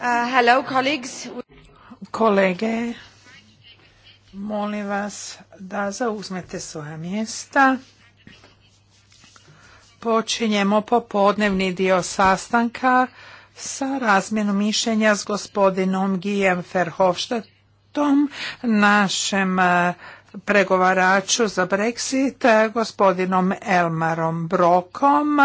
Uh, Kolege, molim vas da zauzmete svoja mjesta. Počinjemo popodnevni dio sastanka sa razmjenom mišljenja s gospodinom Gijem na našem uh, pregovaraču za Brexit eh, gospodinom Elmarom Brokom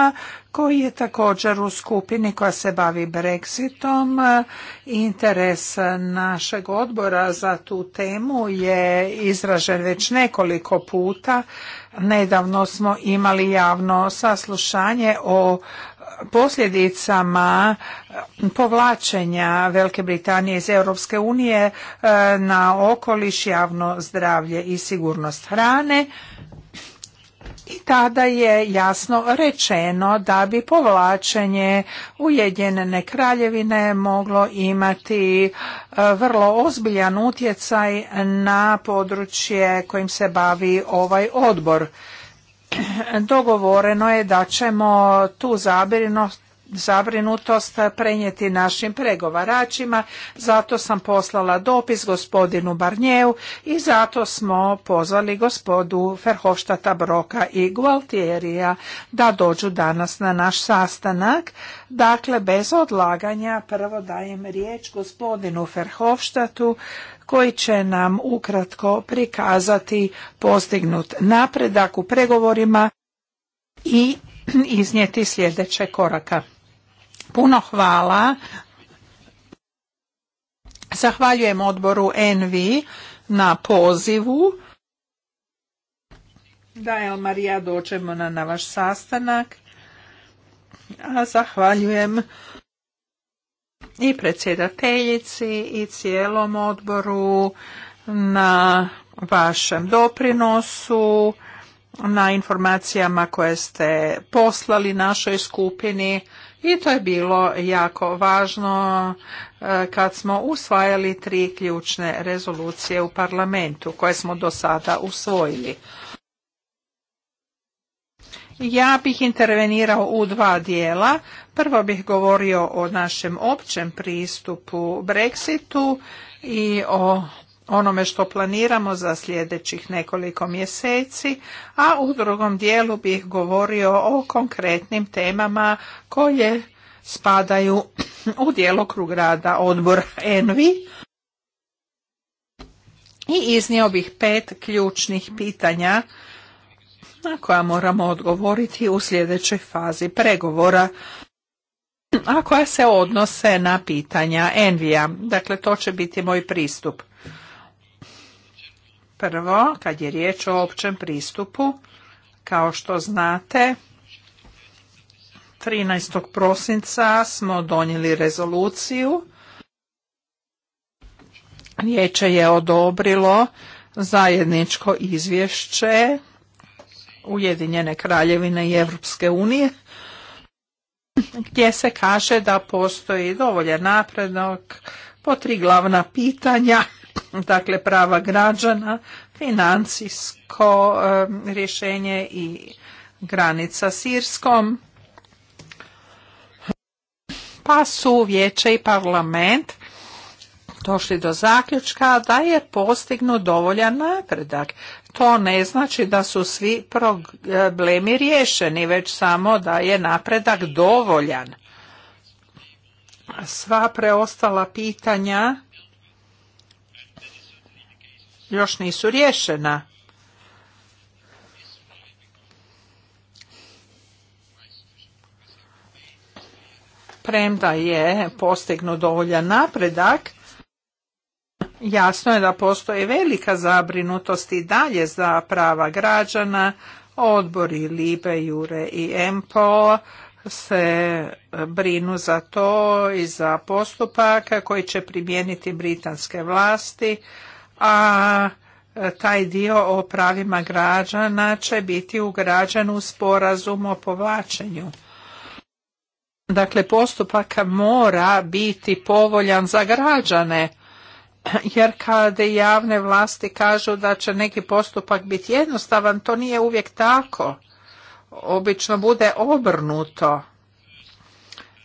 koji je također u skupini koja se bavi Brexitom. Interes našeg odbora za tu temu je izražen već nekoliko puta. Nedavno smo imali javno saslušanje o posljedicama eh, povlačenja Velike Britanije iz Europske unije eh, na okoliš, javno zdravlje i sigurnost hrane. I tada je jasno rečeno da bi povlačenje Ujedinjene kraljevine moglo imati eh, vrlo ozbiljan utjecaj na područje kojim se bavi ovaj odbor dogovoreno je da ćemo tu zabrinutost prenijeti našim pregovaračima, zato sam poslala dopis gospodinu Barnjevu i zato smo pozvali gospodu Ferhoštata Broka i Gualtierija da dođu danas na naš sastanak. Dakle, bez odlaganja prvo dajem riječ gospodinu Ferhoštatu koji će nam ukratko prikazati postignut napredak u pregovorima i iznijeti sljedeće koraka. Puno hvala. Zahvaljujem odboru Envi na pozivu. Da, El Marija, doćemo na, na vaš sastanak. A zahvaljujem i predsjedateljici i cijelom odboru na vašem doprinosu, na informacijama koje ste poslali našoj skupini i to je bilo jako važno e, kad smo usvajali tri ključne rezolucije u parlamentu koje smo do sada usvojili. Ja bih intervenirao u dva dijela. Prvo bih govorio o našem općem pristupu Brexitu i o onome što planiramo za sljedećih nekoliko mjeseci, a u drugom dijelu bih govorio o konkretnim temama koje spadaju u djelokrug rada odbor ENVI i iznio bih pet ključnih pitanja na koja moramo odgovoriti u sljedećoj fazi pregovora a koja se odnose na pitanja Envija. Dakle, to će biti moj pristup. Prvo, kad je riječ o općem pristupu, kao što znate, 13. prosinca smo donijeli rezoluciju. Vijeće je odobrilo zajedničko izvješće Ujedinjene kraljevine i Europske unije gdje se kaže da postoji dovoljan napredak, po tri glavna pitanja, dakle prava građana, financijsko rješenje i granica s Irskom. Pa su vijeće i parlament došli do zaključka da je postignut dovoljan napredak to ne znači da su svi problemi riješeni, već samo da je napredak dovoljan. Sva preostala pitanja još nisu riješena. Premda je postignut dovoljan napredak, Jasno je da postoji velika zabrinutost i dalje za prava građana, odbori Libe, Jure i Empo se e, brinu za to i za postupak koji će primijeniti britanske vlasti, a e, taj dio o pravima građana će biti ugrađen u sporazum o povlačenju. Dakle, postupak mora biti povoljan za građane jer kada javne vlasti kažu da će neki postupak biti jednostavan, to nije uvijek tako. Obično bude obrnuto.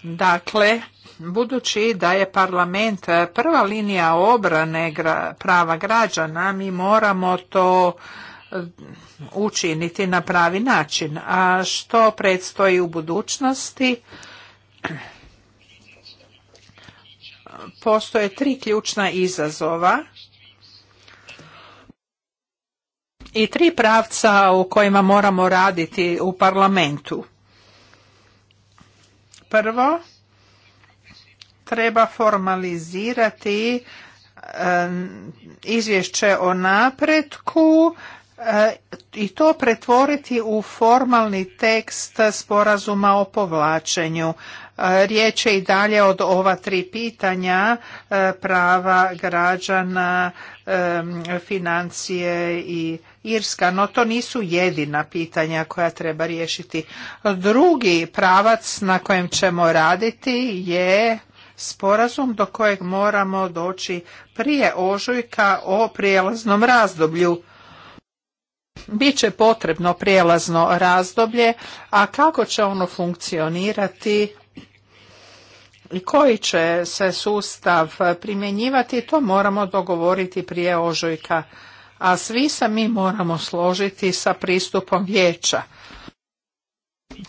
Dakle, budući da je parlament prva linija obrane prava građana, mi moramo to eh, učiniti na pravi način. A što predstoji u budućnosti? postoje tri ključna izazova i tri pravca u kojima moramo raditi u parlamentu. Prvo, treba formalizirati e, izvješće o napretku e, i to pretvoriti u formalni tekst sporazuma o povlačenju. Riječ je i dalje od ova tri pitanja e, prava građana, e, financije i Irska, no to nisu jedina pitanja koja treba riješiti. Drugi pravac na kojem ćemo raditi je sporazum do kojeg moramo doći prije ožujka o prijelaznom razdoblju. Biće potrebno prijelazno razdoblje, a kako će ono funkcionirati i koji će se sustav primjenjivati, to moramo dogovoriti prije ožujka, a svi se mi moramo složiti sa pristupom vijeća.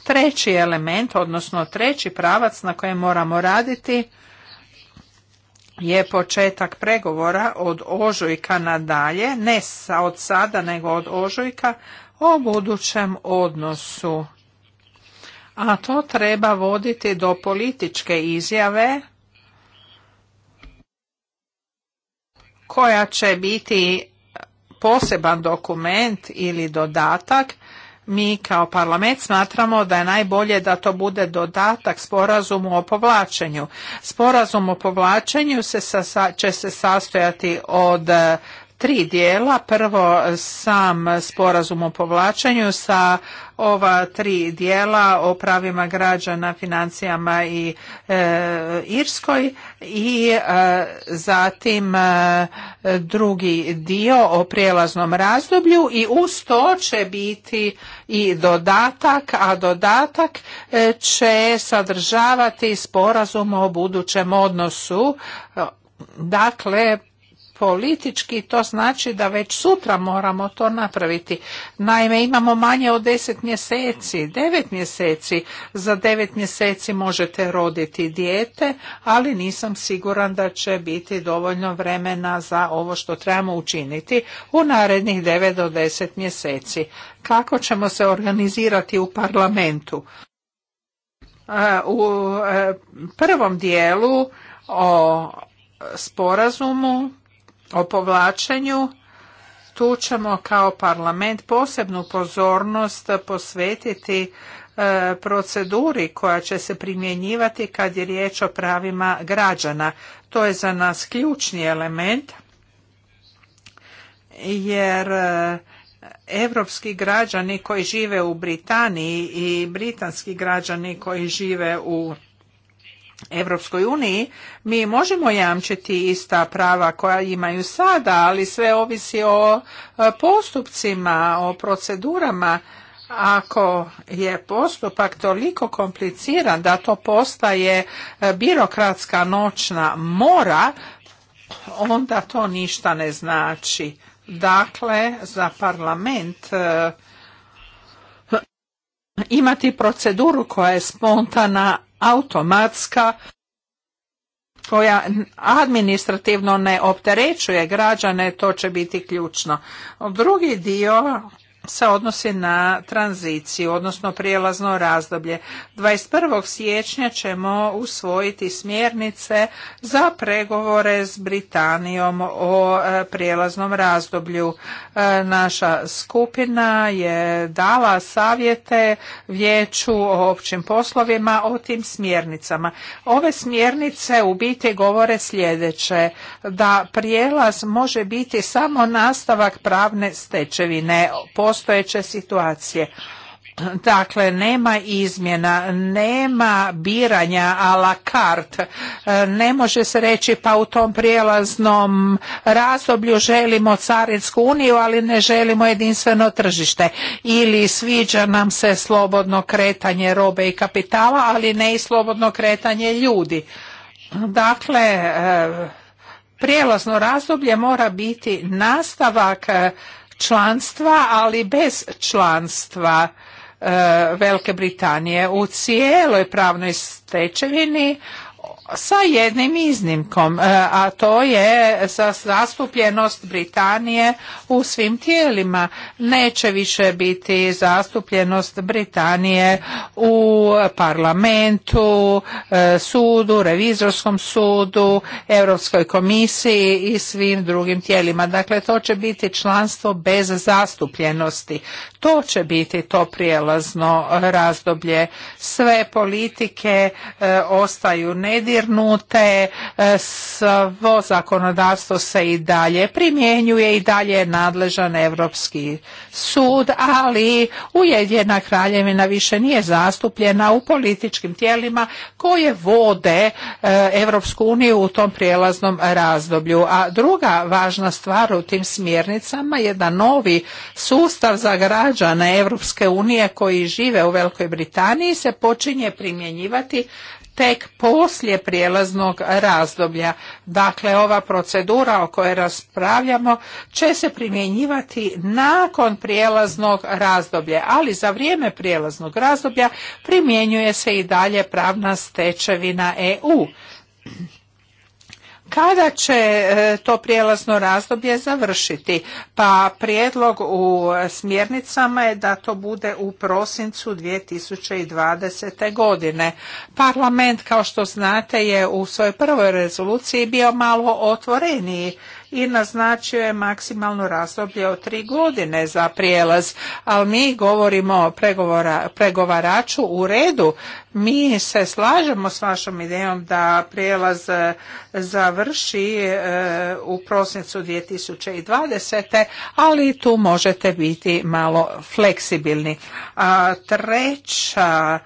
Treći element, odnosno treći pravac na kojem moramo raditi je početak pregovora od ožujka nadalje, ne od sada nego od ožujka, o budućem odnosu a to treba voditi do političke izjave koja će biti poseban dokument ili dodatak mi kao parlament smatramo da je najbolje da to bude dodatak sporazumu o povlačenju. Sporazum o povlačenju se će se sastojati od e, tri dijela. Prvo sam sporazum o povlačenju sa ova tri dijela o pravima građana, financijama i e, Irskoj i e, zatim e, drugi dio o prijelaznom razdoblju i uz to će biti i dodatak, a dodatak će sadržavati sporazum o budućem odnosu. Dakle, politički to znači da već sutra moramo to napraviti. Naime, imamo manje od deset mjeseci, devet mjeseci. Za devet mjeseci možete roditi dijete, ali nisam siguran da će biti dovoljno vremena za ovo što trebamo učiniti u narednih devet do deset mjeseci. Kako ćemo se organizirati u parlamentu? E, u e, prvom dijelu o sporazumu o povlačenju, tu ćemo kao parlament posebnu pozornost posvetiti e, proceduri koja će se primjenjivati kad je riječ o pravima građana. To je za nas ključni element jer e, evropski građani koji žive u Britaniji i britanski građani koji žive u Europskoj uniji mi možemo jamčiti ista prava koja imaju sada, ali sve ovisi o e, postupcima, o procedurama. Ako je postupak toliko kompliciran da to postaje e, birokratska noćna mora, onda to ništa ne znači. Dakle, za parlament e, imati proceduru koja je spontana automatska koja administrativno ne opterećuje građane, to će biti ključno. Drugi dio se odnosi na tranziciju, odnosno prijelazno razdoblje. 21. siječnja ćemo usvojiti smjernice za pregovore s Britanijom o e, prijelaznom razdoblju. E, naša skupina je dala savjete vijeću o općim poslovima o tim smjernicama. Ove smjernice u biti govore sljedeće, da prijelaz može biti samo nastavak pravne stečevine, postojeće situacije. Dakle, nema izmjena, nema biranja a la carte. Ne može se reći pa u tom prijelaznom razdoblju želimo carinsku uniju, ali ne želimo jedinstveno tržište. Ili sviđa nam se slobodno kretanje robe i kapitala, ali ne i slobodno kretanje ljudi. Dakle, e, prijelazno razdoblje mora biti nastavak e, članstva, ali bez članstva e, Velike Britanije u cijeloj pravnoj stečevini, sa jednim iznimkom, e, a to je zastupljenost Britanije u svim tijelima. Neće više biti zastupljenost Britanije u parlamentu, e, sudu, revizorskom sudu, Europskoj komisiji i svim drugim tijelima. Dakle, to će biti članstvo bez zastupljenosti. To će biti to prijelazno razdoblje. Sve politike e, ostaju nedirane dodirnute, e, svo zakonodavstvo se i dalje primjenjuje i dalje je nadležan Europski sud, ali ujedina kraljevina više nije zastupljena u političkim tijelima koje vode e, Europsku uniju u tom prijelaznom razdoblju. A druga važna stvar u tim smjernicama je da novi sustav za građane Europske unije koji žive u Velikoj Britaniji se počinje primjenjivati tek poslije prijelaznog razdoblja. Dakle, ova procedura o kojoj raspravljamo će se primjenjivati nakon prijelaznog razdoblja, ali za vrijeme prijelaznog razdoblja primjenjuje se i dalje pravna stečevina EU. Kada će e, to prijelazno razdoblje završiti? Pa prijedlog u smjernicama je da to bude u prosincu 2020. godine. Parlament, kao što znate, je u svojoj prvoj rezoluciji bio malo otvoreniji i naznačio je maksimalno razdoblje od tri godine za prijelaz, ali mi govorimo o pregovaraču u redu. Mi se slažemo s vašom idejom da prijelaz e, završi e, u prosincu 2020. ali tu možete biti malo fleksibilni. A treća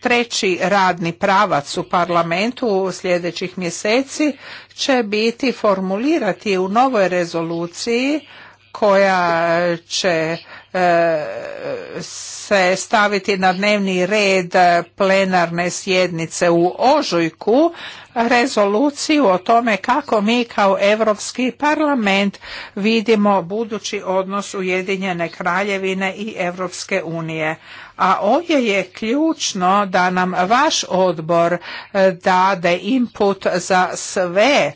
treći radni pravac u parlamentu u sljedećih mjeseci će biti formulirati u novoj rezoluciji koja će e, se staviti na dnevni red plenarne sjednice u ožujku rezoluciju o tome kako mi kao Europski parlament vidimo budući odnos Ujedinjene kraljevine i Europske unije. A ovdje je ključno da nam vaš odbor e, dade input za sve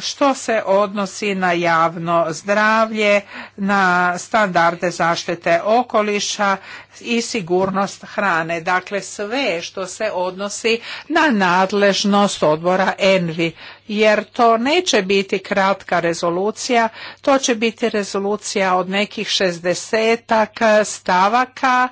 što se odnosi na javno zdravlje, na standarde zaštite okoliša i sigurnost hrane. Dakle, sve što se odnosi na nadležnost odbora ENVI, jer to neće biti kratka rezolucija, to će biti rezolucija od nekih 60 stavaka,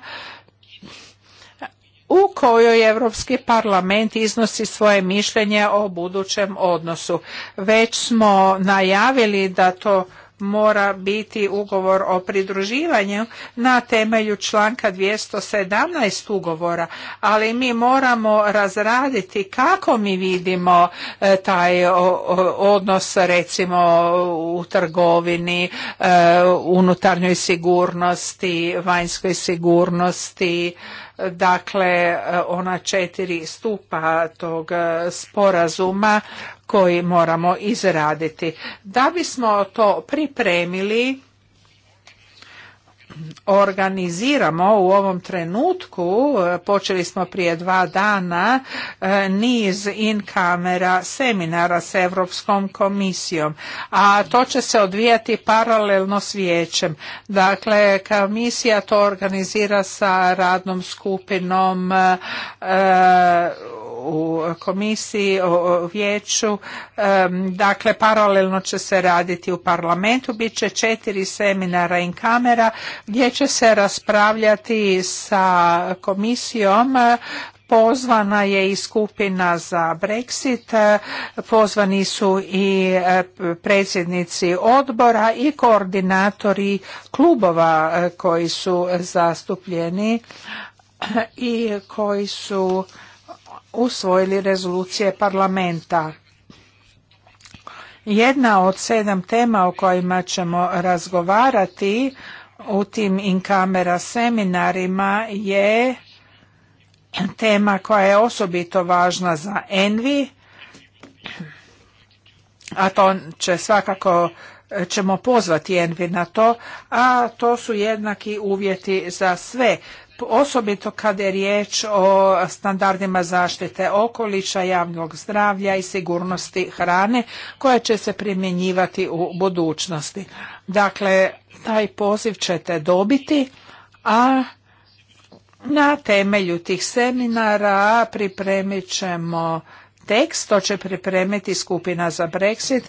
u kojoj Europski parlament iznosi svoje mišljenje o budućem odnosu. Već smo najavili da to mora biti ugovor o pridruživanju na temelju članka 217 ugovora, ali mi moramo razraditi kako mi vidimo e, taj odnos recimo u trgovini, e, unutarnjoj sigurnosti, vanjskoj sigurnosti, dakle ona četiri stupa tog e, sporazuma koji moramo izraditi. Da bismo to pripremili organiziramo u ovom trenutku, e, počeli smo prije dva dana, e, niz in kamera seminara s Europskom komisijom, a to će se odvijati paralelno s vijećem. Dakle, komisija to organizira sa radnom skupinom e, u komisiji, u vijeću. Dakle, paralelno će se raditi u parlamentu. Biće četiri seminara in kamera gdje će se raspravljati sa komisijom Pozvana je i skupina za Brexit, pozvani su i e, predsjednici odbora i koordinatori klubova e, koji su zastupljeni i koji su usvojili rezolucije parlamenta. Jedna od sedam tema o kojima ćemo razgovarati u tim in kamera seminarima je tema koja je osobito važna za Envi, a to će svakako ćemo pozvati Envi na to, a to su jednaki uvjeti za sve osobito kada je riječ o standardima zaštite okoliša, javnog zdravlja i sigurnosti hrane koja će se primjenjivati u budućnosti. Dakle, taj poziv ćete dobiti, a na temelju tih seminara pripremit ćemo tekst, to će pripremiti skupina za Brexit.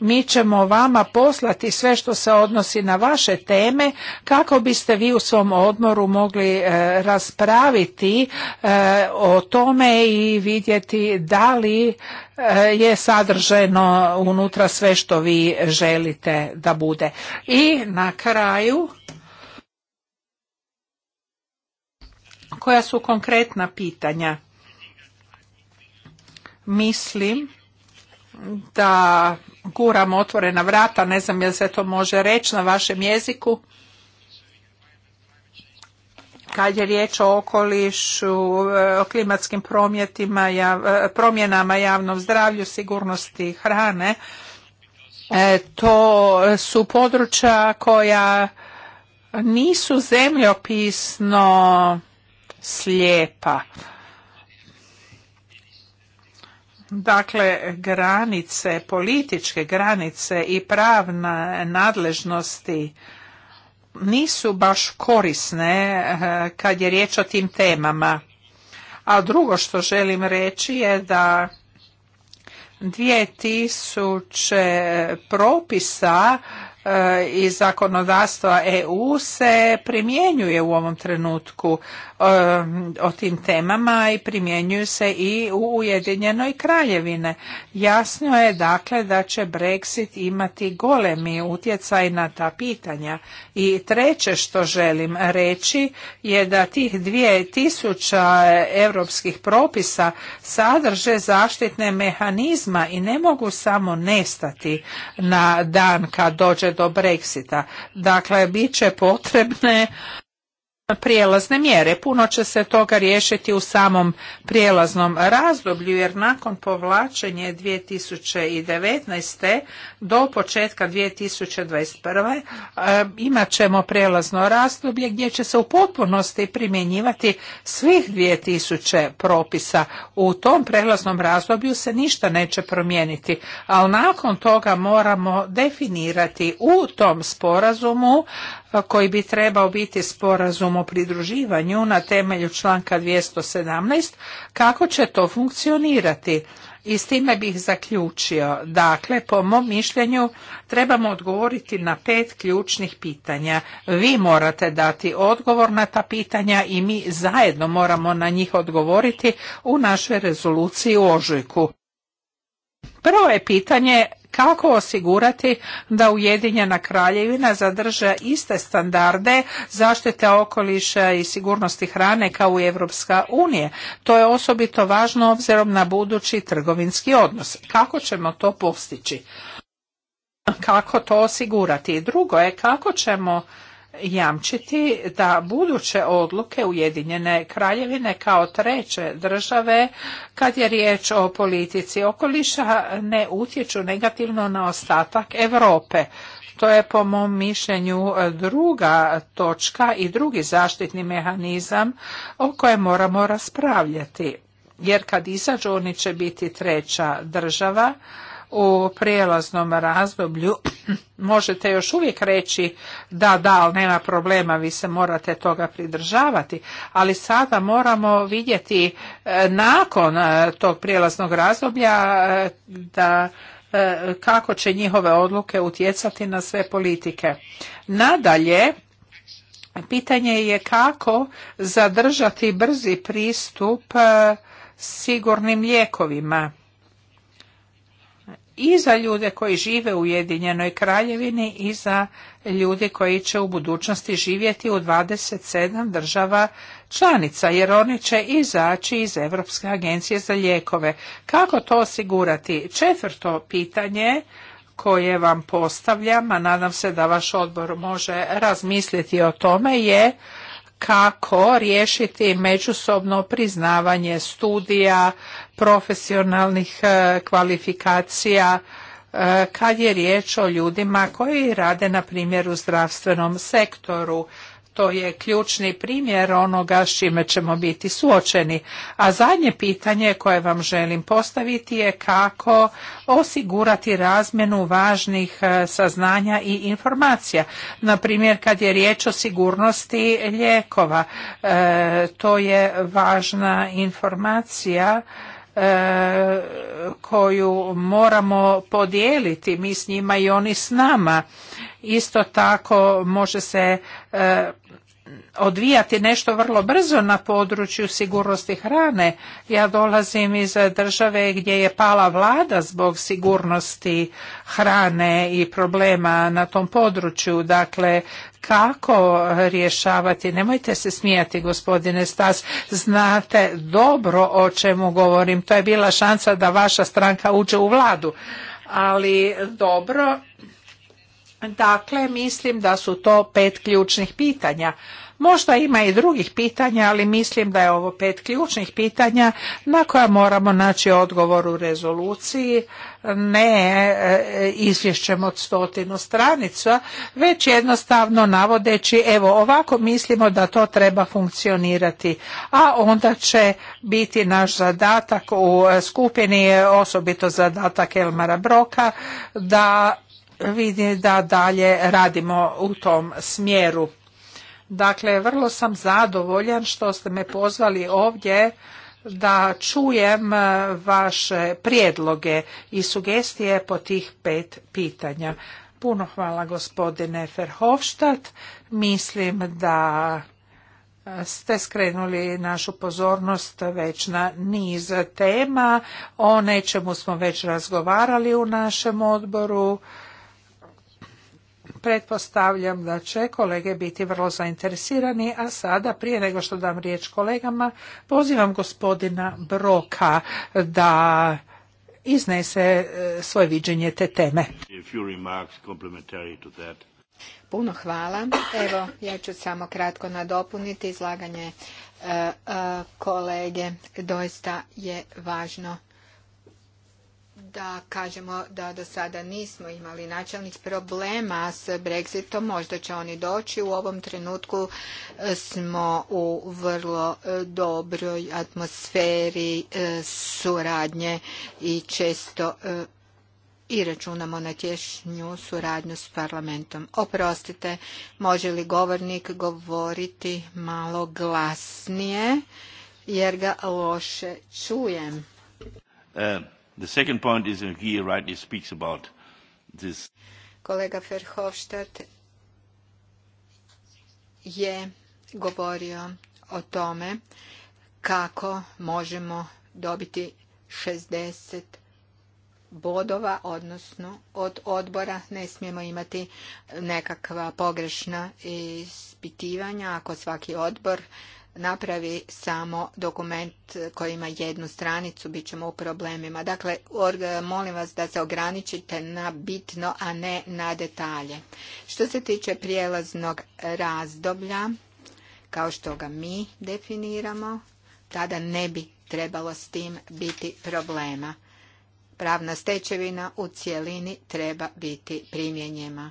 Mi ćemo vama poslati sve što se odnosi na vaše teme kako biste vi u svom odmoru mogli e, raspraviti e, o tome i vidjeti da li e, je sadrženo unutra sve što vi želite da bude. I na kraju koja su konkretna pitanja mislim da guram otvorena vrata, ne znam je se to može reći na vašem jeziku. Kad je riječ o okolišu, e, o klimatskim e, promjenama, javnom zdravlju, sigurnosti hrane, e, to su područja koja nisu zemljopisno slijepa. Dakle, granice, političke granice i pravna nadležnosti nisu baš korisne eh, kad je riječ o tim temama. A drugo što želim reći je da 2000 propisa eh, i zakonodavstva EU se primjenjuje u ovom trenutku o tim temama i primjenjuju se i u Ujedinjenoj kraljevine. Jasno je dakle da će Brexit imati golemi utjecaj na ta pitanja. I treće što želim reći je da tih 2000 europskih propisa sadrže zaštitne mehanizma i ne mogu samo nestati na dan kad dođe do Brexita. Dakle, bit će potrebne prijelazne mjere. Puno će se toga riješiti u samom prijelaznom razdoblju jer nakon povlačenje 2019. do početka 2021. E, imat ćemo prijelazno razdoblje gdje će se u potpunosti primjenjivati svih 2000 propisa. U tom prijelaznom razdoblju se ništa neće promijeniti, ali nakon toga moramo definirati u tom sporazumu koji bi trebao biti sporazum o pridruživanju na temelju članka 217 kako će to funkcionirati i s time bih zaključio. Dakle, po mom mišljenju trebamo odgovoriti na pet ključnih pitanja. Vi morate dati odgovor na ta pitanja i mi zajedno moramo na njih odgovoriti u našoj rezoluciji u ožujku. Prvo je pitanje kako osigurati da Ujedinjena kraljevina zadrža iste standarde zaštite okoliša i sigurnosti hrane kao i Europska unija. To je osobito važno obzirom na budući trgovinski odnos. Kako ćemo to postići? Kako to osigurati? drugo je kako ćemo jamčiti da buduće odluke Ujedinjene kraljevine kao treće države kad je riječ o politici okoliša ne utječu negativno na ostatak Europe. To je po mom mišljenju druga točka i drugi zaštitni mehanizam o kojem moramo raspravljati. Jer kad izađu oni će biti treća država, u prijelaznom razdoblju možete još uvijek reći da, da, ali nema problema, vi se morate toga pridržavati, ali sada moramo vidjeti e, nakon e, tog prijelaznog razdoblja e, da kako će njihove odluke utjecati na sve politike. Nadalje, pitanje je kako zadržati brzi pristup sigurnim lijekovima i za ljude koji žive u Ujedinjenoj kraljevini i za ljude koji će u budućnosti živjeti u 27 država članica, jer oni će izaći iz Europske agencije za lijekove. Kako to osigurati? Četvrto pitanje koje vam postavljam, a nadam se da vaš odbor može razmisliti o tome, je kako riješiti međusobno priznavanje studija, profesionalnih e, kvalifikacija e, kad je riječ o ljudima koji rade na primjer u zdravstvenom sektoru. To je ključni primjer onoga s čime ćemo biti suočeni. A zadnje pitanje koje vam želim postaviti je kako osigurati razmjenu važnih e, saznanja i informacija. Na primjer kad je riječ o sigurnosti lijekova, to je važna informacija E, koju moramo podijeliti mi s njima i oni s nama isto tako može se e, odvijati nešto vrlo brzo na području sigurnosti hrane. Ja dolazim iz države gdje je pala vlada zbog sigurnosti hrane i problema na tom području. Dakle, kako rješavati? Nemojte se smijati, gospodine Stas. Znate dobro o čemu govorim. To je bila šansa da vaša stranka uđe u vladu. Ali dobro, Dakle, mislim da su to pet ključnih pitanja. Možda ima i drugih pitanja, ali mislim da je ovo pet ključnih pitanja na koja moramo naći odgovor u rezoluciji, ne e, izvješćem od stotinu stranica, već jednostavno navodeći evo ovako mislimo da to treba funkcionirati, a onda će biti naš zadatak u e, skupini, osobito zadatak Elmara Broka, da vidi da dalje radimo u tom smjeru. Dakle, vrlo sam zadovoljan što ste me pozvali ovdje da čujem e, vaše prijedloge i sugestije po tih pet pitanja. Puno hvala gospodine Ferhofstadt. Mislim da ste skrenuli našu pozornost već na niz tema. O nečemu smo već razgovarali u našem odboru. Pretpostavljam da će kolege biti vrlo zainteresirani, a sada prije nego što dam riječ kolegama, pozivam gospodina Broka da iznese e, svoje viđenje te teme. Puno hvala. Evo, ja ću samo kratko nadopuniti izlaganje e, e, kolege. Doista je važno da kažemo da do sada nismo imali načelnih problema s Brexitom, možda će oni doći. U ovom trenutku e, smo u vrlo e, dobroj atmosferi e, suradnje i često i računamo na tješnju suradnju s parlamentom. Oprostite, može li govornik govoriti malo glasnije jer ga loše čujem. The second uh, Kolega Verhofstadt je govorio o tome kako možemo dobiti 60 bodova, odnosno od odbora ne smijemo imati nekakva pogrešna ispitivanja ako svaki odbor napravi samo dokument koji ima jednu stranicu, bit ćemo u problemima. Dakle, molim vas da se ograničite na bitno, a ne na detalje. Što se tiče prijelaznog razdoblja, kao što ga mi definiramo, tada ne bi trebalo s tim biti problema. Pravna stečevina u cjelini treba biti primjenjema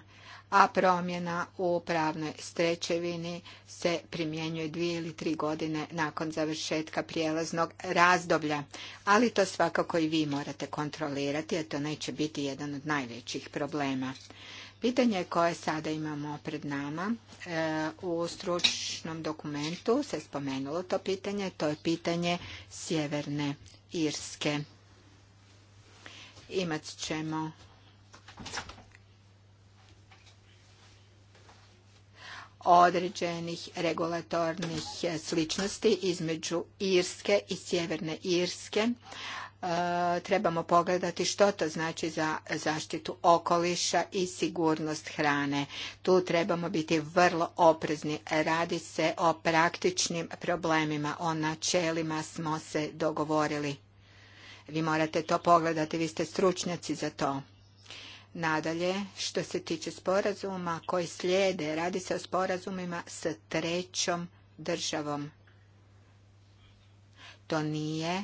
a promjena u pravnoj stečevini se primjenjuje dvije ili tri godine nakon završetka prijelaznog razdoblja. Ali to svakako i vi morate kontrolirati, a to neće biti jedan od najvećih problema. Pitanje koje sada imamo pred nama e, u stručnom dokumentu se spomenulo to pitanje, to je pitanje Sjeverne Irske. Imat ćemo određenih regulatornih e, sličnosti između Irske i Sjeverne Irske. E, trebamo pogledati što to znači za zaštitu okoliša i sigurnost hrane. Tu trebamo biti vrlo oprezni. Radi se o praktičnim problemima, o načelima smo se dogovorili. Vi morate to pogledati, vi ste stručnjaci za to. Nadalje, što se tiče sporazuma koji slijede, radi se o sporazumima s trećom državom. To nije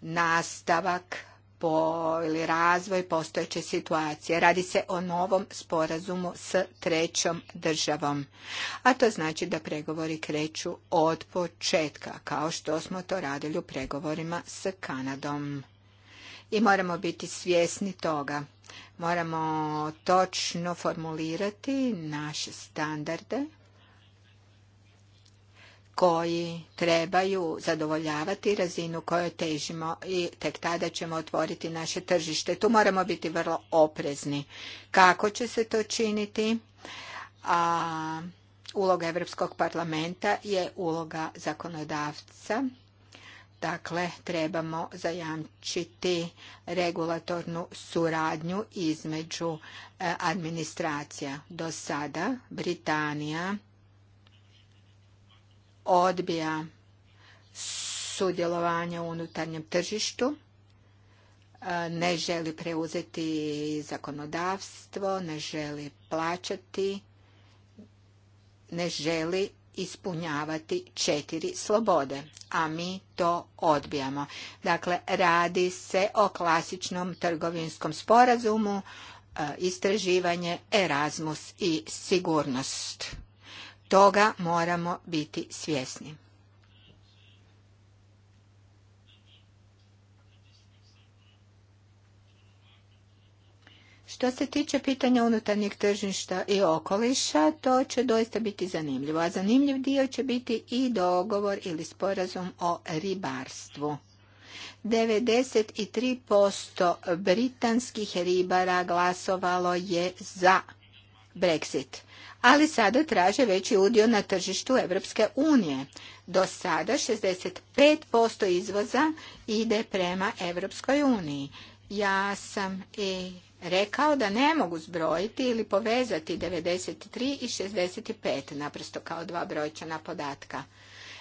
nastavak po, ili razvoj postojeće situacije. Radi se o novom sporazumu s trećom državom. A to znači da pregovori kreću od početka, kao što smo to radili u pregovorima s Kanadom i moramo biti svjesni toga. Moramo točno formulirati naše standarde koji trebaju zadovoljavati razinu kojoj težimo i tek tada ćemo otvoriti naše tržište. Tu moramo biti vrlo oprezni. Kako će se to činiti? A, uloga Europskog parlamenta je uloga zakonodavca Dakle, trebamo zajamčiti regulatornu suradnju između e, administracija. Do sada Britanija odbija sudjelovanje u unutarnjem tržištu, e, ne želi preuzeti zakonodavstvo, ne želi plaćati, ne želi ispunjavati četiri slobode, a mi to odbijamo. Dakle, radi se o klasičnom trgovinskom sporazumu, e, istraživanje, Erasmus i sigurnost. Toga moramo biti svjesni. Što se tiče pitanja unutarnjeg tržišta i okoliša, to će doista biti zanimljivo. A zanimljiv dio će biti i dogovor ili sporazum o ribarstvu. 93% britanskih ribara glasovalo je za Brexit ali sada traže veći udio na tržištu Europske unije. Do sada 65% izvoza ide prema Europskoj uniji. Ja sam i rekao da ne mogu zbrojiti ili povezati 93 i 65, naprosto kao dva brojčana podatka.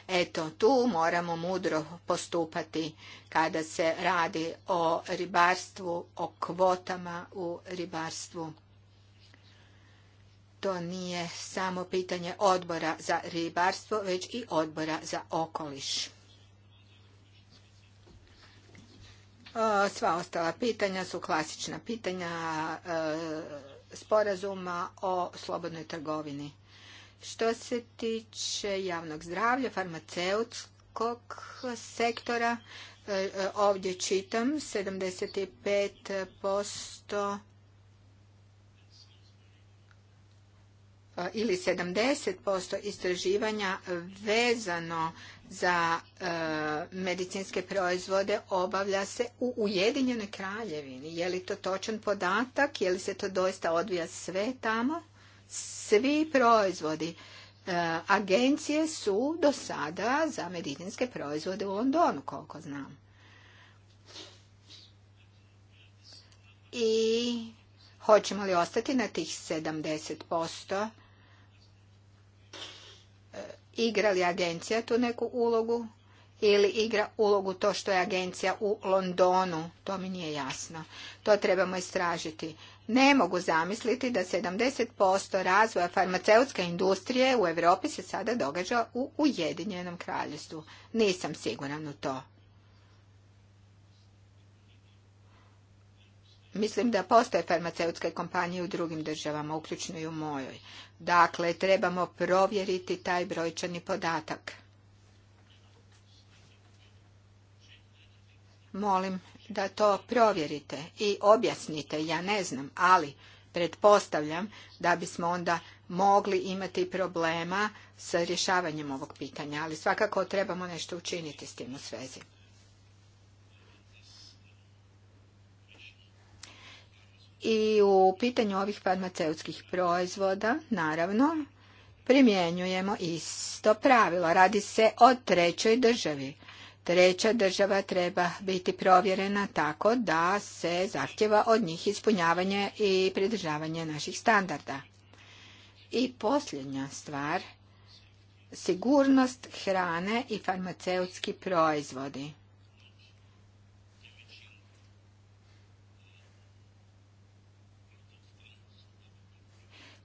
Eto, tu moramo mudro postupati kada se radi o ribarstvu, o kvotama u ribarstvu. To nije samo pitanje odbora za ribarstvo, već i odbora za okoliš. E, sva ostala pitanja su klasična pitanja e, sporazuma o slobodnoj trgovini. Što se tiče javnog zdravlja, farmaceutskog sektora, e, ovdje čitam 75% ili 70% istraživanja vezano za e, medicinske proizvode obavlja se u Ujedinjenoj kraljevini. Je li to točan podatak? Je li se to doista odvija sve tamo? Svi proizvodi. E, agencije su do sada za medicinske proizvode u Londonu, koliko znam. I hoćemo li ostati na tih 70%? igra li agencija tu neku ulogu ili igra ulogu to što je agencija u Londonu, to mi nije jasno. To trebamo istražiti. Ne mogu zamisliti da 70% razvoja farmaceutske industrije u Europi se sada događa u Ujedinjenom kraljestvu. Nisam siguran u to. Mislim da postoje farmaceutske kompanije u drugim državama, uključno i u mojoj. Dakle, trebamo provjeriti taj brojčani podatak. Molim da to provjerite i objasnite, ja ne znam, ali pretpostavljam da bismo onda mogli imati problema sa rješavanjem ovog pitanja, ali svakako trebamo nešto učiniti s tim u svezi. i u pitanju ovih farmaceutskih proizvoda, naravno, primjenjujemo isto pravilo. Radi se o trećoj državi. Treća država treba biti provjerena tako da se zahtjeva od njih ispunjavanje i pridržavanje naših standarda. I posljednja stvar, sigurnost hrane i farmaceutski proizvodi.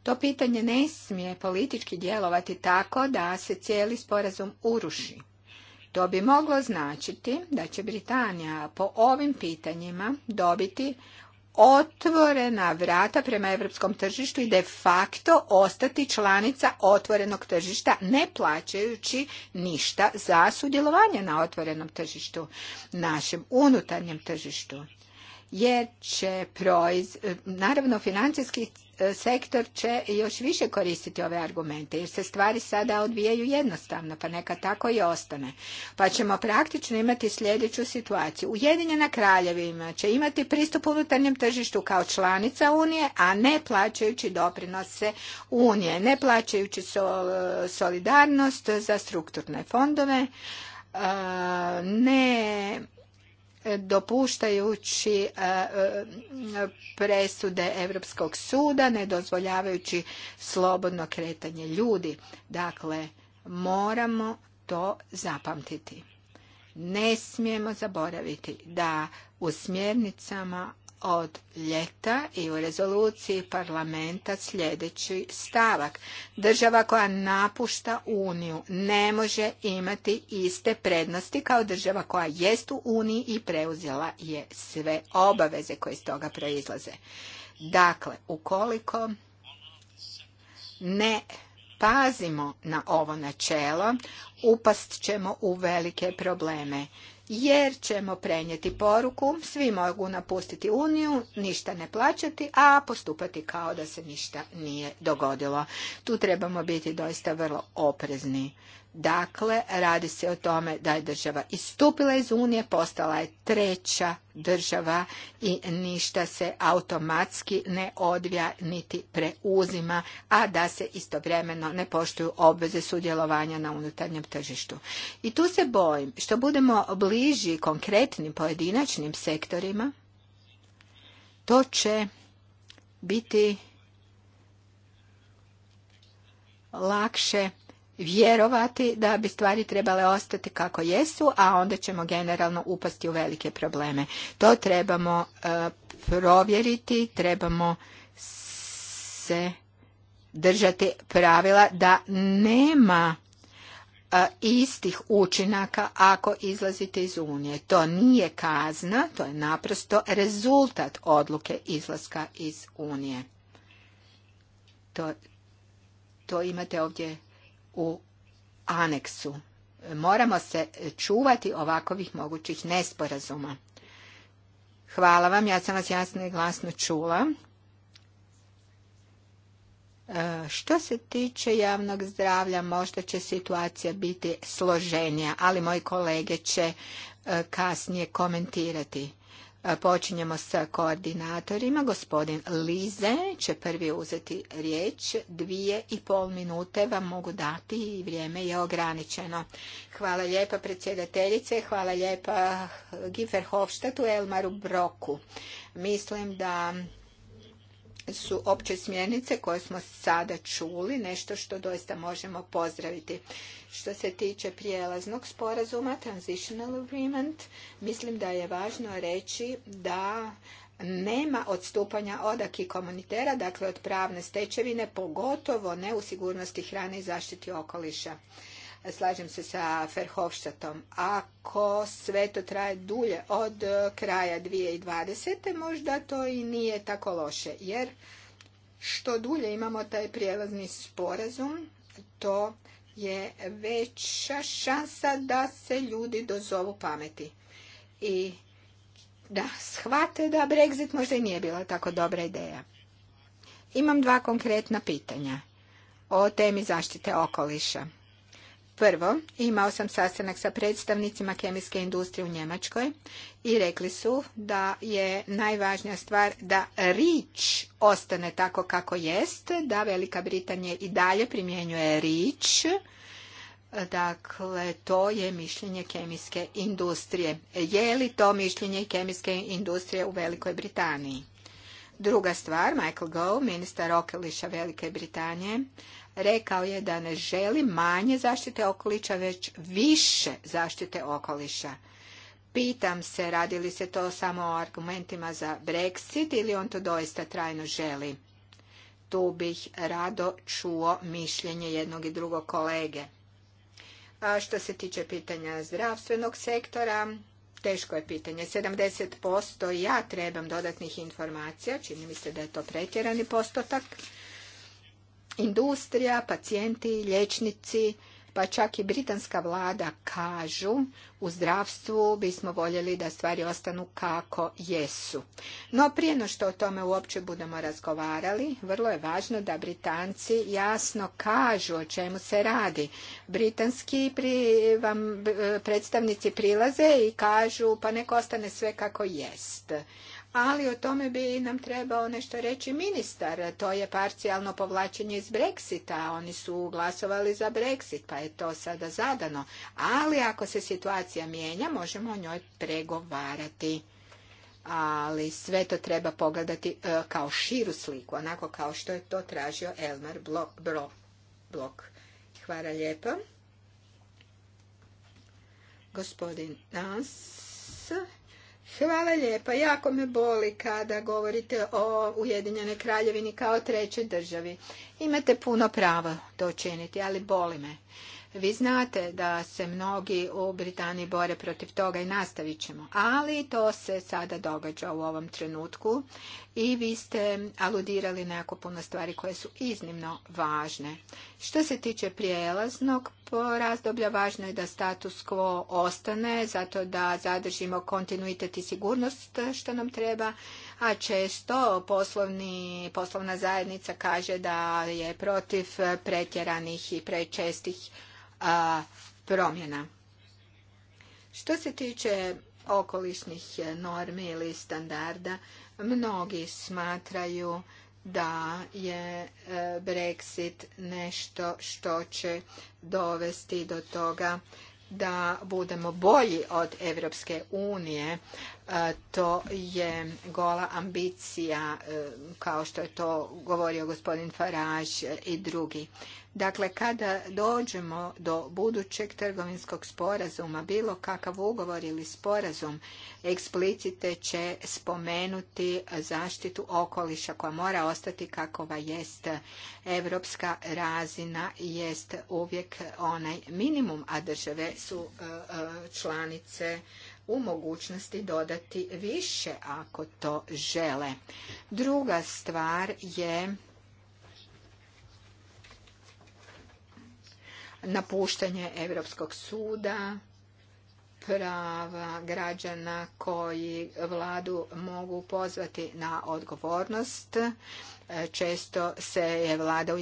To pitanje ne smije politički djelovati tako da se cijeli sporazum uruši. To bi moglo značiti da će Britanija po ovim pitanjima dobiti otvorena vrata prema europskom tržištu i de facto ostati članica otvorenog tržišta ne plaćajući ništa za sudjelovanje na otvorenom tržištu, našem unutarnjem tržištu jer će proiz... Naravno, financijski E, sektor će još više koristiti ove argumente jer se stvari sada odvijaju jednostavno pa neka tako i ostane. Pa ćemo praktično imati sljedeću situaciju. Ujedinjena kraljevima će imati pristup unutarnjem tržištu kao članica Unije, a ne plaćajući doprinose Unije, ne plaćajući solidarnost za strukturne fondove, e, ne dopuštajući e, e, presude Europskog suda, ne dozvoljavajući slobodno kretanje ljudi. Dakle, moramo to zapamtiti. Ne smijemo zaboraviti da u smjernicama od ljeta i u rezoluciji parlamenta sljedeći stavak. Država koja napušta Uniju ne može imati iste prednosti kao država koja jest u Uniji i preuzela je sve obaveze koje iz toga proizlaze. Dakle, ukoliko ne pazimo na ovo načelo, upast ćemo u velike probleme jer ćemo prenijeti poruku svi mogu napustiti Uniju, ništa ne plaćati, a postupati kao da se ništa nije dogodilo. Tu trebamo biti doista vrlo oprezni. Dakle, radi se o tome da je država istupila iz Unije, postala je treća država i ništa se automatski ne odvija niti preuzima, a da se istovremeno ne poštuju obveze sudjelovanja na unutarnjem tržištu. I tu se bojim, što budemo bliži konkretnim pojedinačnim sektorima, to će biti lakše vjerovati da bi stvari trebale ostati kako jesu, a onda ćemo generalno upasti u velike probleme. To trebamo e, provjeriti, trebamo se držati pravila da nema e, istih učinaka ako izlazite iz Unije. To nije kazna, to je naprosto rezultat odluke izlaska iz Unije. To, to imate ovdje u aneksu. Moramo se čuvati ovakvih mogućih nesporazuma. Hvala vam, ja sam vas jasno i glasno čula. E, što se tiče javnog zdravlja, možda će situacija biti složenija, ali moji kolege će e, kasnije komentirati. E, počinjemo sa koordinatorima. Gospodin Lize će prvi uzeti riječ. Dvije i pol minute vam mogu dati i vrijeme je ograničeno. Hvala lijepa predsjedateljice, hvala lijepa Gifer Elmaru Broku. Mislim da su opće smjernice koje smo sada čuli, nešto što doista možemo pozdraviti. Što se tiče prijelaznog sporazuma, transitional agreement, mislim da je važno reći da nema odstupanja od aki komunitera, dakle od pravne stečevine, pogotovo ne u sigurnosti hrane i zaštiti okoliša. Slažem se sa Ferhofštatom. Ako sve to traje dulje od e, kraja 2020. možda to i nije tako loše, jer što dulje imamo taj prijelazni sporazum, to je veća šansa da se ljudi dozovu pameti. I da shvate da Brexit možda i nije bila tako dobra ideja. Imam dva konkretna pitanja o temi zaštite okoliša. Prvo, imao sam sastanak sa predstavnicima kemijske industrije u Njemačkoj i rekli su da je najvažnija stvar da rič ostane tako kako jest, da Velika Britanija i dalje primjenjuje rič. Dakle, to je mišljenje kemijske industrije. Je li to mišljenje kemijske industrije u Velikoj Britaniji? Druga stvar, Michael Gove, ministar okoliša Velike Britanije, rekao je da ne želi manje zaštite okoliša, već više zaštite okoliša. Pitam se, radi li se to samo o argumentima za Brexit ili on to doista trajno želi? Tu bih rado čuo mišljenje jednog i drugog kolege. A što se tiče pitanja zdravstvenog sektora, teško je pitanje. 70% ja trebam dodatnih informacija, čini mi se da je to pretjerani postotak industrija, pacijenti, liječnici, pa čak i britanska vlada kažu u zdravstvu bismo voljeli da stvari ostanu kako jesu. No prije no što o tome uopće budemo razgovarali, vrlo je važno da Britanci jasno kažu o čemu se radi. Britanski pri, vam e, predstavnici prilaze i kažu pa nek ostane sve kako jest ali o tome bi nam trebao nešto reći ministar. To je parcijalno povlačenje iz Brexita. Oni su glasovali za Brexit, pa je to sada zadano. Ali ako se situacija mijenja, možemo o njoj pregovarati. Ali sve to treba pogledati e, kao širu sliku, onako kao što je to tražio Elmer Blok. blok. Hvala lijepo. Gospodin Nas Hvala lijepa. Jako me boli kada govorite o Ujedinjenoj kraljevini kao trećoj državi. Imate puno prava to činiti, ali boli me. Vi znate da se mnogi u Britaniji bore protiv toga i nastavit ćemo. Ali to se sada događa u ovom trenutku i vi ste aludirali na jako puno stvari koje su iznimno važne. Što se tiče prijelaznog razdoblja, važno je da status quo ostane, zato da zadržimo kontinuitet i sigurnost što nam treba, a često poslovni, poslovna zajednica kaže da je protiv pretjeranih i prečestih promjena. Što se tiče okolišnih normi ili standarda, mnogi smatraju da je e, Brexit nešto što će dovesti do toga da budemo bolji od Europske unije, to je gola ambicija, e, kao što je to govorio gospodin Farage i drugi. Dakle, kada dođemo do budućeg trgovinskog sporazuma, bilo kakav ugovor ili sporazum eksplicite će spomenuti zaštitu okoliša koja mora ostati kakova jest evropska razina jest uvijek onaj minimum, a države su e, e, članice u mogućnosti dodati više ako to žele. Druga stvar je napuštanje Europskog suda prava građana koji vladu mogu pozvati na odgovornost. Često se je vlada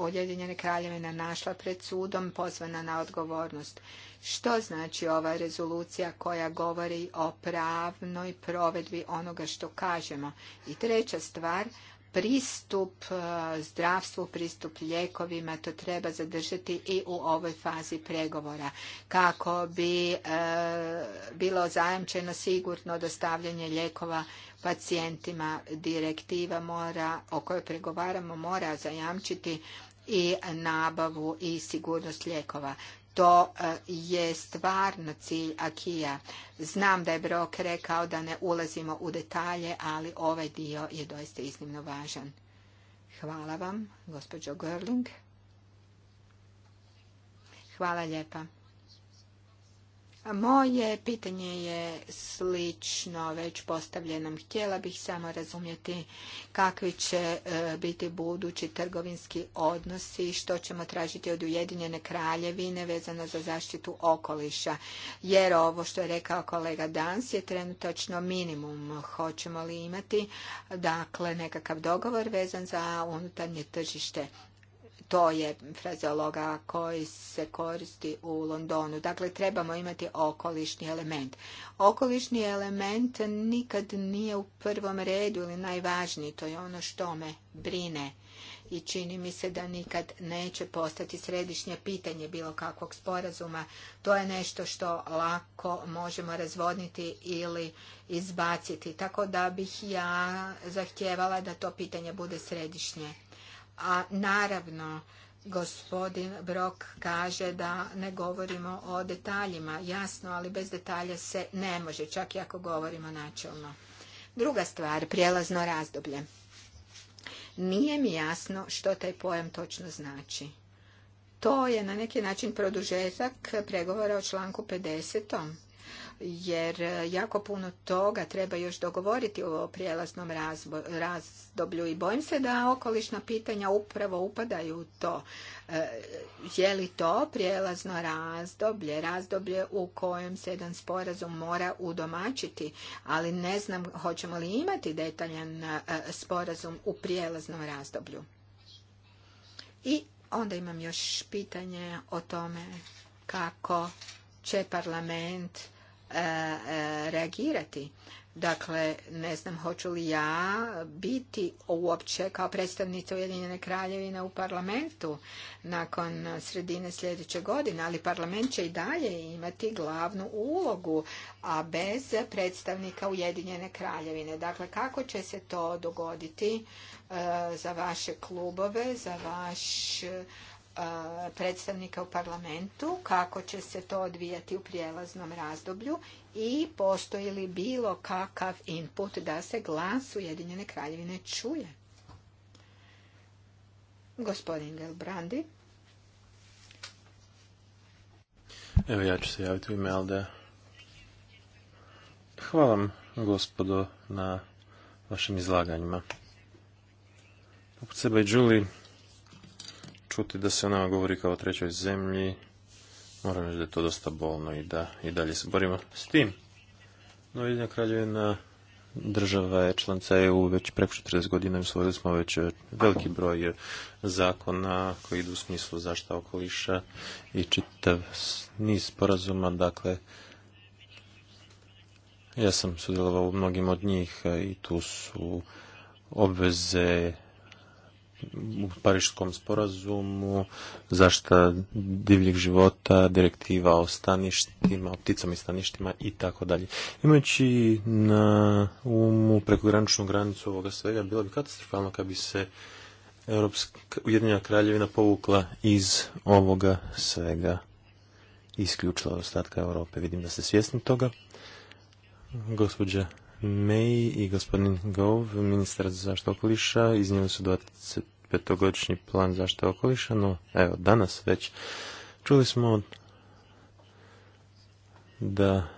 Ujedinjene Kraljevina našla pred sudom pozvana na odgovornost. Što znači ova rezolucija koja govori o pravnoj provedbi onoga što kažemo? I treća stvar, pristup e, zdravstvu, pristup lijekovima, to treba zadržati i u ovoj fazi pregovora kako bi e, bilo zajamčeno sigurno dostavljanje lijekova pacijentima. Direktiva mora, o kojoj pregovaramo mora zajamčiti i nabavu i sigurnost lijekova to e, je stvarno cilj Akija. Znam da je Brok rekao da ne ulazimo u detalje, ali ovaj dio je doista iznimno važan. Hvala vam, gospođo Görling. Hvala lijepa. Moje pitanje je slično već postavljenom. Htjela bih samo razumjeti kakvi će e, biti budući trgovinski odnosi, što ćemo tražiti od Ujedinjene kraljevine vezano za zaštitu okoliša. Jer ovo što je rekao kolega Dans je trenutačno minimum. Hoćemo li imati dakle nekakav dogovor vezan za unutarnje tržište to je frazeologa koji se koristi u Londonu. Dakle, trebamo imati okolišni element. Okolišni element nikad nije u prvom redu ili najvažniji. To je ono što me brine i čini mi se da nikad neće postati središnje pitanje bilo kakvog sporazuma. To je nešto što lako možemo razvodniti ili izbaciti. Tako da bih ja zahtjevala da to pitanje bude središnje a naravno, gospodin Brok kaže da ne govorimo o detaljima. Jasno, ali bez detalja se ne može, čak i ako govorimo načelno. Druga stvar, prijelazno razdoblje. Nije mi jasno što taj pojam točno znači. To je na neki način produžetak pregovora o članku 50 jer e, jako puno toga treba još dogovoriti o prijelaznom razdoblju i bojim se da okolišna pitanja upravo upadaju u to. E, je li to prijelazno razdoblje, razdoblje u kojem se jedan sporazum mora udomačiti, ali ne znam hoćemo li imati detaljan e, sporazum u prijelaznom razdoblju. I onda imam još pitanje o tome kako će parlament E, e, reagirati. Dakle, ne znam hoću li ja biti uopće kao predstavnica Ujedinjene kraljevine u parlamentu nakon sredine sljedeće godine, ali parlament će i dalje imati glavnu ulogu, a bez predstavnika Ujedinjene kraljevine. Dakle, kako će se to dogoditi e, za vaše klubove, za vaš predstavnika u parlamentu, kako će se to odvijati u prijelaznom razdoblju i postoji li bilo kakav input da se glas Ujedinjene kraljevine čuje. Gospodin Gelbrandi. Evo ja ću se javiti u ime Alde. Hvala vam, gospodo, na vašim izlaganjima. Poput sebe i čuti da se o nama govori kao o trećoj zemlji. Moram reći da je to dosta bolno i da i dalje se borimo s tim. No, jedna kraljevina država je članca EU već preko 40 godina i usvojili smo već e, veliki broj zakona koji idu u smislu zašta okoliša i čitav niz sporazuma. Dakle, ja sam sudjelovao u mnogim od njih e, i tu su obveze u Pariškom sporazumu, zašta divljeg života, direktiva o staništima, o pticama i staništima i tako dalje. Imajući na umu prekograničnu granicu ovoga svega, bilo bi katastrofalno kad bi se Europska ujedinjena kraljevina povukla iz ovoga svega isključila od ostatka Europe. Vidim da ste svjesni toga. Gospođa May i gospodin Gov, ministar za zaštitu okoliša, iznijeli su 25-godišnji plan zaštite okoliša, no evo, danas već čuli smo da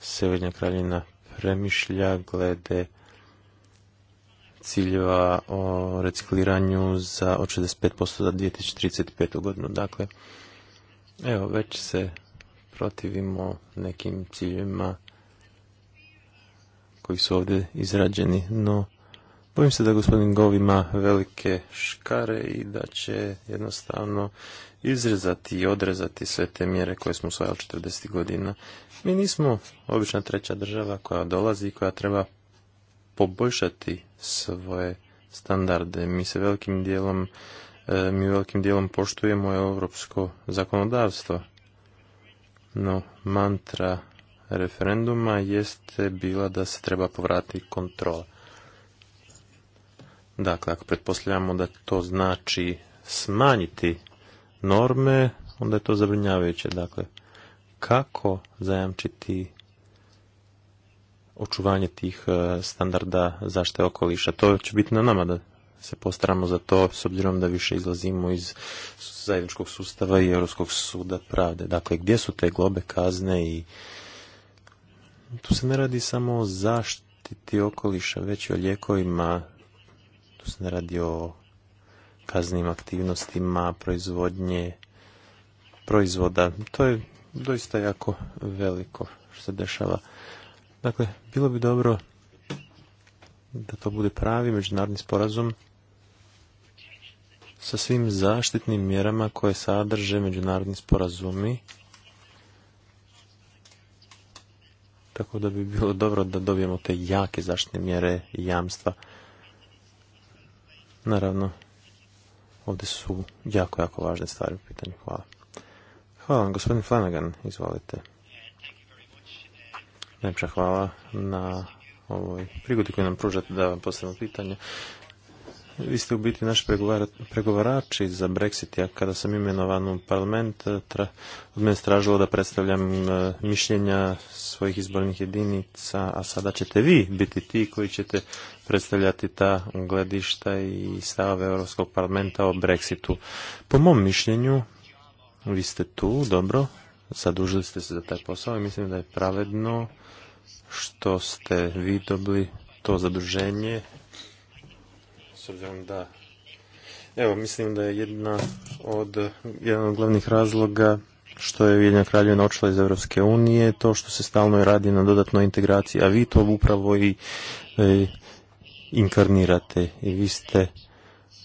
Severnja kraljina premišlja glede ciljeva o recikliranju za od 65% za 2035. godinu. Dakle, evo, već se protivimo nekim ciljevima koji su ovdje izrađeni, no bojim se da gospodin Gov ima velike škare i da će jednostavno izrezati i odrezati sve te mjere koje smo usvajali 40 godina. Mi nismo obična treća država koja dolazi i koja treba poboljšati svoje standarde. Mi se velikim dijelom e, mi velikim dijelom poštujemo europsko zakonodavstvo. No, mantra referenduma jeste bila da se treba povratiti kontrola. Dakle, ako pretpostavljamo da to znači smanjiti norme, onda je to zabrinjavajuće. Dakle, kako zajamčiti očuvanje tih e, standarda zaštite okoliša? To će biti na nama da se postaramo za to, s obzirom da više izlazimo iz zajedničkog sustava i Europskog suda pravde. Dakle, gdje su te globe kazne i tu se ne radi samo o zaštiti okoliša, već i o lijekovima, tu se ne radi o kaznim aktivnostima, proizvodnje, proizvoda. To je doista jako veliko što se dešava. Dakle, bilo bi dobro da to bude pravi međunarodni sporazum sa svim zaštitnim mjerama koje sadrže međunarodni sporazumi tako da bi bilo dobro da dobijemo te jake zaštitne mjere i jamstva. Naravno, ovdje su jako, jako važne stvari u pitanju. Hvala. Hvala vam, gospodin Flanagan, izvolite. Najpša hvala na ovoj prigodi koju nam pružate da vam postavimo pitanje vi ste u biti naš pregovarači za Brexit. a kada sam imenovan u parlament, eh, od mene stražilo da predstavljam eh, mišljenja svojih izbornih jedinica, a sada ćete vi biti ti koji ćete predstavljati ta gledišta i stave Europskog parlamenta o Brexitu. Po mom mišljenju, vi ste tu, dobro, zadužili ste se za taj posao i mislim da je pravedno što ste vi dobili to zaduženje s obzirom da Evo, mislim da je jedna od, jedan od glavnih razloga što je Ujedinjena kraljevina iz Europske unije, to što se stalno radi na dodatnoj integraciji, a vi to upravo i e, inkarnirate i vi ste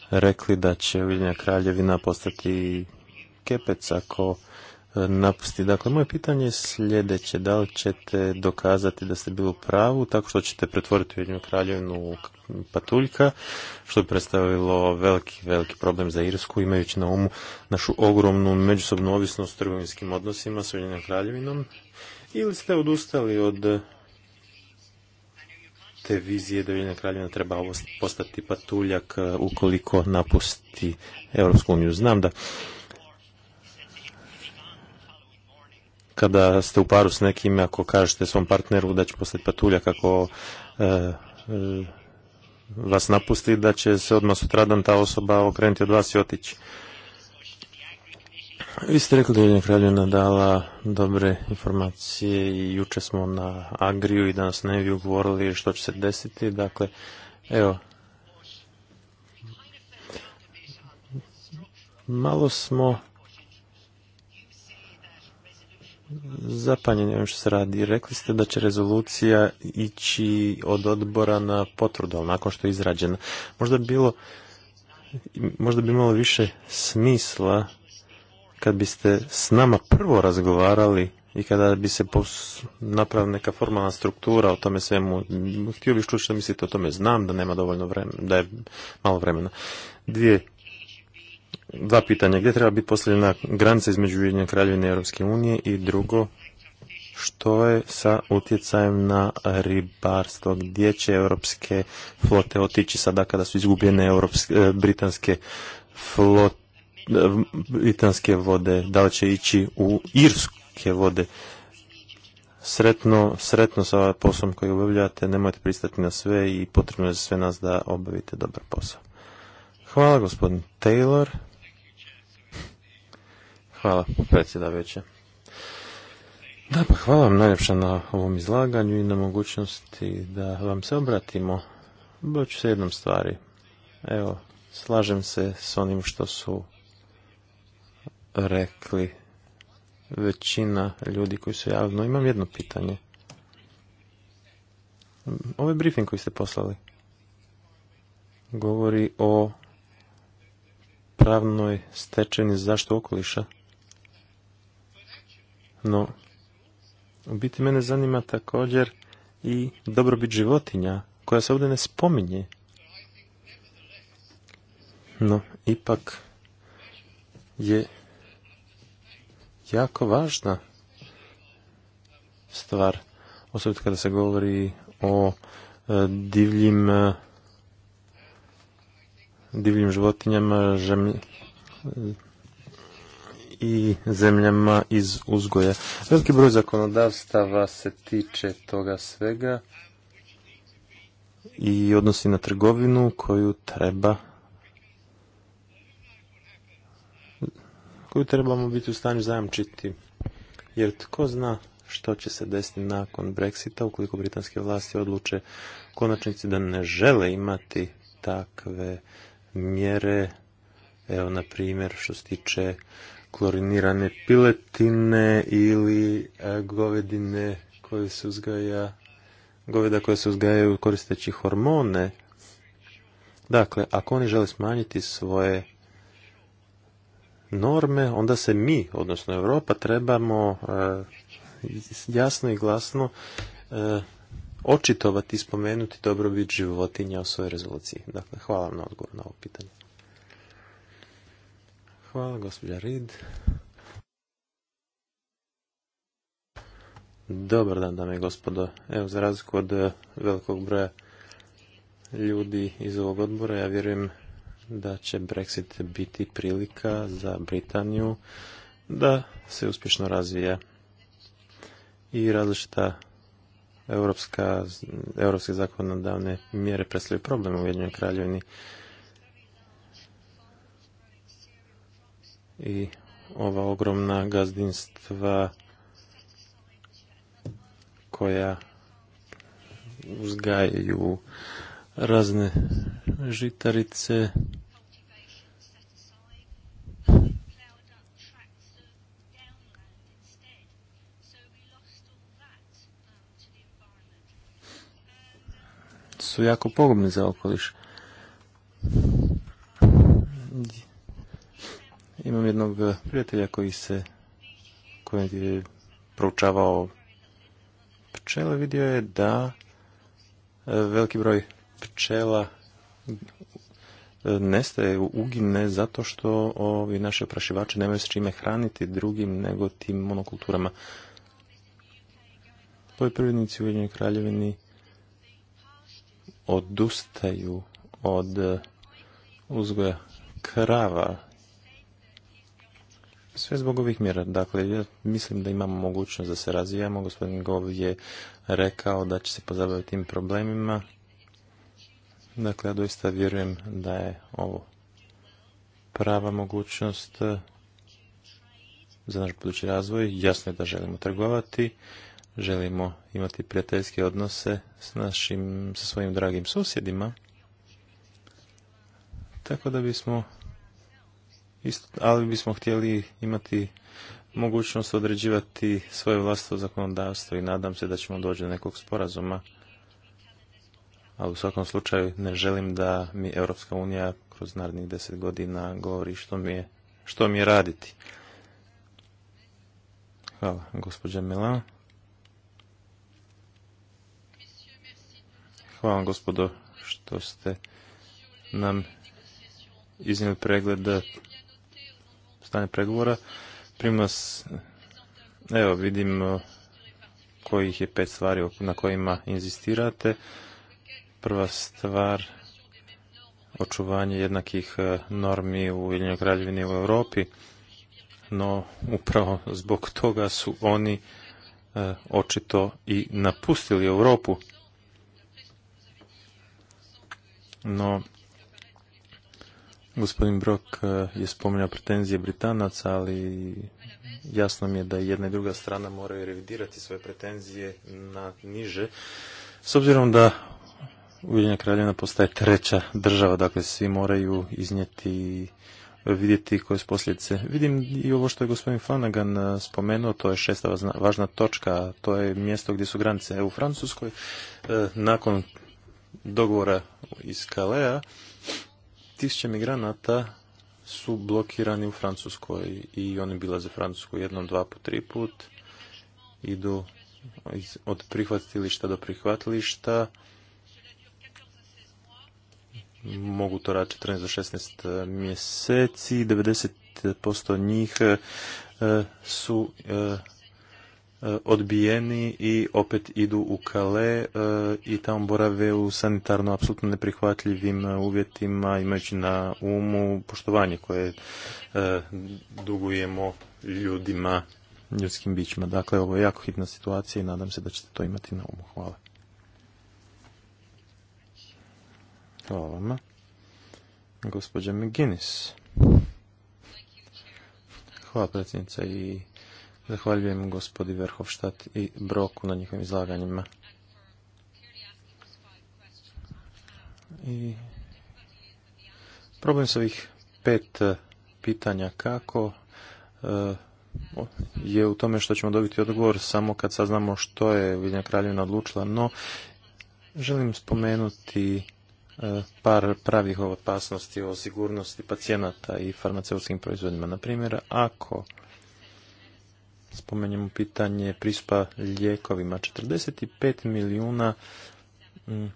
rekli da će Ujedinjena kraljevina postati kepec ako napusti. Dakle, moje pitanje je sljedeće. Da li ćete dokazati da ste bili u pravu tako što ćete pretvoriti Ujedinjenu kraljevinu u patuljka, što bi predstavilo veliki, veliki problem za Irsku, imajući na umu našu ogromnu međusobnu ovisnost u trgovinskim odnosima s Ujedinjenom kraljevinom? Ili ste odustali od te vizije da Ujedinjena kraljevina treba postati patuljak uh, ukoliko napusti Europsku uniju? Znam da kada ste u paru s nekim, ako kažete svom partneru da će postati patulja kako e, e, vas napusti, da će se odmah sutradan ta osoba okrenuti od vas i otići. Vi ste rekli da je Kraljevina dala dobre informacije i juče smo na Agriju i danas na Eviju govorili što će se desiti. Dakle, evo, malo smo Zapanjenjem ono što se radi. Rekli ste da će rezolucija ići od odbora na potvrdu, ali nakon što je izrađena. Možda bi bilo možda bi imalo više smisla kad biste s nama prvo razgovarali i kada bi se napravila neka formalna struktura o tome svemu, htio bih čuti što mislite o tome, znam da nema dovoljno vremena, da je malo vremena. Dvije dva pitanja. Gdje treba biti postavljena granica između Ujedinjene kraljevine i Europske unije i drugo, što je sa utjecajem na ribarstvo? Gdje će europske flote otići sada kada su izgubljene europske, e, britanske flote, britanske vode? Da li će ići u irske vode? Sretno, sretno sa poslom koji obavljate, nemojte pristati na sve i potrebno je za sve nas da obavite dobar posao. Hvala gospodin Taylor. Hvala, predsjedavajuće. Da, pa hvala vam najljepša na ovom izlaganju i na mogućnosti da vam se obratimo. Boću se jednom stvari. Evo, slažem se s onim što su rekli većina ljudi koji su javno. Imam jedno pitanje. Ovaj briefing koji ste poslali govori o pravnoj stečeni zaštitu okoliša no, u biti mene zanima također i dobrobit životinja, koja se ovdje ne spominje. No, ipak je jako važna stvar, osobito kada se govori o e, divljim e, divljim životinjama, žem, i zemljama iz uzgoja. Veliki broj zakonodavstava se tiče toga svega i odnosi na trgovinu koju treba koju trebamo biti u stanju zajamčiti. Jer tko zna što će se desiti nakon Brexita ukoliko britanske vlasti odluče konačnici da ne žele imati takve mjere, evo na primjer što se tiče klorinirane piletine ili e, govedine koje se uzgaja goveda koje se uzgajaju koristeći hormone. Dakle, ako oni žele smanjiti svoje norme, onda se mi, odnosno Europa, trebamo e, jasno i glasno e, očitovati i spomenuti dobrobit životinja u svojoj rezoluciji. Dakle, hvala vam na odgovor na ovo pitanje. Hvala, gospođa Rid. Dobar dan, dame i gospodo. Evo, za razliku od eh, velikog broja ljudi iz ovog odbora, ja vjerujem da će Brexit biti prilika za Britaniju da se uspješno razvija i različita europska, europske zakonodavne mjere predstavljaju problem u Ujedinjenoj kraljevini. i ova ogromna gazdinstva koja uzgajaju razne žitarice su jako pogubni za okoliš imam jednog e, prijatelja koji se koji je proučavao pčele, vidio je da e, veliki broj pčela e, nestaje, ugine zato što ovi naši oprašivači nemaju s čime hraniti drugim nego tim monokulturama. Poljoprivrednici u Ujedinjenoj kraljevini odustaju od uzgoja krava sve zbog ovih mjera. Dakle, ja mislim da imamo mogućnost da se razvijamo. Gospodin Gov je rekao da će se pozabaviti tim problemima. Dakle, ja doista vjerujem da je ovo prava mogućnost za naš budući razvoj. Jasno je da želimo trgovati, želimo imati prijateljske odnose s našim, sa svojim dragim susjedima. Tako da bismo ali bismo htjeli imati mogućnost određivati svoje vlastito zakonodavstvo i nadam se da ćemo doći do nekog sporazuma. Ali u svakom slučaju ne želim da mi Europska unija kroz narednih deset godina govori što mi je, što mi raditi. Hvala, gospođa Milan Hvala gospodo, što ste nam iznijeli pregled stanje pregovora. primas evo vidim kojih je pet stvari na kojima inzistirate. Prva stvar, očuvanje jednakih e, normi u Ujedinjoj kraljevini u Europi, no upravo zbog toga su oni e, očito i napustili Europu. No, Gospodin Brok eh, je spominjao pretenzije Britanaca, ali jasno mi je da jedna i druga strana moraju revidirati svoje pretenzije na niže. S obzirom da Ujedinjena kraljevina postaje treća država, dakle svi moraju iznijeti vidjeti koje su posljedice. Vidim i ovo što je gospodin Flanagan eh, spomenuo, to je šesta važna točka, to je mjesto gdje su granice u Francuskoj. Eh, nakon dogovora iz Kalea, tisuće migranata su blokirani u Francuskoj i oni za Francusku jednom, dva po tri put, idu od prihvatilišta do prihvatilišta, mogu to raditi 14 do 16 e, mjeseci, 90% njih e, su e, E, odbijeni i opet idu u Kale i tamo borave u sanitarno apsolutno neprihvatljivim e, uvjetima imajući na umu poštovanje koje e, dugujemo ljudima, ljudskim bićima. Dakle, ovo je jako hitna situacija i nadam se da ćete to imati na umu. Hvala. Hvala vama. McGinnis. Hvala predsjednica i Zahvaljujem gospodi Verhofstadt i Broku na njihovim izlaganjima. I problem s ovih pet e, pitanja kako e, je u tome što ćemo dobiti odgovor samo kad saznamo što je vidnja Kraljevina odlučila, no želim spomenuti e, par pravih opasnosti o sigurnosti pacijenata i farmaceutskim proizvodima. Na primjer, ako spomenjemo pitanje prispa lijekovima. 45 milijuna mm, e,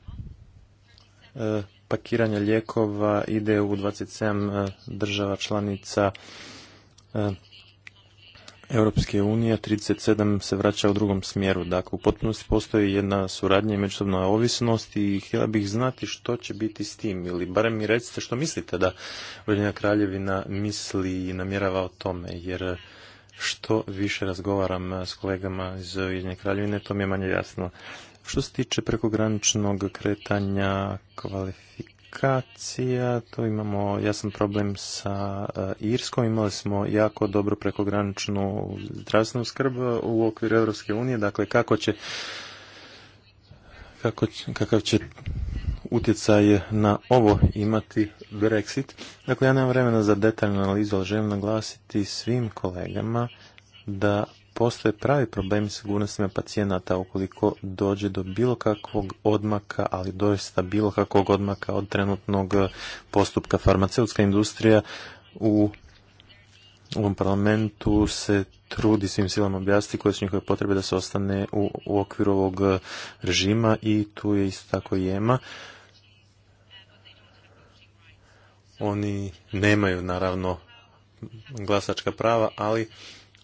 pakiranja lijekova ide u 27 e, država članica e, Europske unije, 37 se vraća u drugom smjeru. Dakle, u potpunosti postoji jedna suradnja i međusobna ovisnost i htjela bih znati što će biti s tim ili barem mi recite što mislite da Ujedinjena Kraljevina misli i namjerava o tome, jer što više razgovaram eh, s kolegama iz Ujedinjene kraljevine, to mi je manje jasno. Što se tiče prekograničnog kretanja kvalifikacija, to imamo jasan problem sa eh, Irskom. Imali smo jako dobru prekograničnu zdravstvenu skrb u okviru Europske unije. Dakle, kako će kako, kakav će utjecaj na ovo imati Brexit. Dakle, ja nemam vremena za detaljnu analizu, ali želim naglasiti svim kolegama da postoje pravi problemi s sigurnostima pacijenata ukoliko dođe do bilo kakvog odmaka, ali doista bilo kakvog odmaka od trenutnog postupka. Farmaceutska industrija u ovom parlamentu se trudi svim silama objasniti koje su njihove potrebe da se ostane u, okviru ovog režima i tu je isto tako jema. Oni nemaju naravno glasačka prava, ali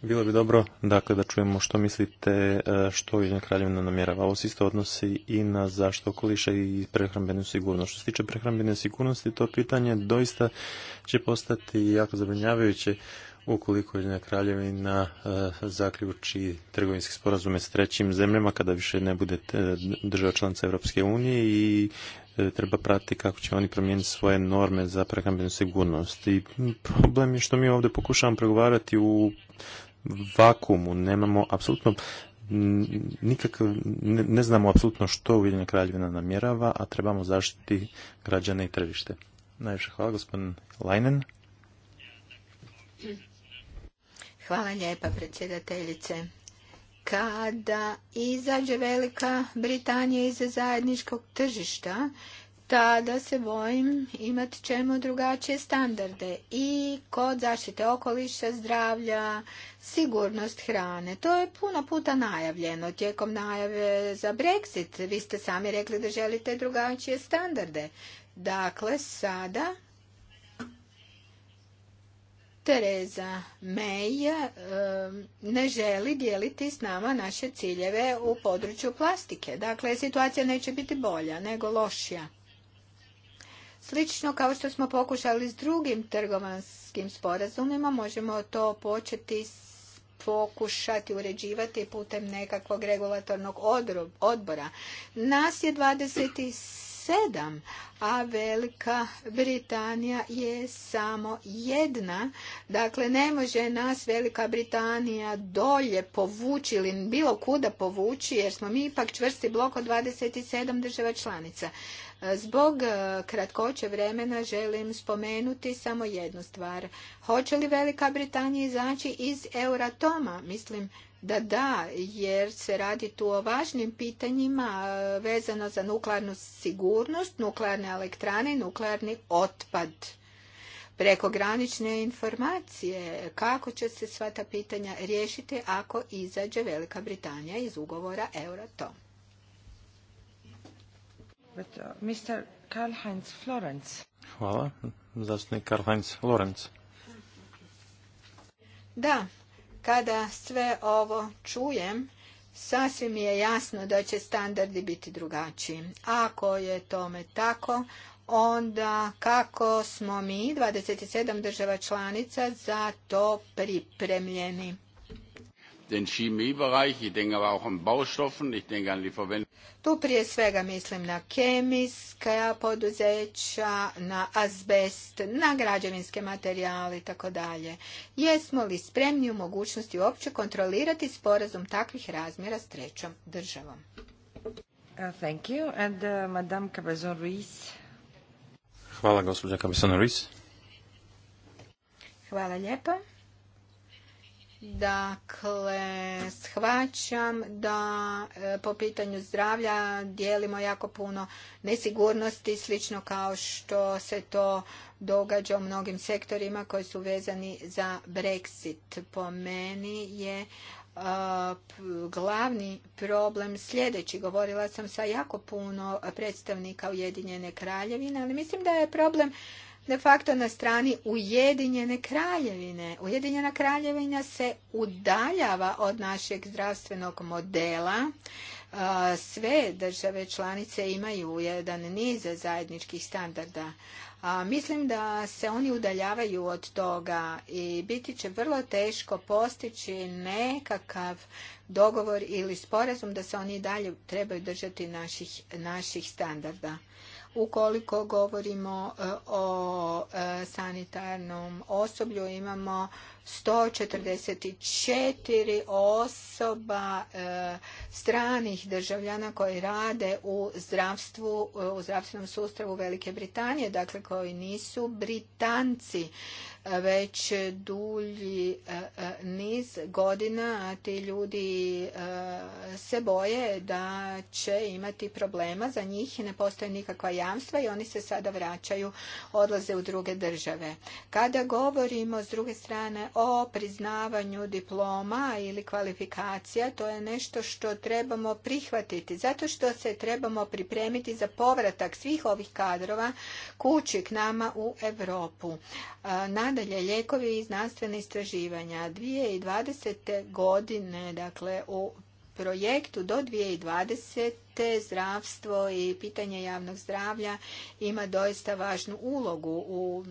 bilo bi dobro dakle, da čujemo što mislite e, što Ujedinjena kraljevina namjerava. Ovo se isto odnosi i na zašto okoliša i prehrambenu sigurnost. Što se tiče prehrambene sigurnosti, to pitanje doista će postati jako zabrinjavajuće ukoliko Ujedinjena kraljevina e, zaključi trgovinski sporazume s trećim zemljama kada više ne bude e, država članica Europske unije i E, treba pratiti kako će oni promijeniti svoje norme za prehrambenu sigurnost. I problem je što mi ovdje pokušavamo pregovarati u vakumu, nemamo apsolutno nikakav, ne, znamo apsolutno što Ujedinjena kraljevina namjerava, a trebamo zaštiti građane i tržište. Najviše hvala, gospodin Lajnen. Hvala lijepa, predsjedateljice kada izađe Velika Britanija iz zajedničkog tržišta, tada se bojim imati ćemo drugačije standarde i kod zaštite okoliša, zdravlja, sigurnost hrane. To je puno puta najavljeno tijekom najave za Brexit. Vi ste sami rekli da želite drugačije standarde. Dakle, sada Tereza May e, ne želi dijeliti s nama naše ciljeve u području plastike. Dakle, situacija neće biti bolja nego lošija. Slično kao što smo pokušali s drugim trgovanskim sporazumima, možemo to početi pokušati uređivati putem nekakvog regulatornog odbora. Nas je 27 sedam a Velika Britanija je samo jedna. Dakle, ne može nas Velika Britanija dolje povući ili bilo kuda povući, jer smo mi ipak čvrsti blok od 27 država članica. Zbog e, kratkoće vremena želim spomenuti samo jednu stvar. Hoće li Velika Britanija izaći iz Euratoma? Mislim da da, jer se radi tu o važnim pitanjima vezano za nuklearnu sigurnost, nuklearne elektrane i nuklearni otpad. Prekogranične informacije, kako će se sva ta pitanja riješiti ako izađe Velika Britanija iz ugovora Euratom. Karl-Heinz Hvala. Zastupnik Karl-Heinz Da, kada sve ovo čujem, sasvim je jasno da će standardi biti drugačiji. Ako je tome tako, onda kako smo mi, 27 država članica, za to pripremljeni den Chemiebereich, ich denke aber auch an Baustoffen, ich denke an die Verwendung. Tu prije svega mislim na kemijska poduzeća, na azbest, na građevinske materijale i tako dalje. Jesmo li spremni u mogućnosti uopće kontrolirati sporazum takvih razmjera s trećom državom? Uh, thank you. And, uh, Madame Cabezon-Ruiz. Hvala, gospođa Cabezon-Ruiz. Hvala lijepa. Dakle, shvaćam da e, po pitanju zdravlja dijelimo jako puno nesigurnosti, slično kao što se to događa u mnogim sektorima koji su vezani za Brexit. Po meni je e, glavni problem sljedeći. Govorila sam sa jako puno predstavnika Ujedinjene kraljevine, ali mislim da je problem de facto na strani Ujedinjene kraljevine. Ujedinjena kraljevina se udaljava od našeg zdravstvenog modela. Uh, sve države članice imaju jedan niz zajedničkih standarda. mislim da se oni udaljavaju od toga i biti će vrlo teško postići nekakav dogovor ili sporazum da se oni dalje trebaju držati naših, naših standarda. Ukoliko govorimo e, o e, sanitarnom osoblju, imamo 144 osoba e, stranih državljana koji rade u zdravstvu, u zdravstvenom sustavu Velike Britanije, dakle koji nisu Britanci već dulji e, e, niz godina, ti ljudi e, se boje da će imati problema, za njih ne postoje nikakva jamstva i oni se sada vraćaju, odlaze u druge države. Kada govorimo s druge strane o priznavanju diploma ili kvalifikacija, to je nešto što trebamo prihvatiti, zato što se trebamo pripremiti za povratak svih ovih kadrova kući k nama u Europu. Nadam Nadalje, lijekovi i znanstvene istraživanja. 2020. godine, dakle u projektu do 2020. zdravstvo i pitanje javnog zdravlja ima doista važnu ulogu u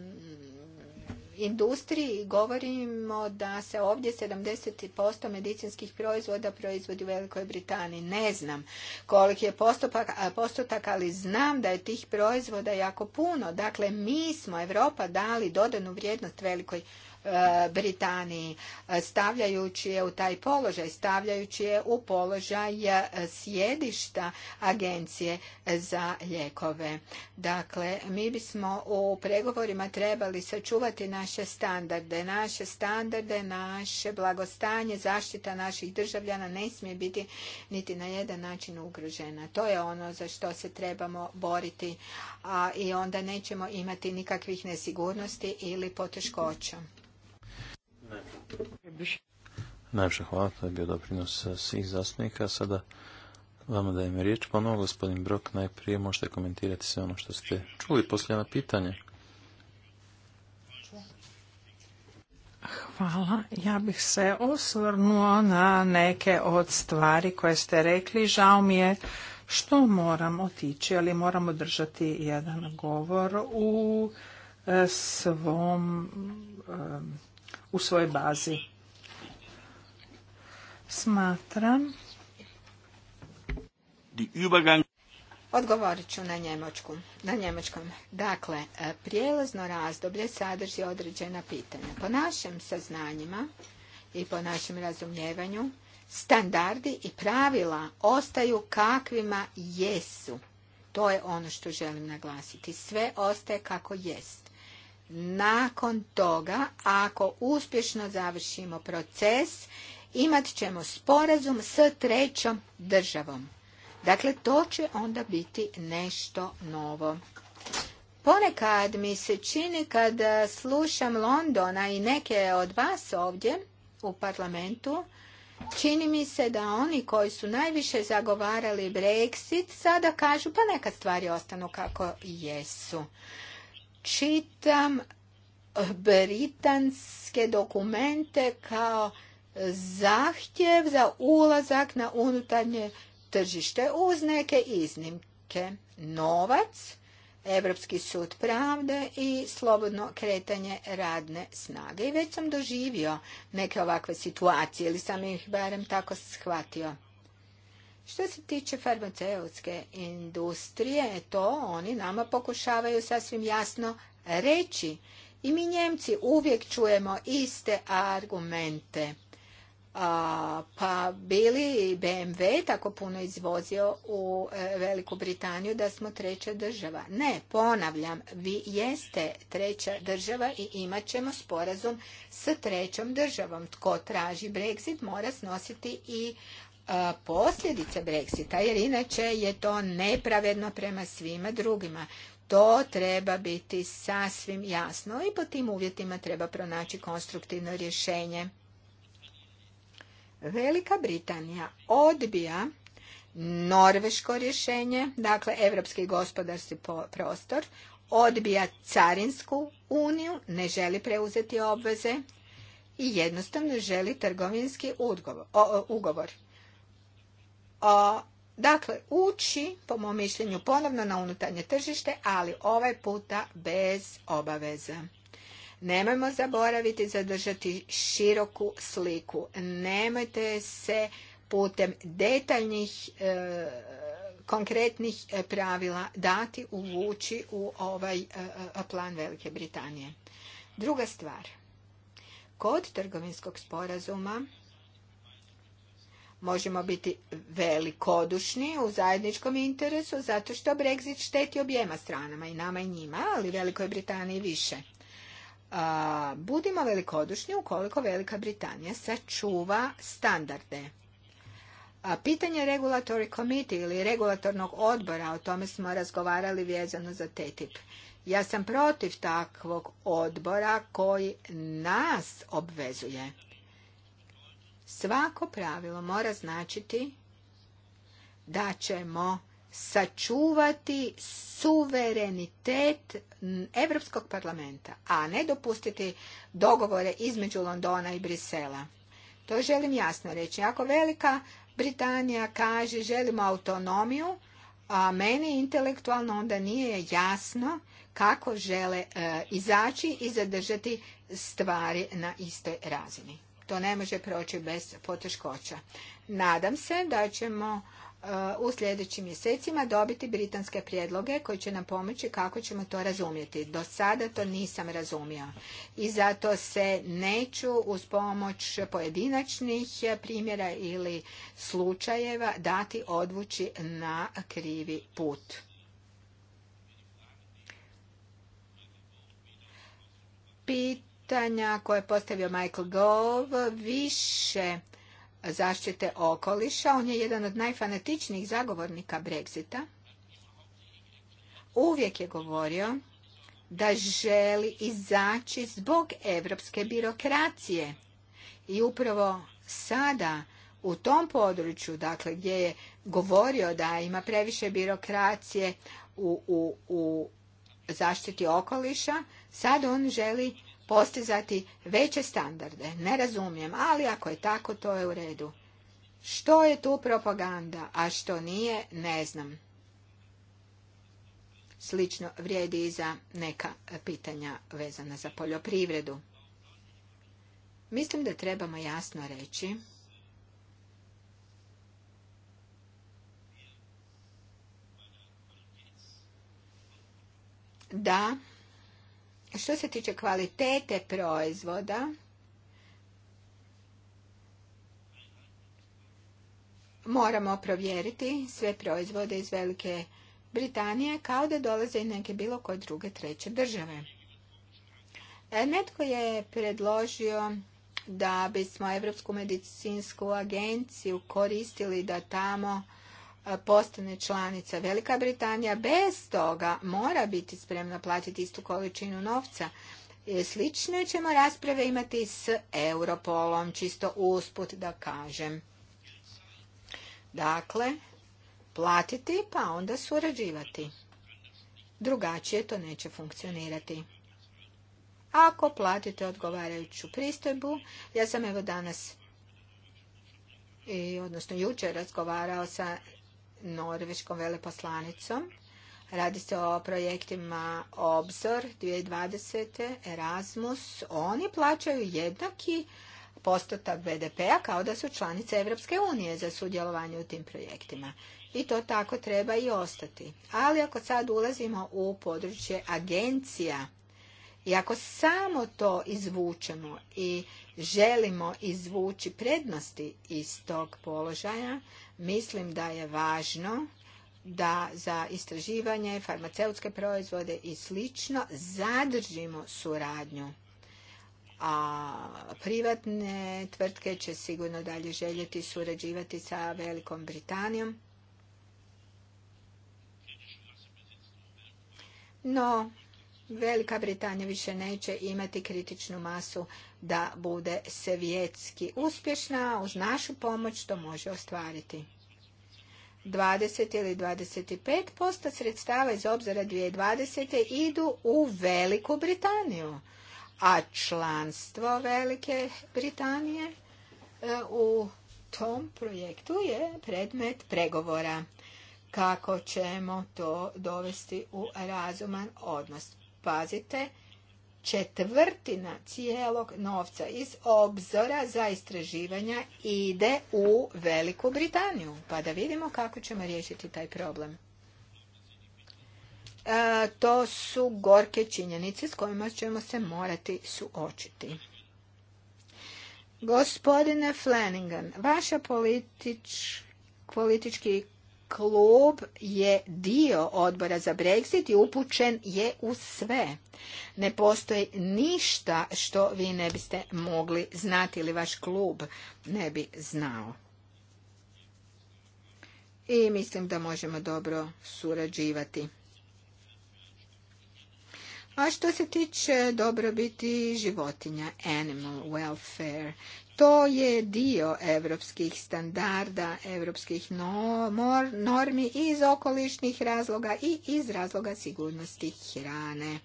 industriji govorimo da se ovdje 70% medicinskih proizvoda proizvodi u Velikoj Britaniji. Ne znam koliki je postotak, ali znam da je tih proizvoda jako puno. Dakle, mi smo, Europa, dali dodanu vrijednost Velikoj Britaniji Britaniji, stavljajući je u taj položaj, stavljajući je u položaj e, sjedišta agencije za ljekove. Dakle, mi bismo u pregovorima trebali sačuvati naše standarde, naše standarde, naše blagostanje, zaštita naših državljana ne smije biti niti na jedan način ugrožena. To je ono za što se trebamo boriti i onda nećemo imati nikakvih nesigurnosti ili poteškoća. Najviše hvala, to je bio doprinos svih zastupnika. Sada vama dajem riječ ponovo, gospodin Brok, najprije možete komentirati sve ono što ste čuli poslije na pitanje. Hvala. Ja bih se osvrnuo na neke od stvari koje ste rekli. Žao mi je što moram otići, ali moram održati jedan govor u eh, svom eh, u svojoj bazi. Smatram. Odgovorit ću na, njemačkom. na njemačkom. Dakle, e, prijelazno razdoblje sadrži određena pitanja. Po našim saznanjima i po našem razumijevanju, standardi i pravila ostaju kakvima jesu. To je ono što želim naglasiti. Sve ostaje kako jest. Nakon toga, ako uspješno završimo proces, imat ćemo sporazum s trećom državom. Dakle, to će onda biti nešto novo. Ponekad mi se čini kad slušam Londona i neke od vas ovdje u parlamentu, čini mi se da oni koji su najviše zagovarali Brexit sada kažu pa neka stvari ostanu kako jesu čitam britanske dokumente kao zahtjev za ulazak na unutarnje tržište uz neke iznimke. Novac, Europski sud pravde i slobodno kretanje radne snage. I već sam doživio neke ovakve situacije ili sam ih barem tako shvatio. Što se tiče farmaceutske industrije, to oni nama pokušavaju sasvim jasno reći. I mi Njemci uvijek čujemo iste argumente. A, pa bili BMW tako puno izvozio u e, Veliku Britaniju da smo treća država. Ne, ponavljam, vi jeste treća država i imat ćemo sporazum s trećom državom. Tko traži Brexit mora snositi i posljedice Brexita, jer inače je to nepravedno prema svima drugima. To treba biti sasvim jasno i po tim uvjetima treba pronaći konstruktivno rješenje. Velika Britanija odbija norveško rješenje, dakle Europski gospodarski prostor, odbija carinsku uniju, ne želi preuzeti obveze i jednostavno želi trgovinski ugovor. A, dakle, ući, po mom mišljenju, ponovno na unutarnje tržište, ali ovaj puta bez obaveza. Nemojmo zaboraviti zadržati široku sliku. Nemojte se putem detaljnih e, konkretnih e, pravila dati uvući u ovaj e, plan Velike Britanije. Druga stvar. Kod trgovinskog sporazuma možemo biti velikodušni u zajedničkom interesu zato što Brexit šteti objema stranama i nama i njima, ali Velikoj Britaniji više. budimo velikodušni ukoliko Velika Britanija sačuva standarde. A pitanje Regulatory Committee ili regulatornog odbora, o tome smo razgovarali vezano za TTIP. Ja sam protiv takvog odbora koji nas obvezuje. Svako pravilo mora značiti da ćemo sačuvati suverenitet Europskog parlamenta, a ne dopustiti dogovore između Londona i Brisela. To želim jasno reći. Ako Velika Britanija kaže želimo autonomiju, a meni intelektualno onda nije jasno kako žele e, izaći i zadržati stvari na istoj razini. To ne može proći bez poteškoća. Nadam se da ćemo e, u sljedećim mjesecima dobiti britanske prijedloge koji će nam pomoći kako ćemo to razumjeti. Do sada to nisam razumio i zato se neću uz pomoć pojedinačnih primjera ili slučajeva dati odvući na krivi put. Pit pitanja koje je postavio Michael Gove, više zaštite okoliša. On je jedan od najfanatičnijih zagovornika Brexita. Uvijek je govorio da želi izaći zbog evropske birokracije. I upravo sada u tom području, dakle gdje je govorio da ima previše birokracije u, u, u zaštiti okoliša, sad on želi postizati veće standarde. Ne razumijem, ali ako je tako, to je u redu. Što je tu propaganda, a što nije, ne znam. Slično vrijedi i za neka pitanja vezana za poljoprivredu. Mislim da trebamo jasno reći da što se tiče kvalitete proizvoda, moramo provjeriti sve proizvode iz Velike Britanije kao da dolaze i neke bilo koje druge treće države. E, netko je predložio da bismo Europsku medicinsku agenciju koristili da tamo postane članica Velika Britanija, bez toga mora biti spremna platiti istu količinu novca. E, slične ćemo rasprave imati s Europolom, čisto usput da kažem. Dakle, platiti pa onda surađivati. Drugačije to neće funkcionirati. Ako platite odgovarajuću pristojbu, ja sam evo danas i odnosno jučer razgovarao sa norveškom veleposlanicom. Radi se o projektima Obzor 2020. Erasmus. Oni plaćaju jednaki postotak BDP-a kao da su članice Europske unije za sudjelovanje u tim projektima. I to tako treba i ostati. Ali ako sad ulazimo u područje agencija i ako samo to izvučemo i želimo izvući prednosti iz tog položaja, Mislim da je važno da za istraživanje, farmaceutske proizvode i slično zadržimo suradnju. A privatne tvrtke će sigurno dalje željeti surađivati sa Velikom Britanijom. No, Velika Britanija više neće imati kritičnu masu da bude svjetski uspješna, uz našu pomoć to može ostvariti. 20 ili 25% sredstava iz obzora 2020. idu u Veliku Britaniju, a članstvo Velike Britanije e, u tom projektu je predmet pregovora kako ćemo to dovesti u razuman odnos. Pazite, četvrtina cijelog novca iz obzora za istraživanja ide u Veliku Britaniju. Pa da vidimo kako ćemo riješiti taj problem. E, to su gorke činjenice s kojima ćemo se morati suočiti. Gospodine Flanagan, vaša politič, politički klub je dio odbora za Brexit i upućen je u sve. Ne postoji ništa što vi ne biste mogli znati ili vaš klub ne bi znao. I mislim da možemo dobro surađivati. A što se tiče dobrobiti životinja, animal welfare, to je dio europskih standarda, europskih normi iz okolišnih razloga i iz razloga sigurnosti hrane.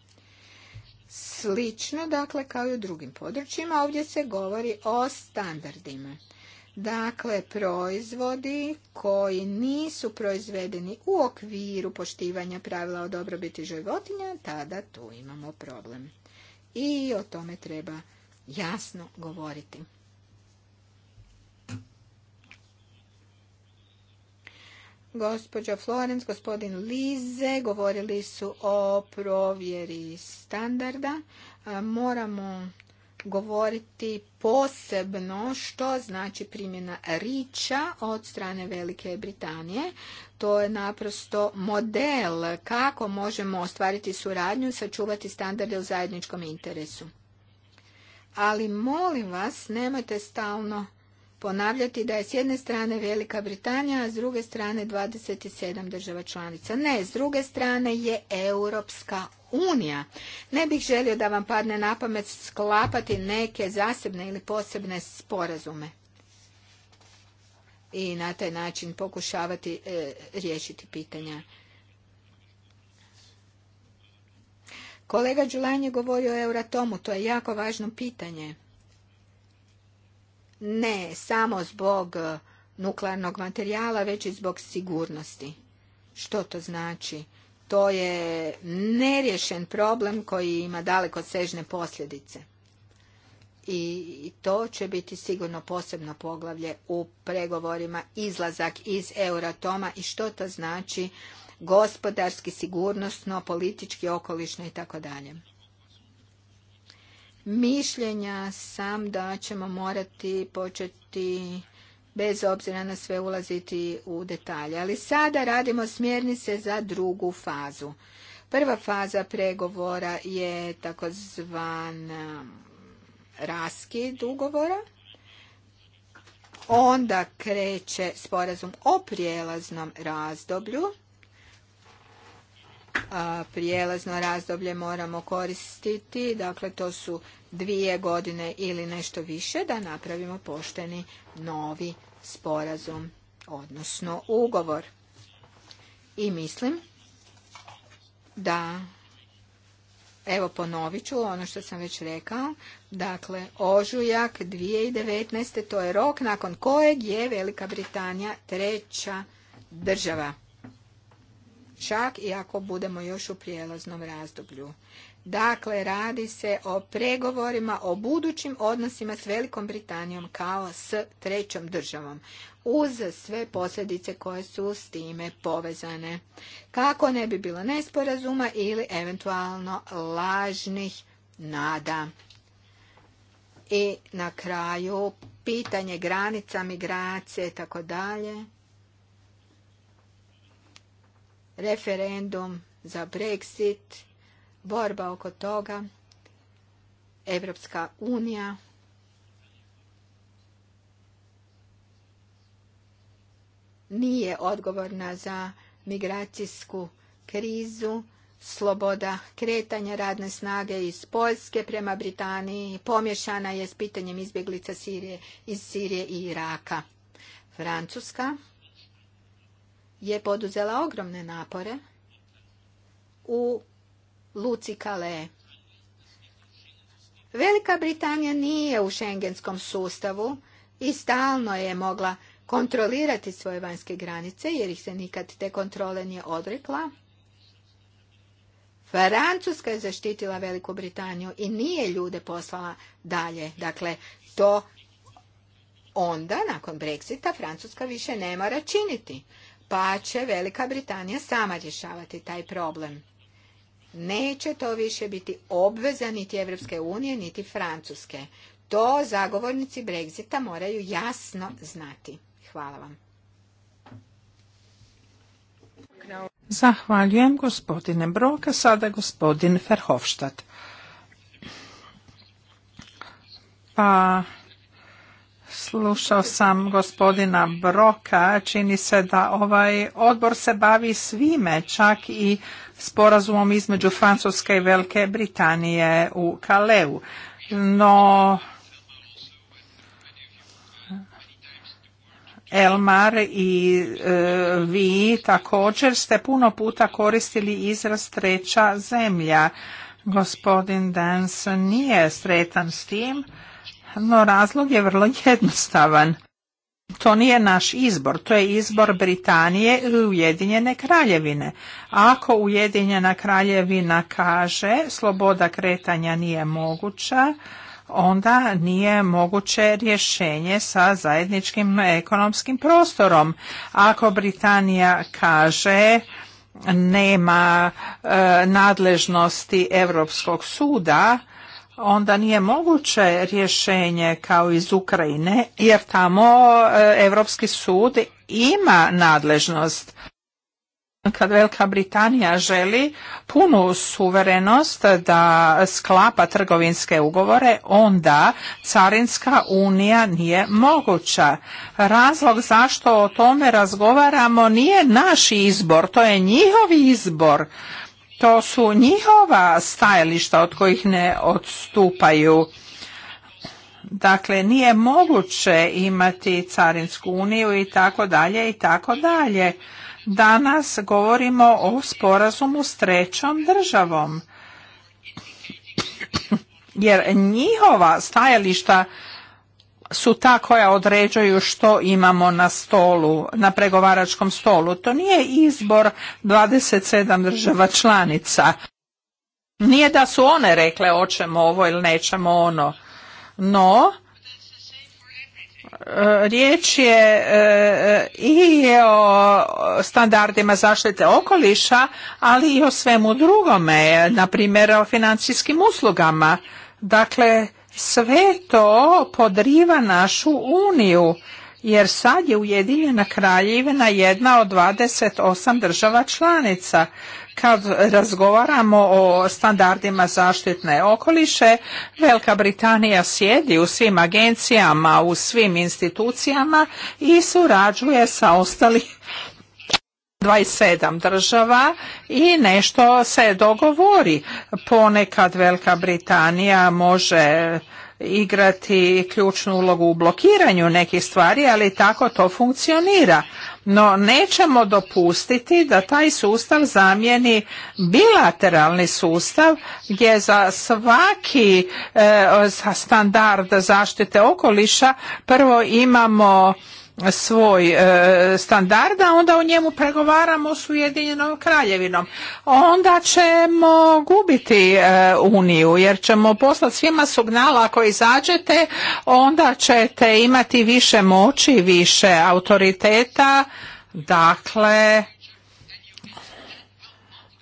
Slično, dakle, kao i u drugim područjima, ovdje se govori o standardima. Dakle, proizvodi koji nisu proizvedeni u okviru poštivanja pravila o dobrobiti životinja, tada tu imamo problem. I o tome treba jasno govoriti. gospođa Florence, gospodin Lize govorili su o provjeri standarda. E, moramo govoriti posebno što znači primjena riča od strane Velike Britanije. To je naprosto model kako možemo ostvariti suradnju i sačuvati standarde u zajedničkom interesu. Ali molim vas, nemojte stalno ponavljati da je s jedne strane Velika Britanija, a s druge strane 27 država članica. Ne, s druge strane je Europska unija. Ne bih želio da vam padne na pamet sklapati neke zasebne ili posebne sporazume i na taj način pokušavati e, riješiti pitanja. Kolega Đulajn je govorio o Euratomu, to je jako važno pitanje ne samo zbog e, nuklearnog materijala, već i zbog sigurnosti. Što to znači? To je nerješen problem koji ima daleko sežne posljedice. I to će biti sigurno posebno poglavlje u pregovorima izlazak iz Euratoma i što to znači gospodarski, sigurnosno, politički, okolišno i tako dalje. Mišljenja sam da ćemo morati početi bez obzira na sve ulaziti u detalje. Ali sada radimo smjernice za drugu fazu. Prva faza pregovora je takozvan raskid ugovora. Onda kreće sporazum o prijelaznom razdoblju prijelazno razdoblje moramo koristiti, dakle to su dvije godine ili nešto više, da napravimo pošteni novi sporazum, odnosno ugovor. I mislim da, evo ponovit ću ono što sam već rekao, dakle ožujak 2019. to je rok nakon kojeg je Velika Britanija treća država čak i ako budemo još u prijelaznom razdoblju. Dakle, radi se o pregovorima o budućim odnosima s Velikom Britanijom kao s trećom državom, uz sve posljedice koje su s time povezane. Kako ne bi bilo nesporazuma ili eventualno lažnih nada. I na kraju pitanje granica, migracije i tako dalje referendum za Brexit, borba oko toga, Evropska unija. Nije odgovorna za migracijsku krizu, sloboda kretanja radne snage iz Poljske prema Britaniji pomješana je s pitanjem izbjeglica Sirije, iz Sirije i Iraka. Francuska je poduzela ogromne napore u Luci Kale. Velika Britanija nije u šengenskom sustavu i stalno je mogla kontrolirati svoje vanjske granice, jer ih se nikad te kontrole nije odrekla. Francuska je zaštitila Veliku Britaniju i nije ljude poslala dalje. Dakle, to onda, nakon Brexita, Francuska više ne mora činiti pa će Velika Britanija sama rješavati taj problem. Neće to više biti obveza niti Evropske unije, niti Francuske. To zagovornici Brexita moraju jasno znati. Hvala vam. Zahvaljujem gospodine Broka, sada gospodin Verhofstadt. Pa Slušao sam gospodina Broka, čini se da ovaj odbor se bavi svime, čak i sporazumom između Francuske i Velike Britanije u Kaleu. No, Elmar i e, vi također ste puno puta koristili izraz treća zemlja. Gospodin Dans nije sretan s tim no razlog je vrlo jednostavan. To nije naš izbor, to je izbor Britanije i Ujedinjene kraljevine. Ako Ujedinjena kraljevina kaže sloboda kretanja nije moguća, onda nije moguće rješenje sa zajedničkim ekonomskim prostorom. Ako Britanija kaže nema e, nadležnosti Europskog suda, onda nije moguće rješenje kao iz Ukrajine jer tamo Europski sud ima nadležnost. Kad Velika Britanija želi punu suverenost da sklapa trgovinske ugovore, onda Carinska unija nije moguća. Razlog zašto o tome razgovaramo nije naš izbor, to je njihov izbor to su njihova stajališta od kojih ne odstupaju. Dakle, nije moguće imati carinsku uniju i tako dalje i tako dalje. Danas govorimo o sporazumu s trećom državom. Jer njihova stajališta su ta koja određuju što imamo na stolu, na pregovaračkom stolu. To nije izbor 27 država članica. Nije da su one rekle hoćemo ovo ili nećemo ono. No, e, riječ je e, e, i o standardima zaštite okoliša, ali i o svemu drugome, na primjer o financijskim uslugama. Dakle, sve to podriva našu uniju, jer sad je Ujedinjena kraljevina jedna od 28 država članica. Kad razgovaramo o standardima zaštitne okoliše, Velika Britanija sjedi u svim agencijama, u svim institucijama i surađuje sa ostalim 27 država i nešto se dogovori. Ponekad Velika Britanija može igrati ključnu ulogu u blokiranju nekih stvari, ali tako to funkcionira. No nećemo dopustiti da taj sustav zamijeni bilateralni sustav gdje za svaki e, standard zaštite okoliša prvo imamo svoj e, standard, a onda o njemu pregovaramo s Ujedinjenom kraljevinom. Onda ćemo gubiti e, Uniju, jer ćemo poslati svima signala ako izađete, onda ćete imati više moći, više autoriteta, dakle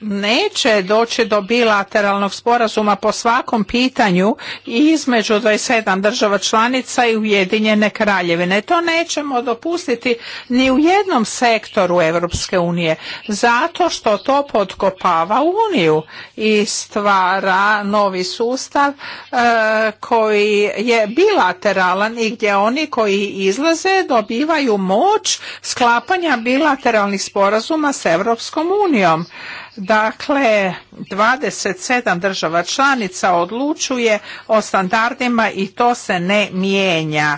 neće doći do bilateralnog sporazuma po svakom pitanju između 27 država članica i Ujedinjene kraljevine. To nećemo dopustiti ni u jednom sektoru Europske unije, zato što to potkopava Uniju i stvara novi sustav e, koji je bilateralan i gdje oni koji izlaze dobivaju moć sklapanja bilateralnih sporazuma s Europskom unijom. Dakle, 27 država članica odlučuje o standardima i to se ne mijenja.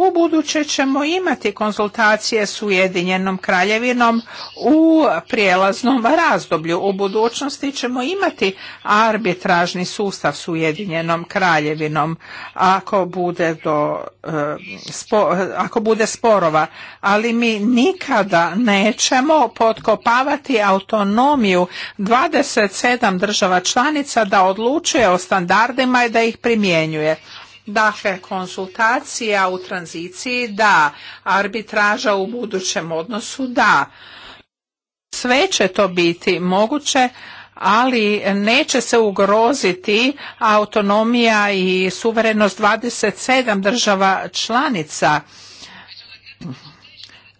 U buduće ćemo imati konzultacije s Ujedinjenom kraljevinom u prijelaznom razdoblju. U budućnosti ćemo imati arbitražni sustav s Ujedinjenom kraljevinom ako bude, do, e, ako bude sporova, ali mi nikada nećemo potkopavati autonomiju 27 država članica da odlučuje o standardima i da ih primjenjuje. Dakle, konsultacija u tranziciji da, arbitraža u budućem odnosu da. Sve će to biti moguće, ali neće se ugroziti autonomija i suverenost 27 država članica.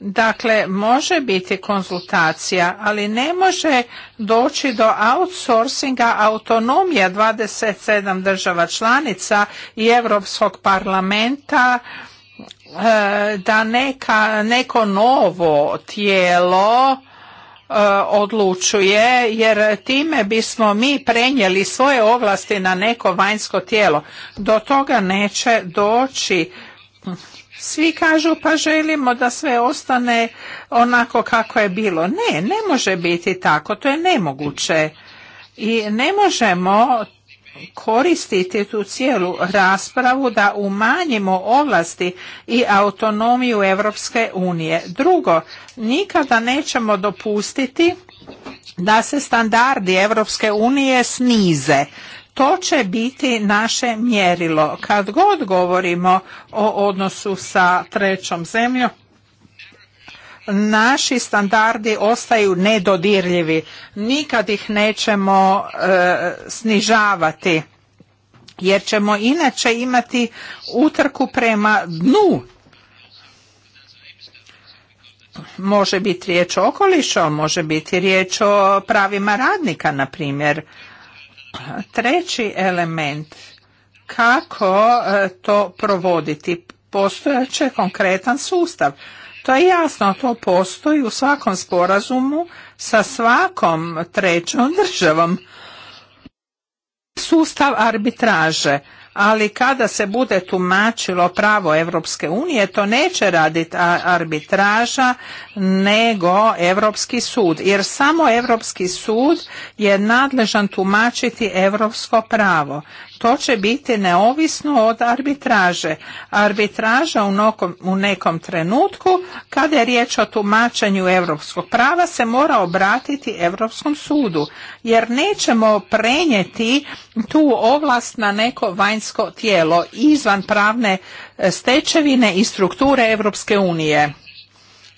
Dakle, može biti konzultacija, ali ne može doći do outsourcinga autonomija 27 država članica i Europskog parlamenta e, da neko novo tijelo e, odlučuje jer time bismo mi prenijeli svoje ovlasti na neko vanjsko tijelo. Do toga neće doći svi kažu pa želimo da sve ostane onako kako je bilo. Ne, ne može biti tako, to je nemoguće. I ne možemo koristiti tu cijelu raspravu da umanjimo ovlasti i autonomiju Europske unije. Drugo, nikada nećemo dopustiti da se standardi Europske unije snize. To će biti naše mjerilo. Kad god govorimo o odnosu sa trećom zemljom, naši standardi ostaju nedodirljivi. Nikad ih nećemo e, snižavati jer ćemo inače imati utrku prema dnu. Može biti riječ o okolišu, može biti riječ o pravima radnika, na primjer. Treći element, kako e, to provoditi? će konkretan sustav. To je jasno, to postoji u svakom sporazumu sa svakom trećom državom. Sustav arbitraže ali kada se bude tumačilo pravo Europske unije, to neće raditi arbitraža nego Europski sud, jer samo Europski sud je nadležan tumačiti europsko pravo to će biti neovisno od arbitraže. Arbitraža u, u nekom trenutku, kada je riječ o tumačenju europskog prava, se mora obratiti Europskom sudu, jer nećemo prenijeti tu ovlast na neko vanjsko tijelo izvan pravne e, stečevine i strukture Europske unije.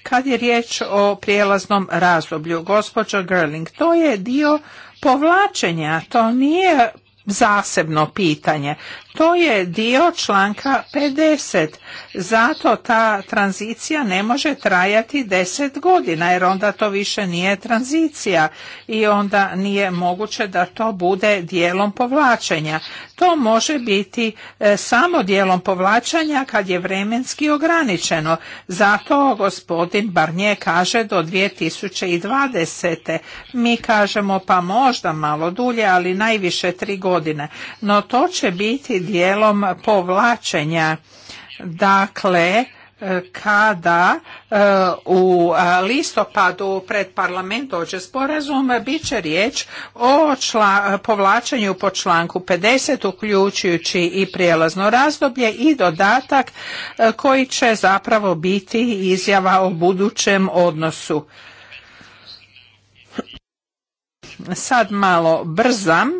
Kad je riječ o prijelaznom razdoblju, gospođo Gerling, to je dio povlačenja, to nije zasebno pitanje. To je dio članka 50. Zato ta tranzicija ne može trajati 10 godina jer onda to više nije tranzicija i onda nije moguće da to bude dijelom povlačenja. To može biti e, samo dijelom povlačenja kad je vremenski ograničeno. Zato gospodin Barnje kaže do 2020. Mi kažemo pa možda malo dulje, ali najviše tri godine. No to će biti dijelom povlačenja. Dakle, e, kada e, u e, listopadu pred parlament dođe sporazum, bit će riječ o čla, povlačenju po članku 50, uključujući i prijelazno razdoblje i dodatak koji će zapravo biti izjava o budućem odnosu. Sad malo brzam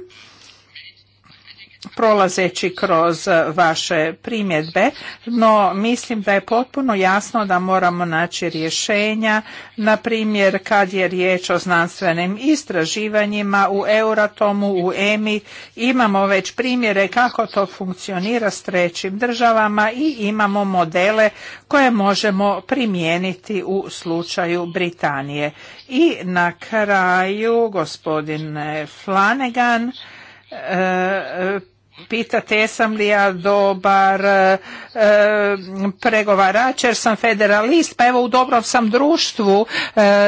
prolazeći kroz e, vaše primjedbe, no mislim da je potpuno jasno da moramo naći rješenja, na primjer kad je riječ o znanstvenim istraživanjima u Euratomu, u EMI, imamo već primjere kako to funkcionira s trećim državama i imamo modele koje možemo primijeniti u slučaju Britanije. I na kraju, gospodine Flanagan, e, e, pitate jesam li ja dobar e, e, pregovarač jer sam federalist pa evo u dobrom sam društvu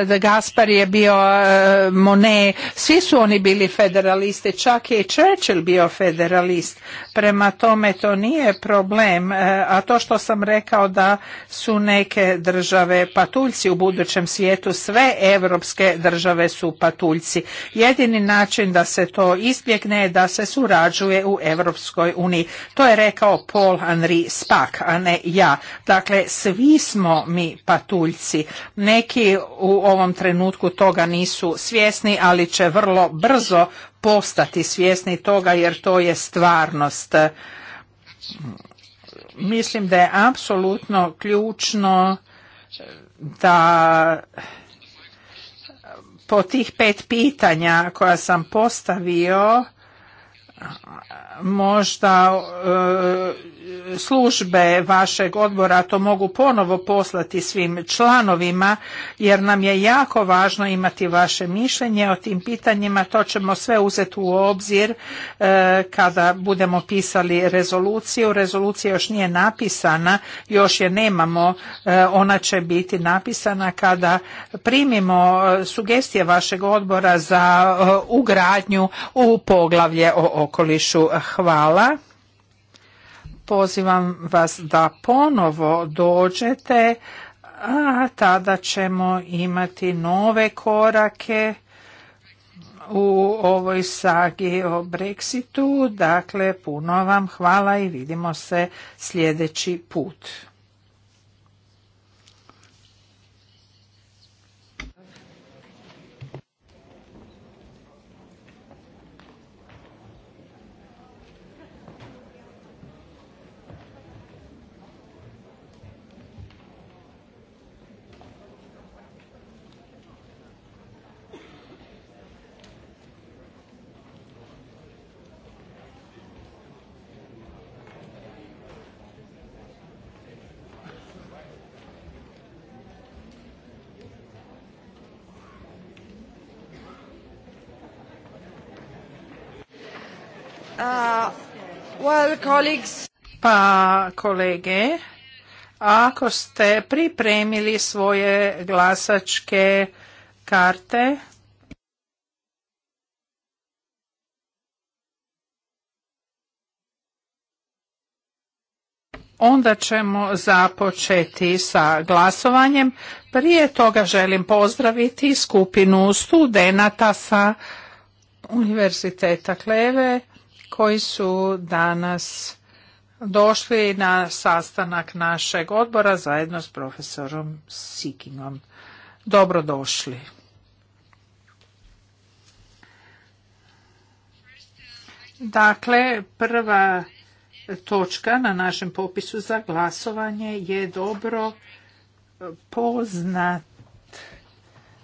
e, Gaspar je bio e, mone, svi su oni bili federalisti, čak je i Churchill bio federalist, prema tome to nije problem e, a to što sam rekao da su neke države patuljci u budućem svijetu, sve evropske države su patuljci jedini način da se to izbjegne je da se surađuje u EU Europskoj uniji. To je rekao Paul Henry Spak, a ne ja. Dakle, svi smo mi patuljci. Neki u ovom trenutku toga nisu svjesni, ali će vrlo brzo postati svjesni toga jer to je stvarnost. Mislim da je apsolutno ključno da po tih pet pitanja koja sam postavio možda e, službe vašeg odbora to mogu ponovo poslati svim članovima jer nam je jako važno imati vaše mišljenje o tim pitanjima. To ćemo sve uzeti u obzir e, kada budemo pisali rezoluciju. Rezolucija još nije napisana, još je nemamo. E, ona će biti napisana kada primimo e, sugestije vašeg odbora za ugradnju u poglavlje o okolišu. Hvala. Pozivam vas da ponovo dođete, a tada ćemo imati nove korake u ovoj sagi o Brexitu. Dakle, puno vam hvala i vidimo se sljedeći put. Uh, pa kolege, ako ste pripremili svoje glasačke karte, onda ćemo započeti sa glasovanjem. Prije toga želim pozdraviti skupinu studenata sa Univerziteta Kleve koji su danas došli na sastanak našeg odbora zajedno s profesorom Sikingom. Dobrodošli. Dakle, prva točka na našem popisu za glasovanje je dobro poznat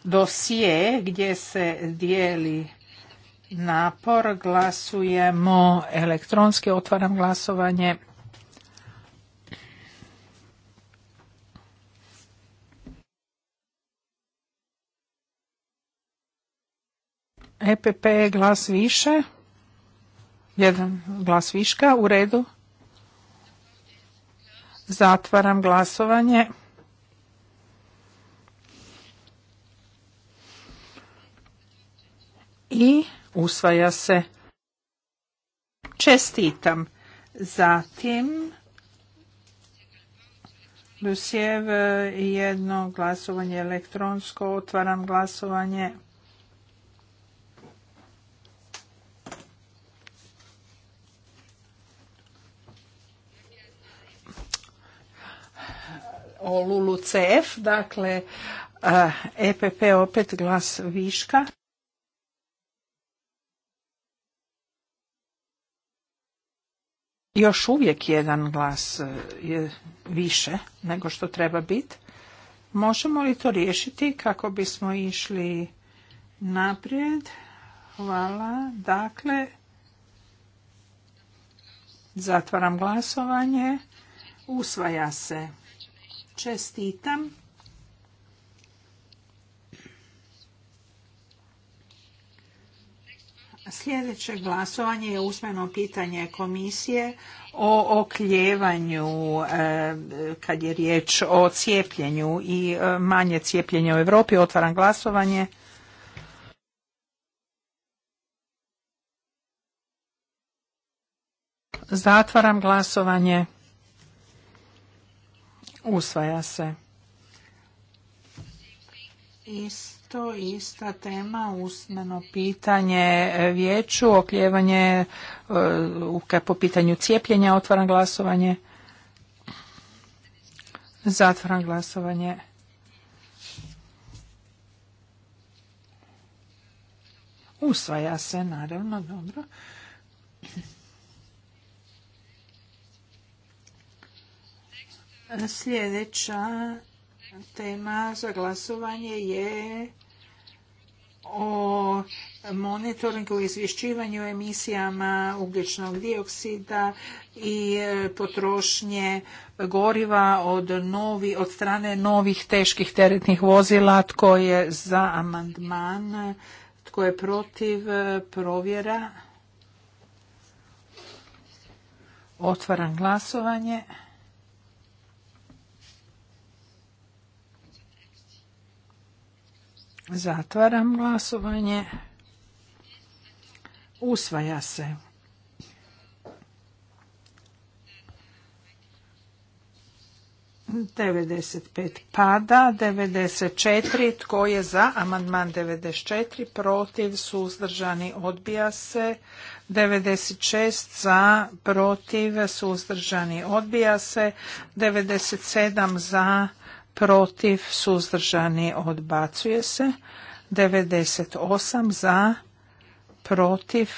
dosije gdje se dijeli napor. Glasujemo elektronski, otvaram glasovanje. EPP je glas više, jedan glas viška, u redu. Zatvaram glasovanje. I usvaja se. Čestitam. Zatim, Lusjev, jedno glasovanje elektronsko, otvaram glasovanje. O Lulu CF, dakle EPP opet glas viška. još uvijek jedan glas e, je više nego što treba biti. Možemo li to riješiti kako bismo išli naprijed? Hvala. Dakle, zatvaram glasovanje. Usvaja se. Čestitam. Sljedeće glasovanje je usmeno pitanje komisije o okljevanju e, kad je riječ o cijepljenju i e, manje cijepljenje u Europi. Otvaram glasovanje. Zatvaram glasovanje. Usvaja se. Is to ista tema usmeno pitanje vijeću, okljevanje e, po pitanju cijepljenja, otvaram glasovanje, zatvaram glasovanje. Usvaja se, naravno, dobro. Sljedeća tema za glasovanje je o monitoringu i izvješćivanju emisijama ugljičnog dioksida i e, potrošnje goriva od, novi, od strane novih teških teretnih vozila. Tko je za amandman? Tko je protiv provjera? Otvaram glasovanje. Zatvaram glasovanje. Usvaja se. Devedeset pada, devedeset četiri. Tko je za? Amandman devedeset četiri. Protiv, suzdržani, odbija se. Devedeset šest za, protiv, suzdržani, odbija se. Devedeset sedam za protiv, suzdržani, odbacuje se. 98 za, protiv,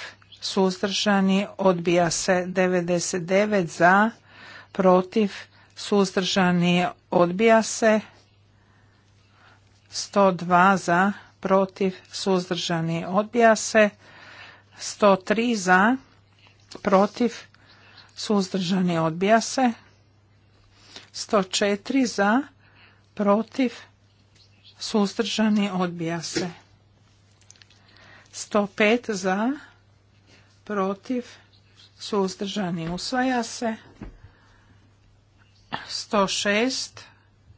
suzdržani, odbija se. 99 za, protiv, suzdržani, odbija se. 102 za, protiv, suzdržani, odbija se. 103 za, protiv, suzdržani, odbija se. 104 za, protiv, suzdržani, odbija se. 105 za, protiv, suzdržani, usvaja se. 106,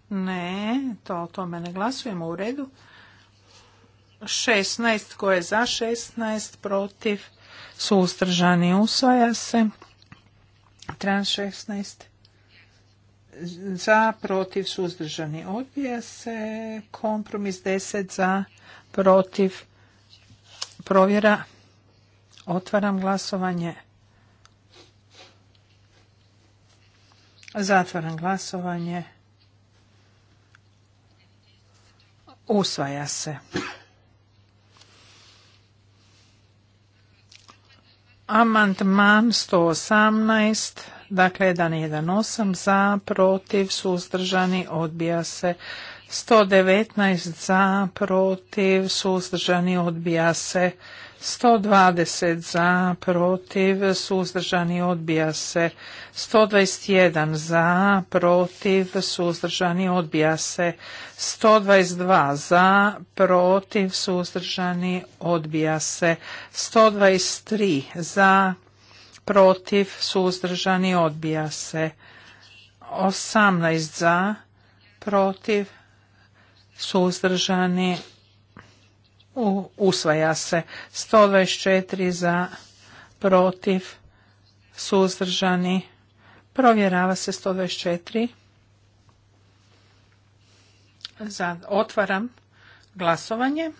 ne, to o tome ne glasujemo u redu. 16, tko je za 16, protiv, suzdržani, usvaja se. Trans 16 za, protiv, suzdržani. Odbija se kompromis 10 za, protiv, provjera. Otvaram glasovanje. Zatvaram glasovanje. Usvaja se. Amandman 118 Dakle, 1.1.8 za, protiv, suzdržani, odbija se. 119 za, protiv, suzdržani, odbija se. 120 za, protiv, suzdržani, odbija se. 121 za, protiv, suzdržani, odbija se. 122 za, protiv, suzdržani, odbija se. 123 za, protiv, suzdržani, odbija se. 18 za, protiv, suzdržani, usvaja se. 124 za, protiv, suzdržani, provjerava se 124. Za, otvaram glasovanje.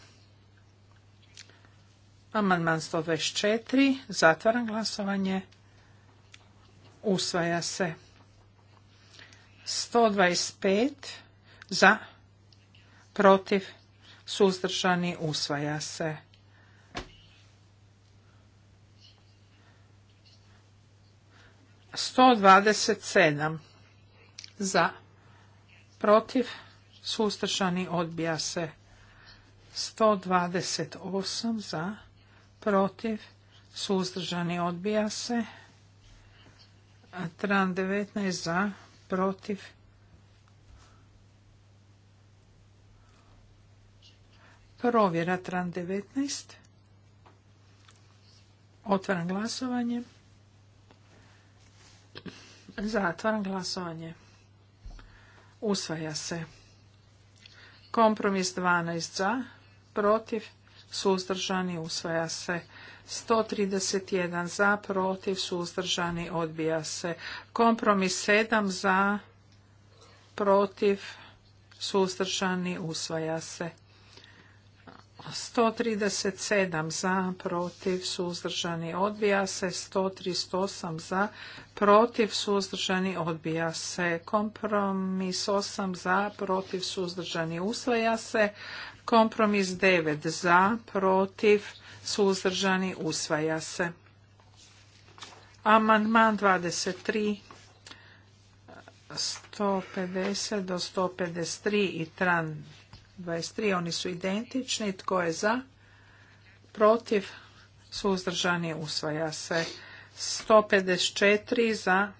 Amandman 124. Zatvaram glasovanje. Usvaja se. 125. Za. Protiv. Suzdržani. Usvaja se. Sto dvadeset sedam za protiv suzdržani odbija se sto dvadeset osam za protiv, suzdržani odbija se. Tran 19 za, protiv. Provjera Tran 19. Otvaram glasovanje. Zatvaram glasovanje. Usvaja se. Kompromis 12 za, protiv, suzdržani, usvaja se. 131 za, protiv, suzdržani, odbija se. Kompromis 7 za, protiv, suzdržani, usvaja se. 137 za, protiv, suzdržani, odbija se. 138 za, protiv, suzdržani, odbija se. Kompromis 8 za, protiv, suzdržani, usvaja se. Kompromis 9 za, protiv, suzdržani, usvaja se. Amandman 23, 150 do 153 i tran 23, oni su identični. Tko je za? Protiv, suzdržani, usvaja se. 154 za,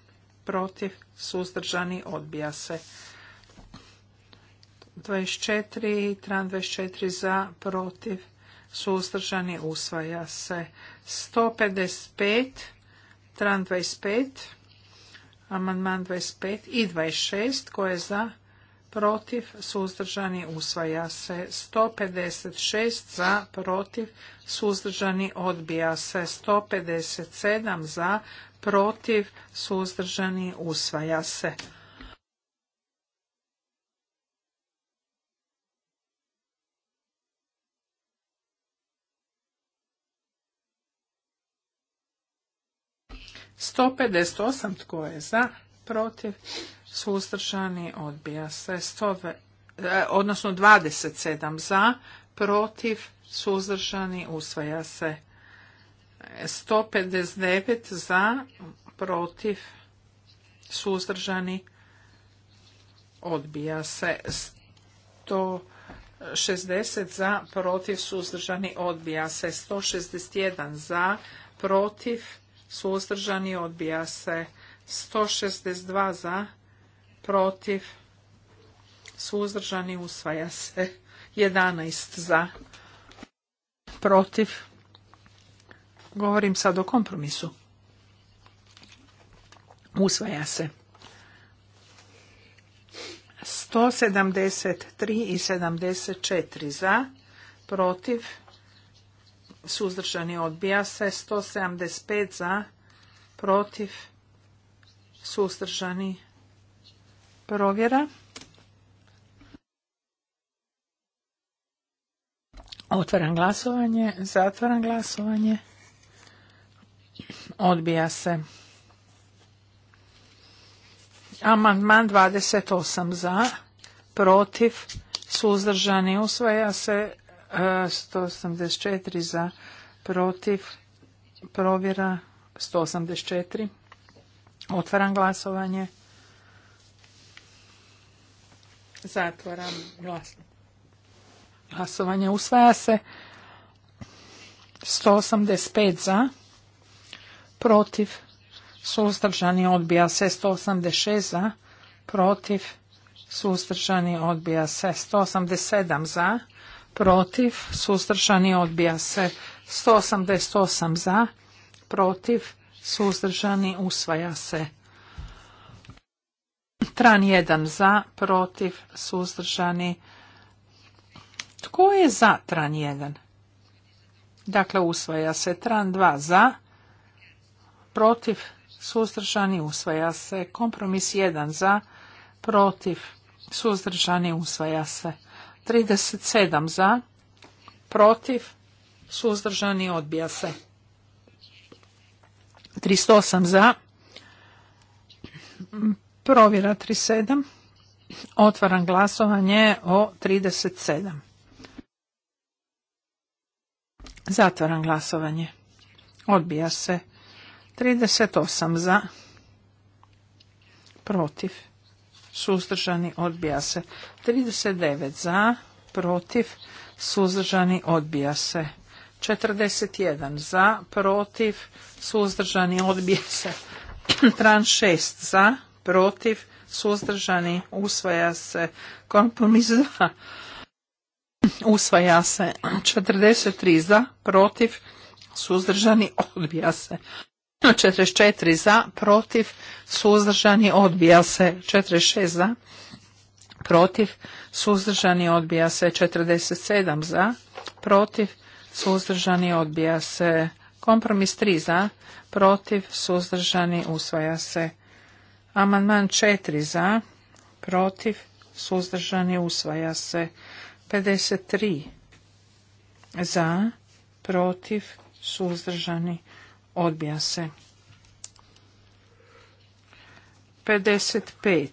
protiv, suzdržani, odbija se. 24 24 za, protiv, suzdržani, usvaja se. 155, tran 25, amandman 25 i 26 koje je za, protiv, suzdržani, usvaja se. 156 za, protiv, suzdržani, odbija se. 157 za, protiv, suzdržani, usvaja se. 158 tko je za, protiv, suzdržani, odbija se. E, odnosno 27 za, protiv, suzdržani, usvaja se. 159 za, protiv, suzdržani, odbija se. 160 za, protiv, suzdržani, odbija se. 161 za, protiv, suzdržani, odbija se. 162 za, protiv, suzdržani, usvaja se. 11 za, protiv. Govorim sad o kompromisu. Usvaja se. 173 i 74 za, protiv, suzdržani odbija se 175 za protiv suzdržani provjera otvaram glasovanje zatvaram glasovanje odbija se amandman 28 za protiv suzdržani usvaja se 184 za, protiv, provjera 184. Otvaram glasovanje. Zatvaram glasovanje. Glasovanje usvaja se. 185 za, protiv, sustržani, odbija se 186 za, protiv, sustržani, odbija se 187 za, protiv, suzdržani odbija se. 188 za, protiv, suzdržani usvaja se. Tran 1 za, protiv, suzdržani. Tko je za tran 1? Dakle, usvaja se tran 2 za, protiv, suzdržani, usvaja se. Kompromis 1 za, protiv, suzdržani, usvaja se. 37 za, protiv, suzdržani odbija se. 308 za, provjera 37, otvaram glasovanje o 37. Zatvaram glasovanje. Odbija se. 38 za. Protiv suzdržani odbija se. 39 za, protiv, suzdržani odbija se. 41 za, protiv, suzdržani odbija se. Tran 6 za, protiv, suzdržani usvaja se. Kompromis za usvaja se. 43 za, protiv, suzdržani odbija se. 44 za, protiv, suzdržani, odbija se. 46 za, protiv, suzdržani, odbija se. 47 za, protiv, suzdržani, odbija se. Kompromis 3 za, protiv, suzdržani, usvaja se. Amandman 4 za, protiv, suzdržani, usvaja se. 53 za, protiv, suzdržani, Odbija se. 55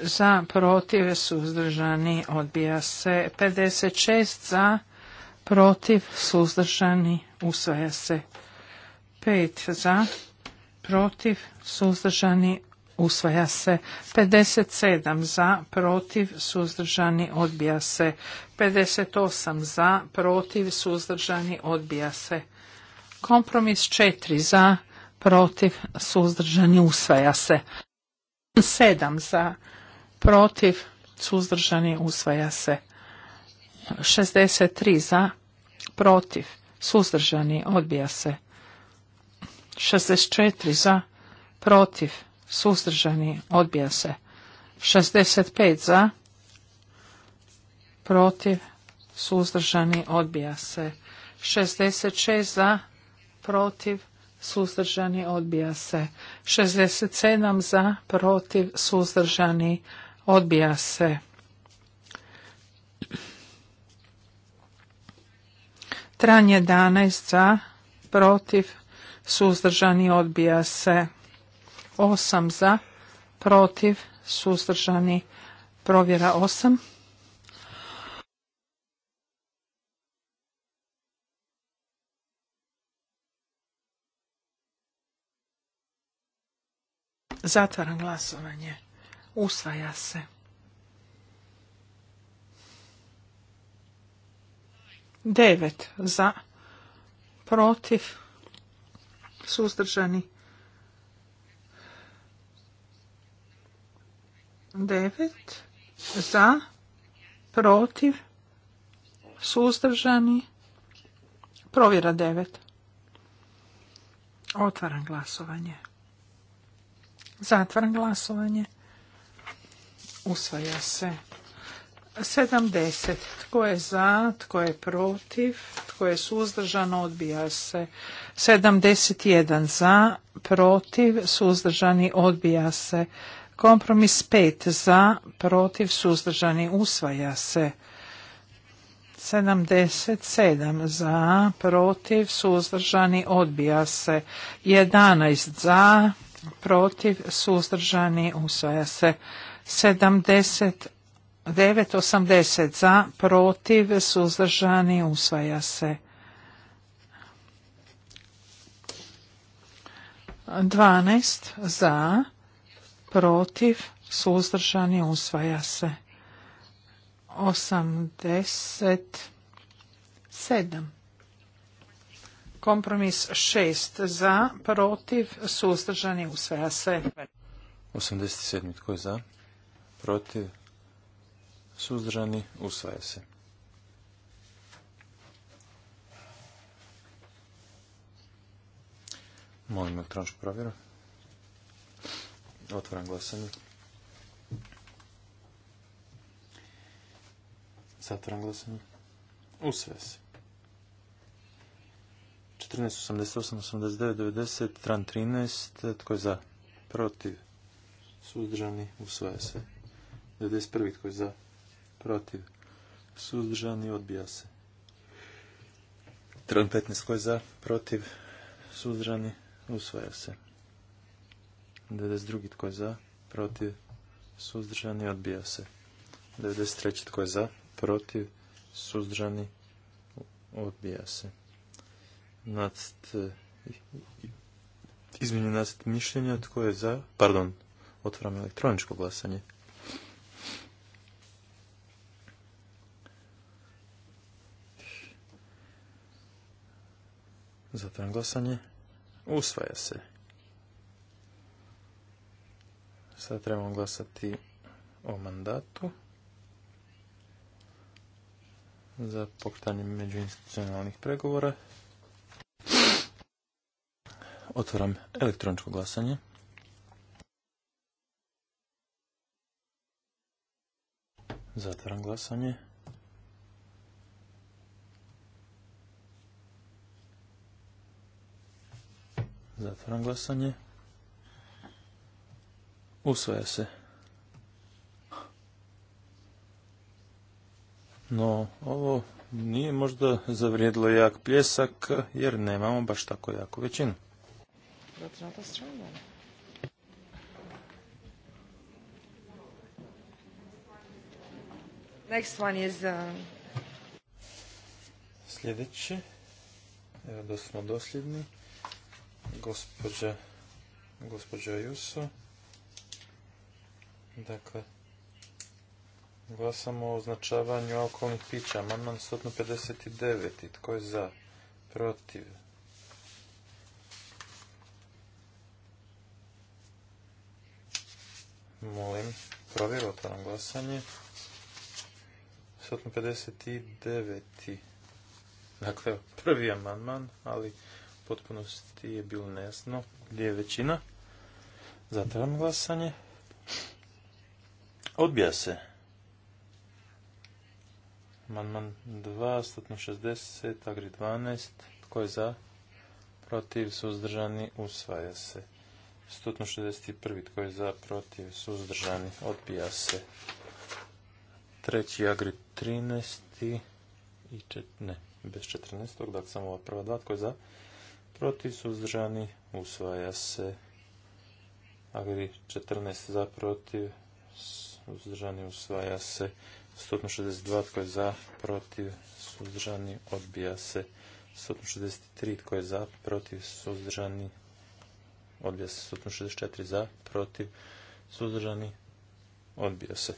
za, protiv, suzdržani, odbija se. 56 za, protiv, suzdržani, usvaja se. 5 za, protiv, suzdržani, usvaja se. 57 za, protiv, suzdržani, odbija se. 58 za, protiv, suzdržani, odbija se. Kompromis četiri za, protiv, suzdržani, usvaja se. 7 za, protiv, suzdržani, usvaja se. 63 za, protiv, suzdržani, odbija se. 64 za, protiv, suzdržani, odbija se. 65 za, protiv, suzdržani, odbija se. 66 za, protiv, suzdržani, odbija se. 67 za, protiv, suzdržani, odbija se. Tran 11 za, protiv, suzdržani, odbija se. 8 za, protiv, suzdržani, provjera 8. Zatvaram glasovanje. Usvaja se. Devet za, protiv, suzdržani. Devet za, protiv, suzdržani. Provjera devet. Otvaram glasovanje. Zatvaram glasovanje. Usvaja se. 70. Tko je za, tko je protiv, tko je suzdržan, odbija se. 71 za, protiv, suzdržani, odbija se. Kompromis 5 za, protiv, suzdržani, usvaja se. 77 za, protiv, suzdržani, odbija se. 11 za, protiv, suzdržani, usvaja se. 79, 80 za, protiv, suzdržani, usvaja se. 12 za, protiv, suzdržani, usvaja se. 87 Kompromis šest za, protiv, suzdržani, usvaja se. 87. Tko je za? Protiv, suzdržani, usvaja se. Molim elektroničku provjeru. Otvaram glasanje. Zatvaram glasanje. Usvaja se. 14, 89, 90, tran 13, tko je za, protiv, suzdržani, usvaja se. 91. tko je za, protiv, suzdržani, odbija se. Tran 15, tko je za, protiv, suzdržani, usvaja se. 92. tko je za, protiv, suzdržani, odbija se. 93. tko je za, protiv, suzdržani, odbija se nacrt, eh, izmjenjen nacrt mišljenja, tko je za, pardon, otvaram elektroničko glasanje. Zatvaram glasanje. Usvaja se. Sada trebamo glasati o mandatu za pokretanje međuinstitucionalnih pregovora. Otvaram elektroničko glasanje. Zatvaram glasanje. Zatvaram glasanje. Usvaja se. No, ovo nije možda zavrijedilo jak pljesak, jer nemamo baš tako jako većinu. It's not a Next one is... Uh... Evo da smo dosljedni. Gospođa, gospođa Juso. Dakle, glasamo o označavanju alkoholnih pića. Amandman 159. Tko je za? Protiv? Molim, provjeru, otvaram glasanje. 159. Dakle, prvi amandman, ali potpunosti je bilo nesno gdje je većina. Zatvaram glasanje. Odbija se. Amandman 2, 160, agri 12. Tko je za? Protiv, suzdržani, usvaja se. 161. Tko je za, protiv, suzdržani, odbija se. Treći agri 13. I čet... ne, bez 14. Dakle, samo ova prva dva. Tko je za, protiv, suzdržani, usvaja se. Agri 14 za, protiv, suzdržani, usvaja se. 162. Tko je za, protiv, suzdržani, odbija se. 163. Tko je za, protiv, suzdržani, odbija se 164 za, protiv, suzdržani, odbija se.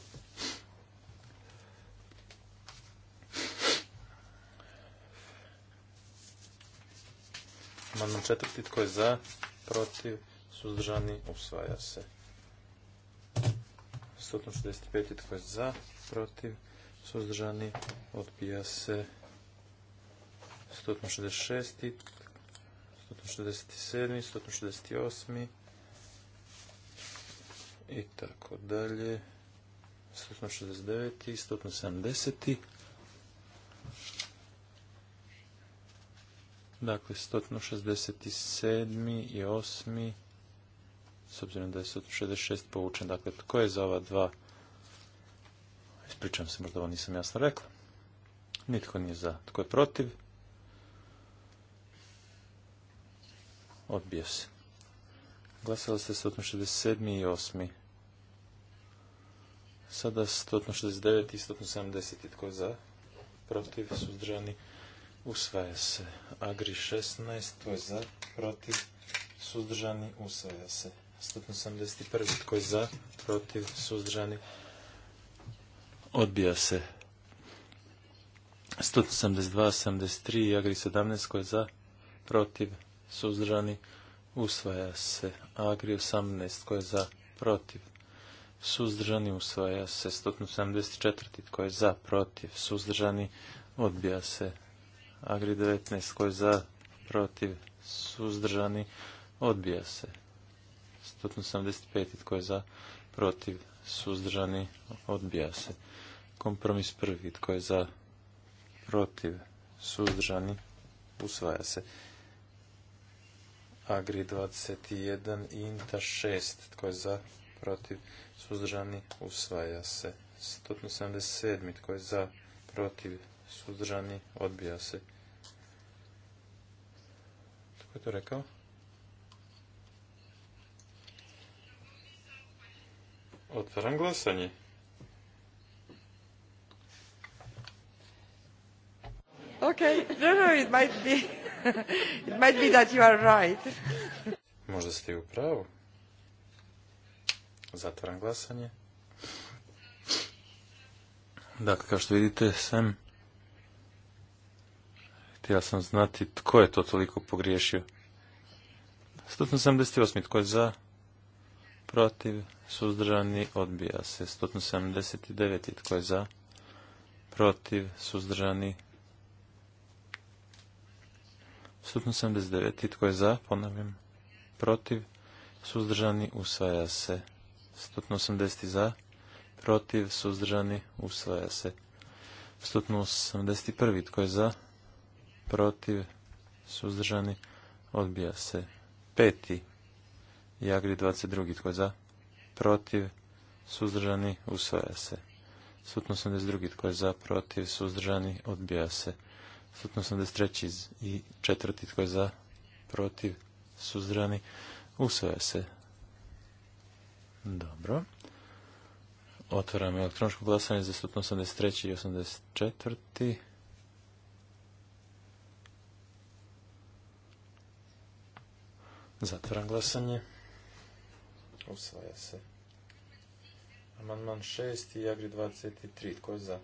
Amandman četvrti, tko je za, protiv, suzdržani, usvaja se. 165. tko je za, protiv, suzdržani, odbija se. 166. 167. 168. I tako dalje. 169. Dakle, i 170. Dakle, 167. i 8. S obzirom da je 166 povučen. Dakle, tko je za ova dva? Ispričavam se, možda ovo nisam jasno rekla. Nitko nije za. Tko je protiv? Odbio se. Glasali ste 167. i 8. Sada 169 i 170. Tko je za? Protiv? Suzdržani? Usvaja se. Agri 16. Tko je za? Protiv? Suzdržani? Usvaja se. 171. Tko je za? Protiv? Suzdržani? Odbija se. 172, 73 i Agri 17. Tko za? Protiv? suzdržani, usvaja se. Agri 18, tko je za, protiv, suzdržani, usvaja se. 174, tko je za, protiv, suzdržani, odbija se. Agri 19, tko je za, protiv, suzdržani, odbija se. 175, tko je za, protiv, suzdržani, odbija se. Kompromis prvi, tko je za, protiv, suzdržani, usvaja se. Agri 21 Inta 6. Tko je za? Protiv? Suzdržani? Usvaja se. 177. Tko je za? Protiv? Suzdržani? Odbija se. Tko je to rekao? Otvaram glasanje. Ok, ne no, it might be. might be that you are right. Možda ste i u pravu. Zatvaram glasanje. Dakle, kao što vidite, sam htjela sam znati tko je to toliko pogriješio. 178. Tko je za? Protiv? Suzdržani? Odbija se. 179. Tko je za? Protiv? Suzdržani? 179. Tko je za? Ponavljam. Protiv. Suzdržani usvaja se. 180. Za. Protiv. Suzdržani usvaja se. 181. Tko je za? Protiv. Suzdržani odbija se. Peti. Jagri 22. Tko je za? Protiv. Suzdržani usvaja se. 182. Tko je za? Protiv. Suzdržani odbija se. 183. i 4. tko je za, protiv, suzdrani, usvaja se. Dobro. Otvaram elektroničko glasanje za 183. i 84. Zatvaram glasanje. Usvaja se. Amandman 6 i Agri 23. Tko je za?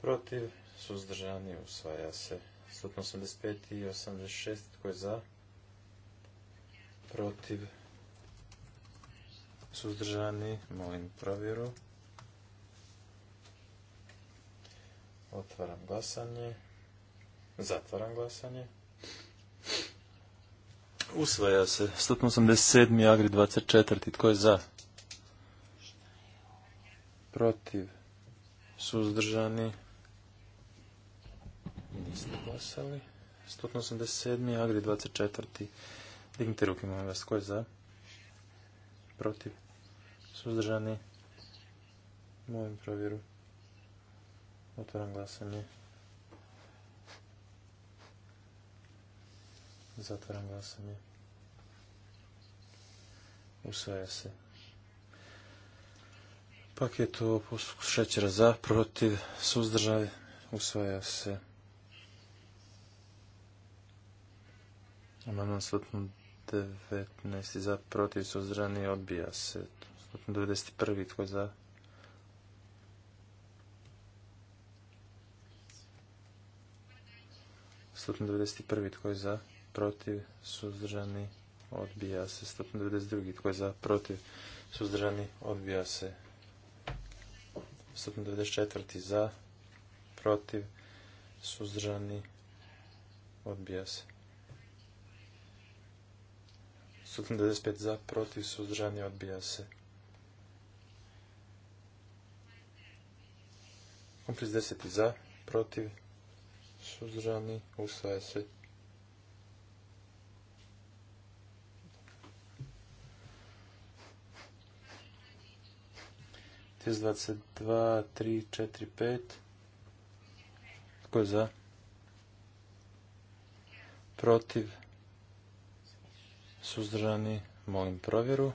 Protiv? suzdržani, usvaja se. 185 i 86, tko je za, protiv, suzdržani, molim provjeru. Otvaram glasanje. Zatvaram glasanje. Usvaja se. 187. Agri 24. Tko je za? Protiv. Suzdržani ste glasali. 187. Agri 24. Dignite ruke, molim vas. Ko je za? Protiv? Suzdržani? Molim provjeru. Otvaram glasanje. Zatvaram glasanje. Usvaja se. Paket o šećera za, protiv, suzdržaj, usvaja se. Amandman 119 za protiv suzdrani, odbija se. 191 tko za? Stotno tko je za, protiv, suzdržani, odbija se. 192. tko je za, protiv, suzdržani, odbija se. 194. za, protiv, suzdržani, odbija se. 195 za, protiv, suzdržani, odbija se. Kompromis 10 za, protiv, suzdržani, usvaja se. Tis 22, 3, 4, 5. Tko je za? Protiv? suzdržani, molim provjeru.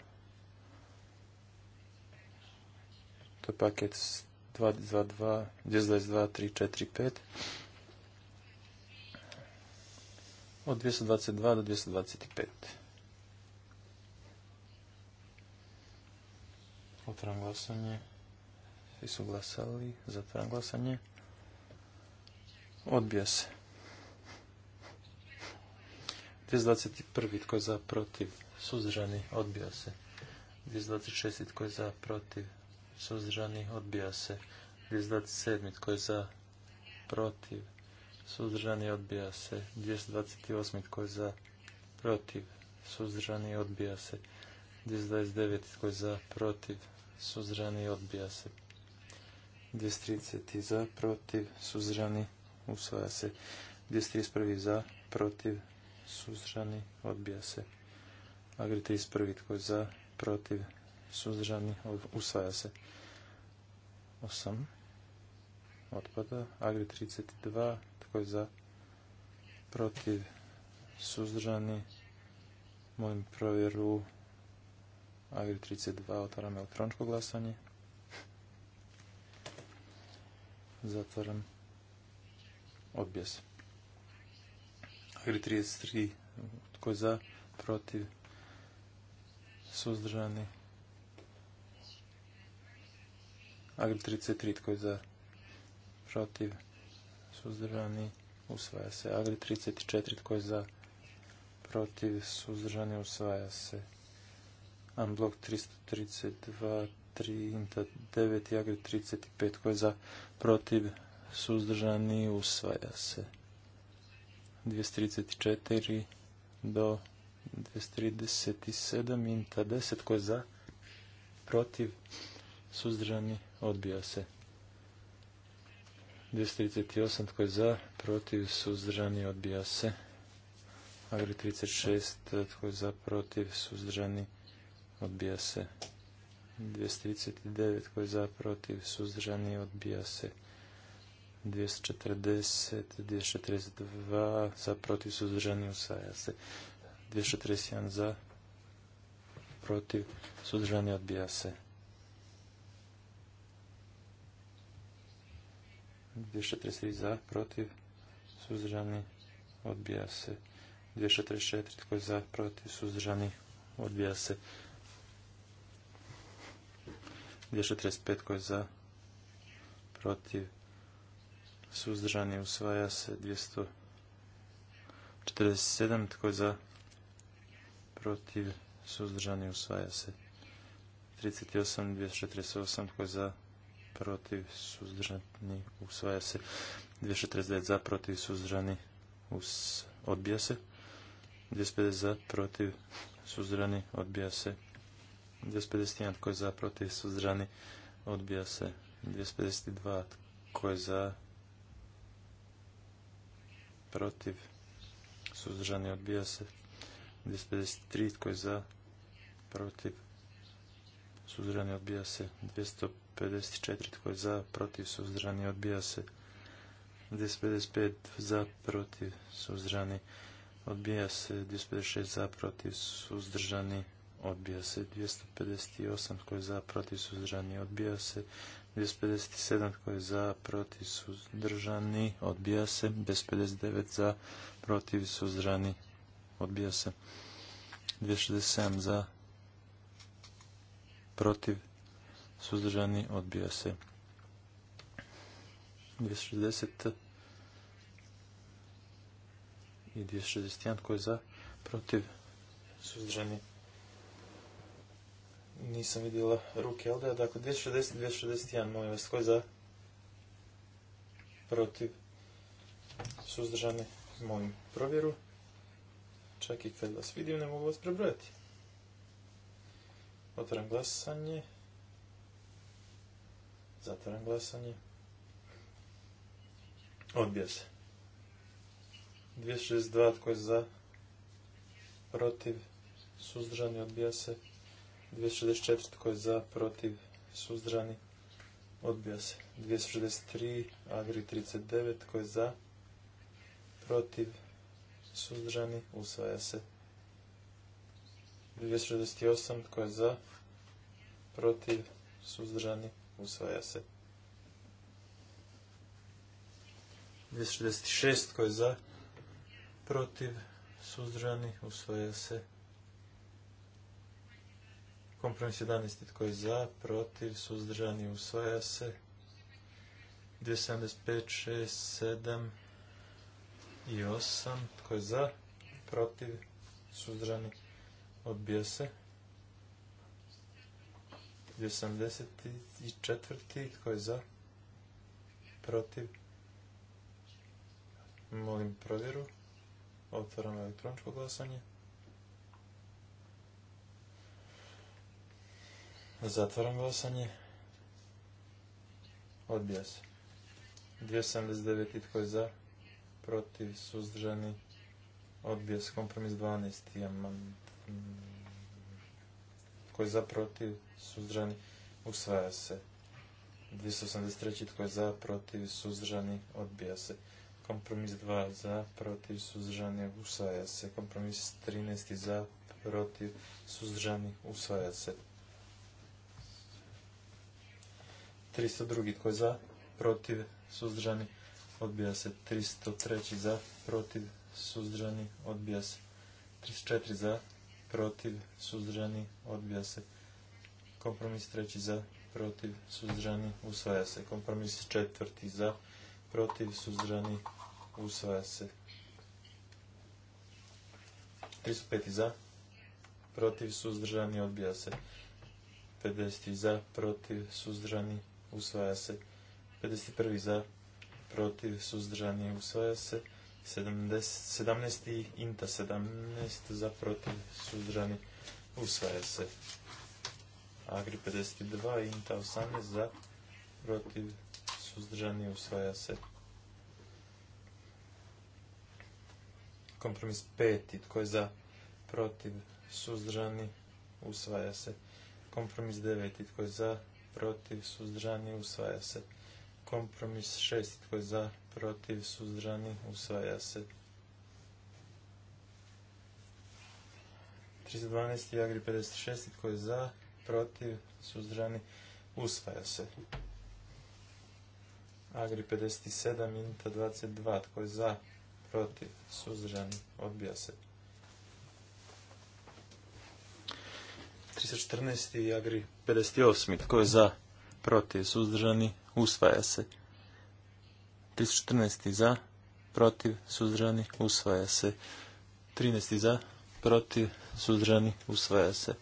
To je paket 222, 345. Od 222 do 225. Otvaram glasanje. Svi su glasali. Zatvaram glasanje. Odbija se. 221. Tko je za? Protiv? Suzdržani? Odbija se. 226. Tko je za? Protiv? Suzdržani? Odbija se. 227. Tko je za? Protiv? Suzdržani? Odbija se. 228. Tko je za? Protiv? Suzdržani? Odbija se. 229. Tko je za? Protiv? Suzdržani? Odbija se. 230. Za? Protiv? Suzdržani? Usvaja se. 231. Za? Protiv? suzdržani, odbija se. Agri 31. tko je za, protiv, suzdržani, usvaja se. 8. Otpada. Agri 32. Tko je za, protiv, suzdržani, molim provjeru Agri 32. Otvaram elektroničko glasanje. Zatvaram. Odbija se ili 33 tko je za, protiv, suzdržani. Agri 33 tko je za, protiv, suzdržani, usvaja se. Agri 34 tko je za, protiv, suzdržani, usvaja se. Unblock 332, 3, 9 i Agri 35 tko je za, protiv, suzdržani, usvaja se. 234 do 237, inta 10, tko za, protiv, suzdržani, odbija se. 238, tko je za, protiv, suzdržani, odbija se. Agri 36, tko je za, protiv, suzdržani, odbija se. 239, tko je za, protiv, suzdržani, odbija se. 240, 242 za protiv suzdržani usvaja se. 241 za protiv suzdržani odbija se. 243 za protiv suzdržani odbija se. 244 tko je za protiv suzdržani odbija se. 245 tko je za protiv suzdržani usvaja se 247, tko je za, protiv, suzdržani usvaja se 38, 248, tko je za, protiv, suzdržani usvaja se 249 za, protiv, suzdržani us, odbija se 250 za, protiv, suzdržani odbija se 251, tko je za, protiv, suzdržani odbija se 252, tko je za, protiv, suzdržani odbija se. 253 tko je za, protiv, suzdržani odbija se. 254 tko je za, protiv, suzdržani odbija se. 255 za, protiv, suzdržani odbija se. 256 za, protiv, suzdržani odbija se. 258 tko je za, protiv, suzdržani odbija se. 257 koji je za, protiv, suzdržani, odbija se. 259 za, protiv, suzdržani, odbija se. 267 za, protiv, suzdržani, odbija se. 260 i 261 koji je za, protiv, suzdržani, odbija se nisam vidjela ruke LDA. Dakle, 260, 261, molim vas, tko je za? Protiv? Suzdržani? Molim provjeru. Čak i kad vas vidim, ne mogu vas prebrojati. Otvaram glasanje. Zatvaram glasanje. Odbija se. 262, tko je za? Protiv? Suzdržani? Odbija se. 264 tko je za, protiv, suzdrani, odbija se. 263, Agri 39 tko je za, protiv, suzdržani, usvaja se. 268 tko je za, protiv, suzdržani, usvaja se. 266 tko je za, protiv, suzdrani, usvaja se. Kompromis 11. Tko je za? Protiv? Suzdržani? Usvaja se. 275, 6, 7 i 8. Tko je za? Protiv? Suzdržani? Odbija se. 274. Tko je za? Protiv? Molim provjeru. Otvaram elektroničko glasanje. Zatvaram glasanje. Odbija se. 279. Tko je za? Protiv. Suzdržani. Odbija se. Kompromis 12. Tko je za? Protiv. Suzdržani. Usvaja se. 283. Tko je za? Protiv. Suzdržani. Odbija se. Kompromis 2. Za. Protiv. Suzdržani. Usvaja se. Kompromis 13. Za. Protiv. Suzdržani. Usvaja se. 302. Tko je za? Protiv? Suzdržani? Odbija se. 303. Za? Protiv? Suzdržani? Odbija se. 34. Za? Protiv? Suzdržani? Odbija se. Kompromis treći Za? Protiv? Suzdržani? Usvaja se. Kompromis četvrti Za? Protiv? Suzdržani? Usvaja se. 305. Za? Protiv? Suzdržani? Odbija se. 50. Za? Protiv? Suzdržani? usvaja se. 51. za, protiv, suzdržani, usvaja se. 17. inta 17 za, protiv, suzdržani, usvaja se. Agri 52, inta 18 za, protiv, suzdržani, usvaja se. Kompromis 5. Tko je za, protiv, suzdržani, usvaja se. Kompromis 9. Tko je za, protiv, suzdržani, usvaja se. Kompromis 6, tko je za, protiv, suzdržani, usvaja se. 312. Agri 56. Tko je za? Protiv? Suzdržani? Usvaja se. Agri 57. Minuta 22. Tko je za? Protiv? Suzdržani? Odbija se. 314 i Agri 58. Tko je za? Protiv. Suzdržani. Usvaja se. 314 za. Protiv. Suzdržani. Usvaja se. 13 za. Protiv. Suzdržani. Usvaja se.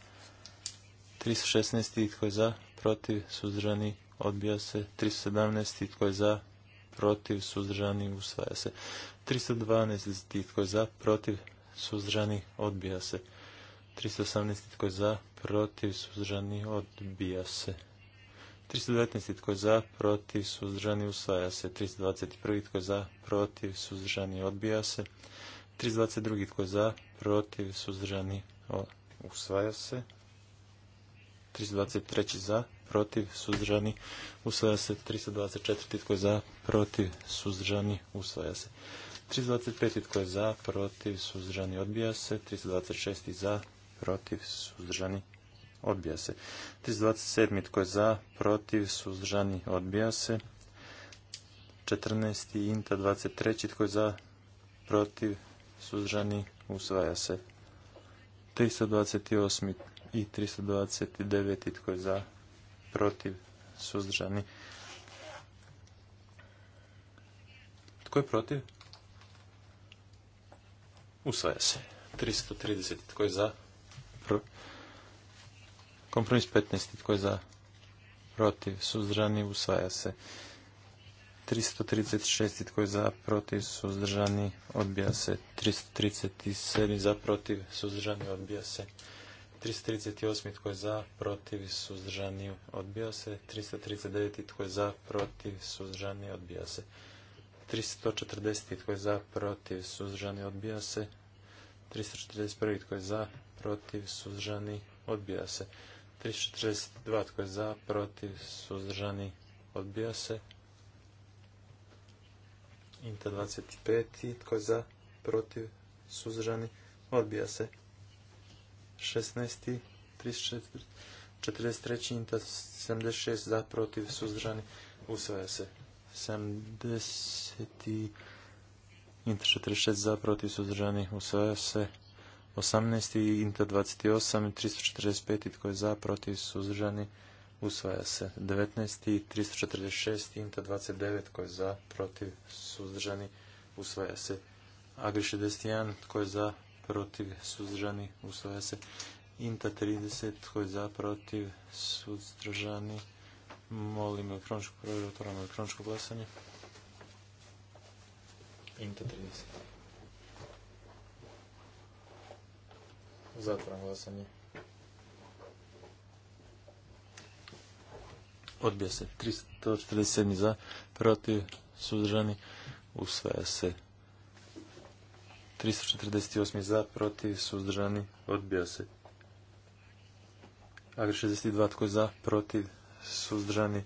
316. Tko je za? Protiv. Suzdržani. Odbija se. 317. Tko je za? Protiv. Suzdržani. Usvaja se. 312. Tko je za? Protiv. Suzdržani. Odbija se. 318. tko je za, protiv, suzdržani, odbija se. 319. tko je za, protiv, suzdržani, usvaja se. 321. tko je za, protiv, suzdržani, odbija se. 322. tko je za, protiv, suzdržani, usvaja se. 323. za, protiv, suzdržani, usvaja se. 324. tko je za, protiv, suzdržani, usvaja se. 325. tko je za, protiv, suzdržani, odbija se. 326. za, protiv, suzdržani, odbija se. 327. tko je za, protiv, suzdržani, odbija se. 14. inta 23. tko je za, protiv, suzdržani, usvaja se. 328. i 329. tko je za, protiv, suzdržani. Tko je protiv? Usvaja se. 330. Tko je za? Kompromis 15. Tko je za? Protiv. Suzdržani. Usvaja se. 336. Tko je za? Protiv. Suzdržani. Odbija se. 337. Za? Protiv. Suzdržani. Odbija se. 338. Tko je za? Protiv. Suzdržani. Odbija se. 339. Tko je za? Protiv. Suzdržani. Odbija se. 340. Tko je za? Protiv. Suzdržani. Odbija se. 341. Tko je za? protiv, suzdržani, odbija se. 342 tko je za, protiv, suzdržani, odbija se. Inta 25 tko je za, protiv, suzdržani, odbija se. 16. 43. Inta 76 za, protiv, suzdržani, usvaja se. 70. Inta 46 za, protiv, suzdržani, usvaja se. 18. Inta 28. 345. Tko je za, protiv, suzdržani. Usvaja se. 19. 346. Inta 29. Tko je za, protiv, suzdržani. Usvaja se. Agri 61. Tko je za, protiv, suzdržani. Usvaja se. Inta 30. Tko je za, protiv, suzdržani. Molim elektroničku provjeru, elektroničko glasanje. Inta 30. Zatvoram glasanje. Odbija se 347 za, protiv, suzdržani, usvaja se 348 za, protiv, suzdržani, odbija se. Agri 62, tko je za, protiv, suzdržani,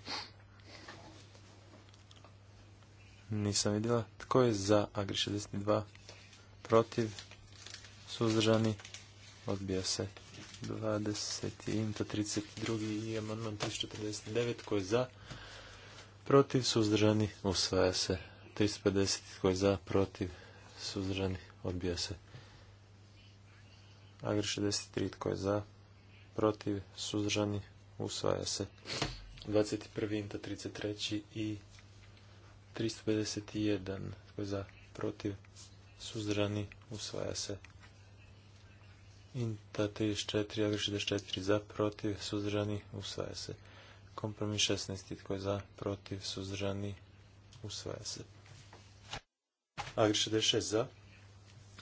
nisam vidjela. Tko je za Agri 62, protiv, suzdržani, odbija se 20 imta 32 i amandman 349 koji je za protiv suzdržani usvaja se 350 koji je za protiv suzdržani odbija se Agri 63 koji je za protiv suzdržani usvaja se 21 imta 33 i 351 koji je za protiv suzdržani usvaja se Inta 34, Agri 64 za, protiv, suzdržani, usvaja se. Kompromis 16, tko je za, protiv, suzdržani, usvaja se. Agri 66 za,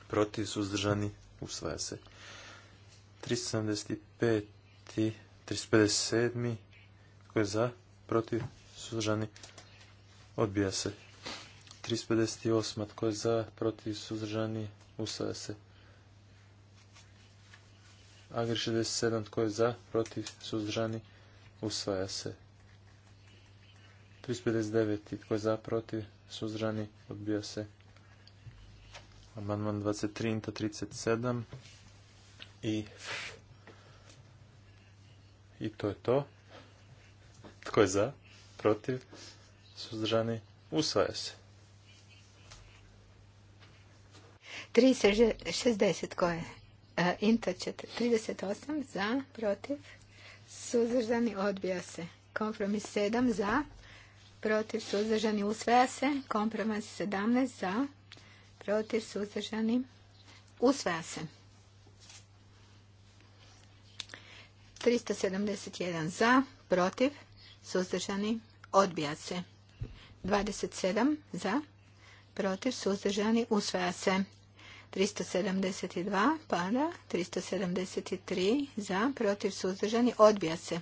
protiv, suzdržani, usvaja se. 375, 357, Koji je za, protiv, suzdržani, odbija se. 358, Koji je za, protiv, suzdržani, usvaja se. Agri 67 tko je za, protiv, suzdržani, usvaja se. 359 tko je za, protiv, suzdržani, odbija se. Amandman 23 Inta 37 i i to je to. Tko je za, protiv, suzdržani, usvaja se. 360 tko je E, Inta 38 za, protiv, suzdržani, odbija se. Kompromis 7 za, protiv, suzdržani, usvaja se. Kompromis 17 za, protiv, suzdržani, usvaja se. 371 za, protiv, suzdržani, odbija se. 27 za, protiv, suzdržani, usvaja se. 372 pada, 373 za, protiv suzdržani, odbija se.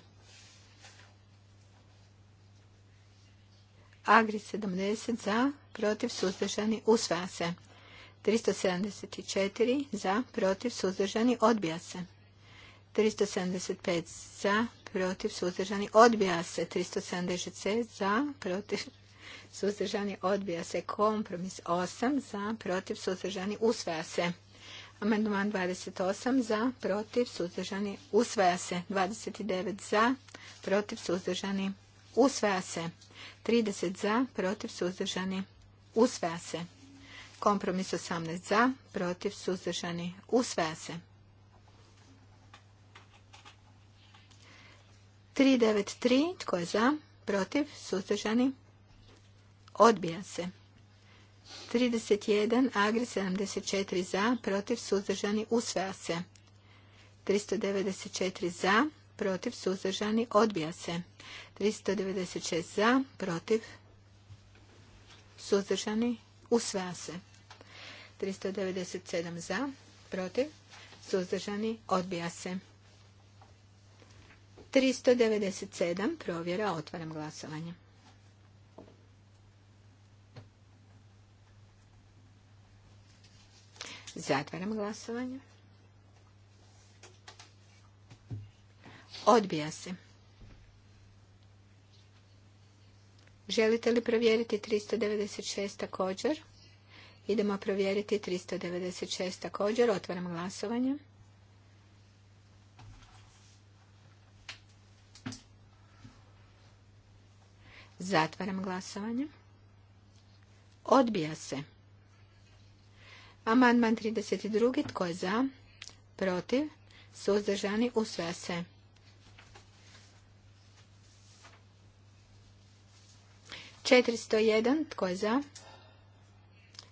Agri 70 za, protiv suzdržani, usvaja se. 374 za, protiv suzdržani, odbija se. 375 za, protiv suzdržani, odbija se. 376 za, protiv suzdržani, odbija se. Kompromis 8 za, protiv, suzdržani, usvaja se. Amandman 28 za, protiv, suzdržani, usvaja se. 29 za, protiv, suzdržani, usvaja se. 30 za, protiv, suzdržani, usvaja se. Kompromis 18 za, protiv, suzdržani, usvaja se. 393, tko je za, protiv, suzdržani, Odbija se. 31. Agri 74 za, protiv suzdržani usvaja se. 394 za, protiv suzdržani odbija se. 396 za, protiv suzdržani usvaja se. 397 za, protiv suzdržani odbija se. 397 provjera otvaram glasovanje. Zatvaram glasovanje. Odbija se. Želite li provjeriti 396 također? Idemo provjeriti 396 također. Otvaram glasovanje. Zatvaram glasovanje. Odbija se. Amandman 32. Tko je za? Protiv? Suzdržani? Usvaja se. 401, jedan. Tko je za?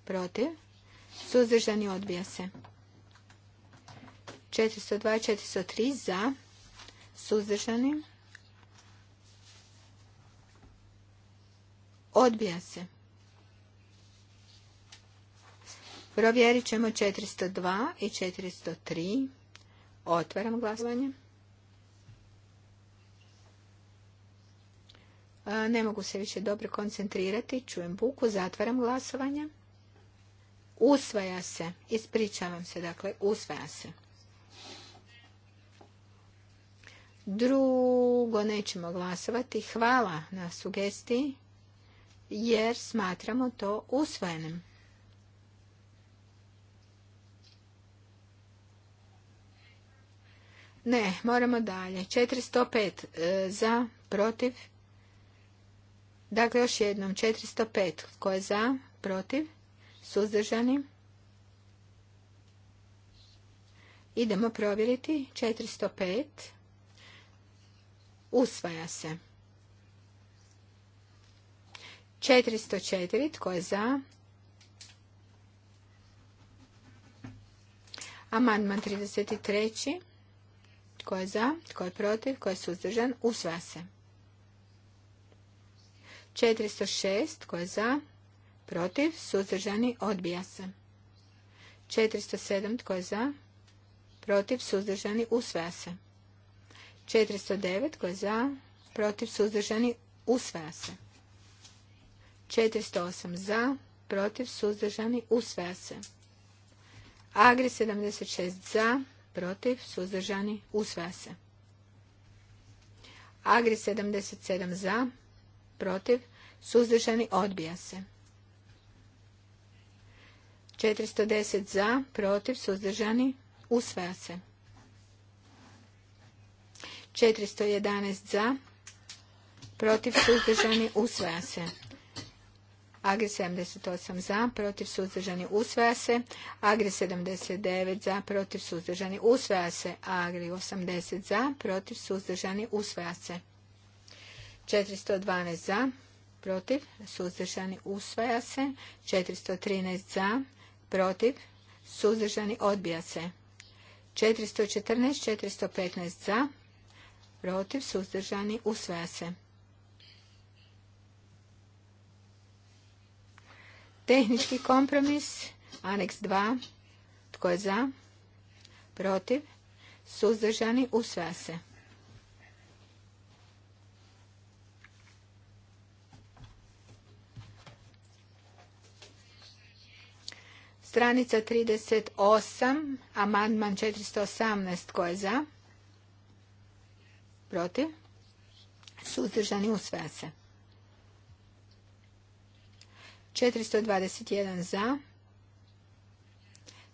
Protiv? Suzdržani? Odbija se. 402 i 403 za, suzdržani, odbija se. Provjerit ćemo 402 i 403. Otvaram glasovanje. E, ne mogu se više dobro koncentrirati. Čujem buku. Zatvaram glasovanje. Usvaja se. Ispričavam se. Dakle, usvaja se. Drugo nećemo glasovati. Hvala na sugestiji jer smatramo to usvojenim. Ne, moramo dalje. 405 e, za, protiv. Dakle, još jednom. 405. koje za, protiv, suzdržani. Idemo provjeriti. 405. Usvaja se. 404. Tko je za? Amandman 33. Tko je za? Tko je protiv? Tko je suzdržan? Usvaja se. 406. Tko je za? Protiv? Suzdržani? Odbija se. 407. Tko je za? Protiv? Suzdržani? Usvaja se. 409. Tko je za? Protiv? Suzdržani? Usvaja se. 408. Za? Protiv? Suzdržani? Usvaja se. Agri 76. Za? protiv, suzdržani, usvaja se. Agri 77 za, protiv, suzdržani, odbija se. 410 za, protiv, suzdržani, usvaja se. 411 za, protiv, suzdržani, usvaja se. Agri 78 za, protiv suzdržani usvaja se. Agri 79 za, protiv suzdržani usvaja se. Agri 80 za, protiv suzdržani usvaja se. 412 za, protiv suzdržani usvaja se. 413 za, protiv suzdržani odbija se. 414, 415 za, protiv suzdržani usvaja se. Tehnički kompromis, aneks 2. Tko je za? Protiv? Suzdržani? Usvaja se. Stranica 38, amandman 418, tko je za? Protiv? Suzdržani usvaja se. 421 za,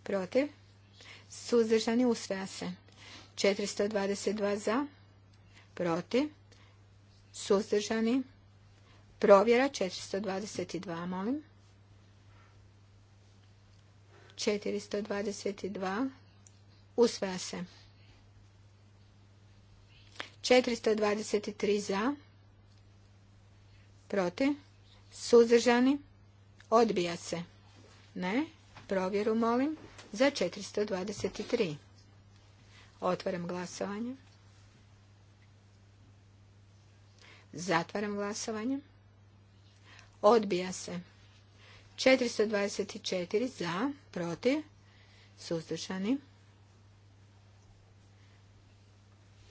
protiv, suzdržani usvaja se. 422 za, protiv, suzdržani, provjera 422, molim. 422, usvaja se. 423 za, protiv, suzdržani, Odbija se. Ne. Provjeru molim. Za 423. Otvaram glasovanje. Zatvaram glasovanje. Odbija se. 424 za, protiv, suzdržani.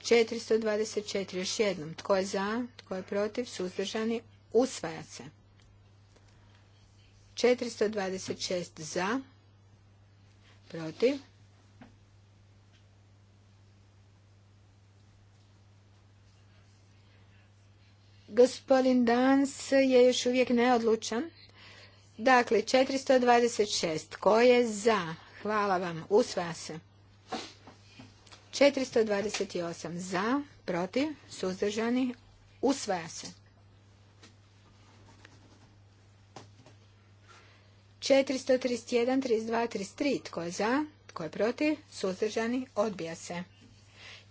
424 još jednom. Tko je za, tko je protiv, suzdržani, usvaja se. 426 za, protiv. Gospodin Dans je još uvijek neodlučan. Dakle, 426. Ko je za? Hvala vam. Usvaja se. 428 za, protiv, suzdržani, usvaja se. 431, 32, 33. Tko je za? Tko je protiv? Suzdržani? Odbija se.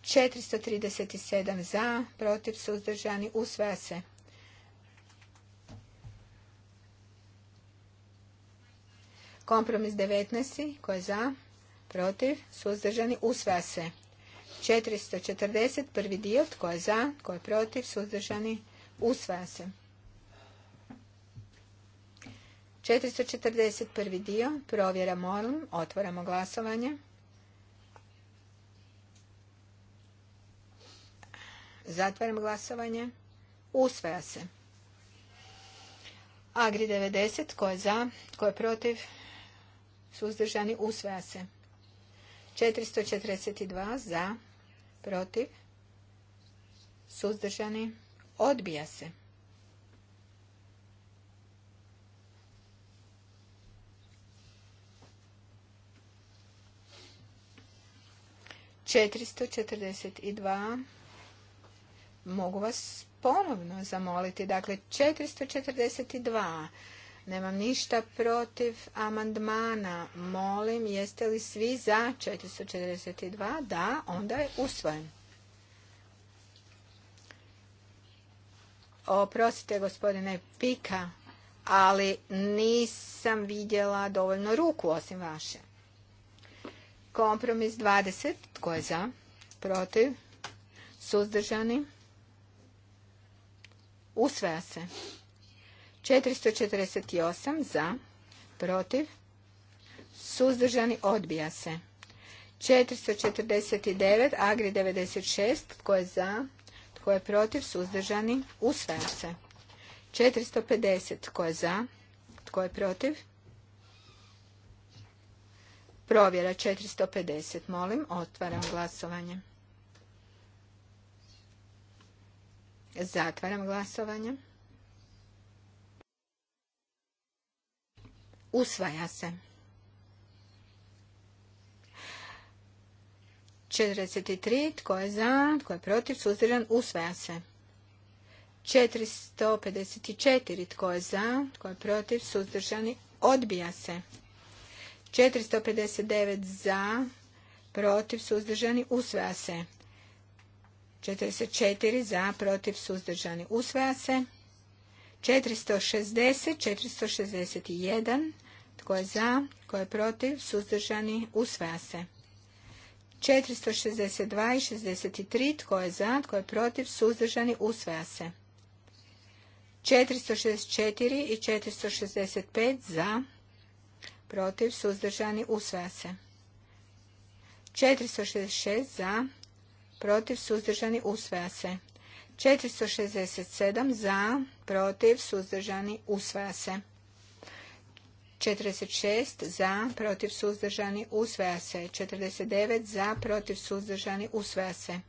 437 za, protiv, suzdržani, usvaja se. Kompromis 19. Ko je za? Protiv, suzdržani, usvaja se. 441, dio. Tko je za? Tko je protiv? Suzdržani, usvaja se. 441. dio, provjera molim, otvoramo glasovanje. Zatvaram glasovanje. Usvaja se. Agri 90, ko je za, tko je protiv, suzdržani, usvaja se. 442 za, protiv, suzdržani, odbija se. 442 mogu vas ponovno zamoliti. Dakle, 442. Nemam ništa protiv amandmana. Molim, jeste li svi za 442? Da, onda je usvojen. Oprostite, gospodine Pika, ali nisam vidjela dovoljno ruku osim vaše. Kompromis 20. Tko je za? Protiv? Suzdržani? Usvaja se. 448 za, protiv, suzdržani odbija se. 449, Agri 96, tko je za, tko je protiv, suzdržani, usvaja se. 450, tko je za, tko je protiv, Provjera 450, molim, otvaram glasovanje. Zatvaram glasovanje. Usvaja se. 43. Tko je za? Tko je protiv? Suzdržan? Usvaja se. 454. Tko je za? Tko je protiv? Suzdržani? Odbija se. 459 za, protiv, suzdržani, usvaja se. 44 za, protiv, suzdržani, usvaja se. 460, 461, tko je za, tko je protiv, suzdržani, usvaja se. 462 i 63, tko je za, tko je protiv, suzdržani, usvaja se. 464 i 465 za, protiv, suzdržani, usvaja se. 466 za, protiv, suzdržani, usvaja se. 467 za, protiv, suzdržani, usvaja se. 46 za, protiv, suzdržani, usvaja se. 49 za, protiv, suzdržani, usvaja se.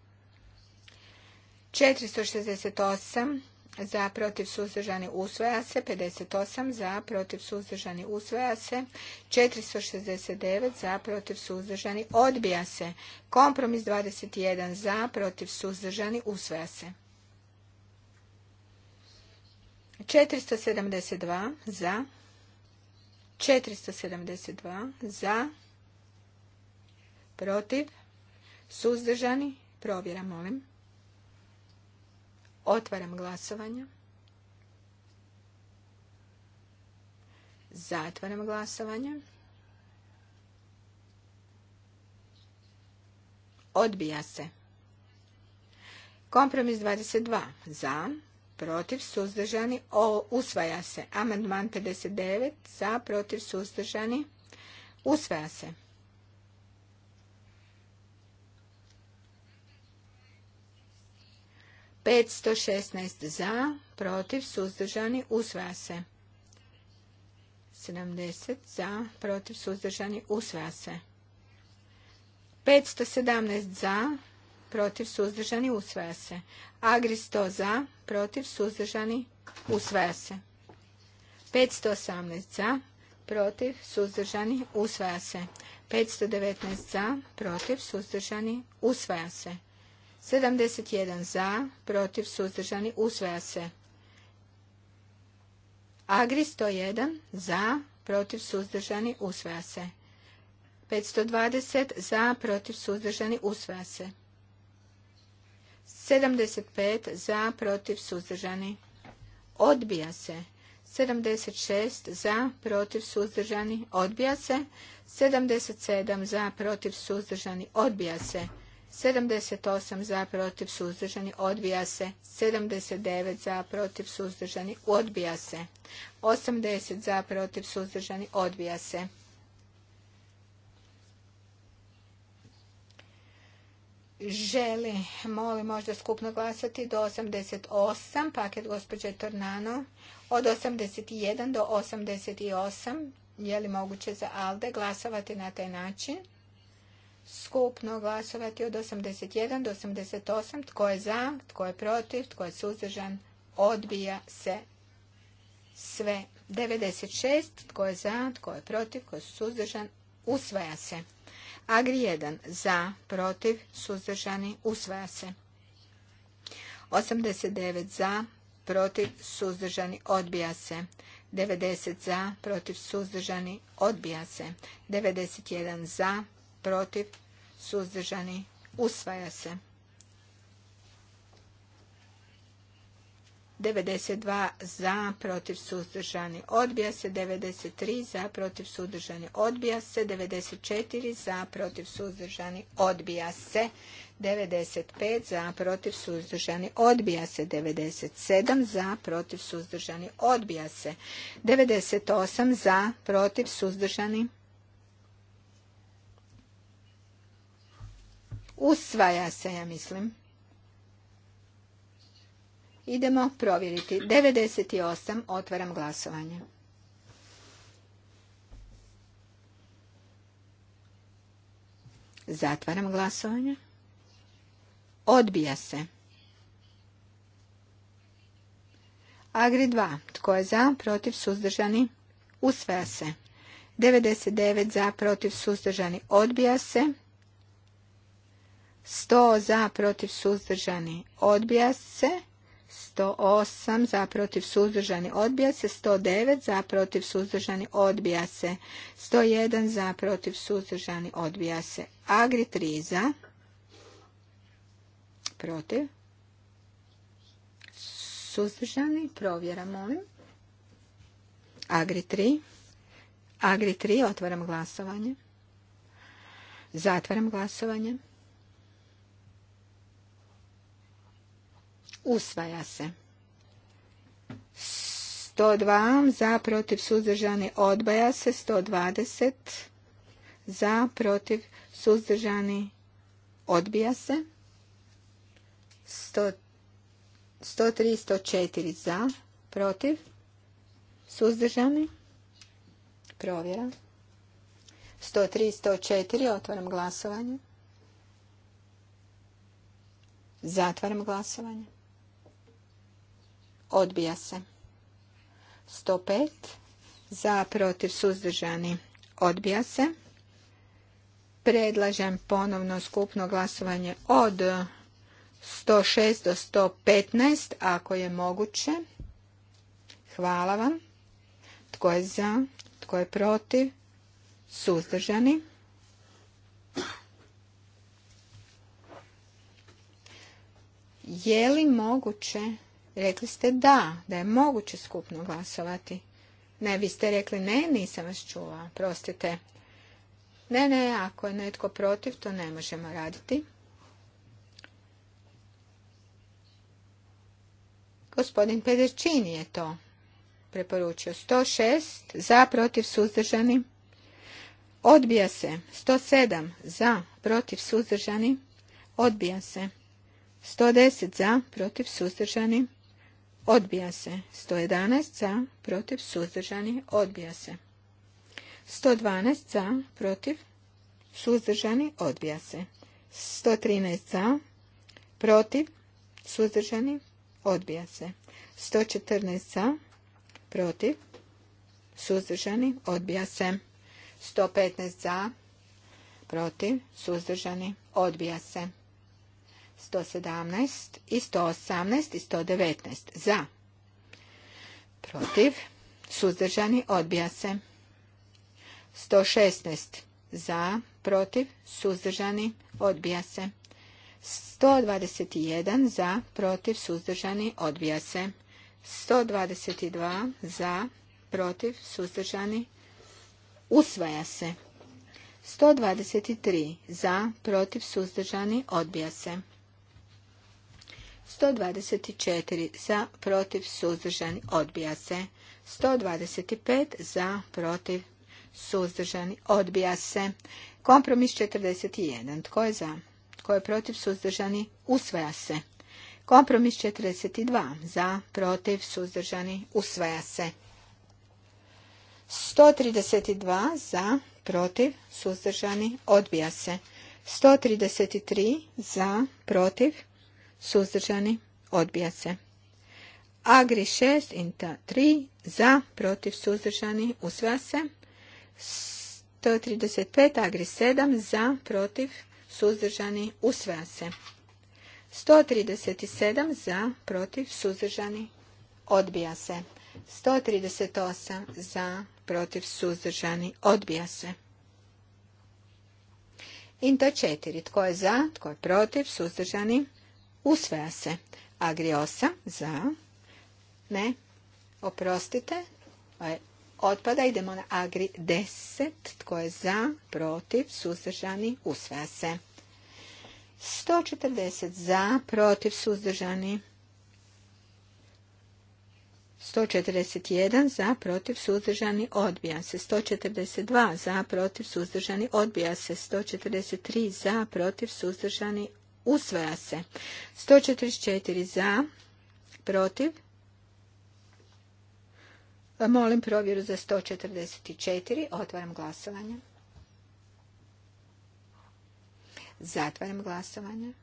468 za protiv suzdržani usvaja se, 58 za protiv suzdržani usvaja se, 469 za protiv suzdržani odbija se, kompromis 21 za protiv suzdržani usvaja se. 472 za 472 za protiv suzdržani provjera molim Otvaram glasovanje. Zatvaram glasovanje. Odbija se. Kompromis 22. Za. Protiv suzdržani. O, usvaja se. Amandman 59. Za. Protiv suzdržani. Usvaja se. 516 za, protiv, suzdržani, usvaja se. 70 za, protiv, suzdržani, usvaja se. 517 za, protiv, suzdržani, usvaja se. Agri 100 za, protiv, suzdržani, usvaja se. 518 za, protiv, suzdržani, usvaja se. 519 za, protiv, suzdržani, usvaja se. 71 za, protiv, suzdržani, usvaja se. Agri 101 za, protiv, suzdržani, usvaja se. 520 za, protiv, suzdržani, usvaja se. 75 za, protiv, suzdržani, odbija se. 76 za, protiv, suzdržani, odbija se. 77 za, protiv, suzdržani, odbija se. 78 za protiv suzdržani odbija se. 79 za protiv suzdržani odbija se. 80 za protiv suzdržani odbija se. Želi, molim možda skupno glasati do 88, paket gospođe Tornano, od 81 do 88, je li moguće za ALDE glasovati na taj način? skupno glasovati od 81 do 88. Tko je za, tko je protiv, tko je suzdržan, odbija se sve. 96. Tko je za, tko je protiv, tko je suzdržan, usvaja se. Agri 1. Za, protiv, suzdržani, usvaja se. 89 za, protiv, suzdržani, odbija se. 90 za, protiv, suzdržani, odbija se. 91 za, protiv, suzdržani, usvaja se. 92 za, protiv, suzdržani, odbija se. 93 za, protiv, suzdržani, odbija se. 94 za, protiv, suzdržani, odbija se. 95 za, protiv, suzdržani, odbija se. 97 za, protiv, suzdržani, odbija se. 98 za, protiv, suzdržani, Usvaja se, ja mislim. Idemo provjeriti. 98. Otvaram glasovanje. Zatvaram glasovanje. Odbija se. Agri 2. Tko je za? Protiv suzdržani? Usvaja se. 99 za, protiv suzdržani? Odbija se. 100 za protiv suzdržani odbija se. 108 za protiv suzdržani odbija se. 109 za protiv suzdržani odbija se. 101 za protiv suzdržani odbija se. Agri 3 za protiv suzdržani provjera molim. Agri 3. Agri 3 otvaram glasovanje. Zatvaram glasovanje. Usvaja se. 102 za protiv suzdržani odbaja se. 120 za protiv suzdržani odbija se. 103 104 za protiv suzdržani provjera. 103 104 otvaram glasovanje. Zatvaram glasovanje. Odbija se. 105 za protiv suzdržani. Odbija se. Predlažem ponovno skupno glasovanje od 106 do 115 ako je moguće. Hvala vam. Tko je za? Tko je protiv? Suzdržani. Je li moguće Rekli ste da, da je moguće skupno glasovati. Ne, vi ste rekli ne, nisam vas čula, prostite. Ne, ne, ako je netko protiv, to ne možemo raditi. Gospodin Pederčini je to preporučio. 106 za, protiv, suzdržani. Odbija se. 107 za, protiv, suzdržani. Odbija se. 110 za, protiv, suzdržani. Odbija se. 111 za, protiv, suzdržani, odbija se. 112 za, protiv, suzdržani, odbija se. 113 za, protiv, suzdržani, odbija se. 114 za, protiv, suzdržani, odbija se. 115 za, protiv, suzdržani, odbija se. 117 i 118 i 119 za. Protiv. Suzdržani odbija se. 116 za. Protiv. Suzdržani odbija se. 121 za. Protiv. Suzdržani odbija se. 122 za. Protiv. Suzdržani usvaja se. 123 za. Protiv. Suzdržani odbija se. 124 za, protiv, suzdržani, odbija se. 125 za, protiv, suzdržani, odbija se. Kompromis 41. Tko je za? Tko je protiv, suzdržani, usvaja se. Kompromis 42. Za, protiv, suzdržani, usvaja se. 132. Za, protiv, suzdržani, odbija se. 133. Za, protiv, suzdržani, odbija se. Agri 6, Inta 3, za, protiv, suzdržani, usvaja se. 135, Agri 7, za, protiv, suzdržani, usvaja se. 137, za, protiv, suzdržani, odbija se. 138, za, protiv, suzdržani, odbija se. Inta 4, tko je za, tko je protiv, suzdržani, Usvaja se. Agri za. Ne. Oprostite. E, otpada. Idemo na Agri 10. Tko je za? Protiv. Suzdržani. Usvaja se. 140 za. Protiv. Suzdržani. 141 za, protiv, suzdržani, odbija se. 142 za, protiv, suzdržani, odbija se. 143 za, protiv, suzdržani, Usvaja se. 144 za, protiv. Pa molim provjeru za 144. Otvaram glasovanje. Zatvaram glasovanje.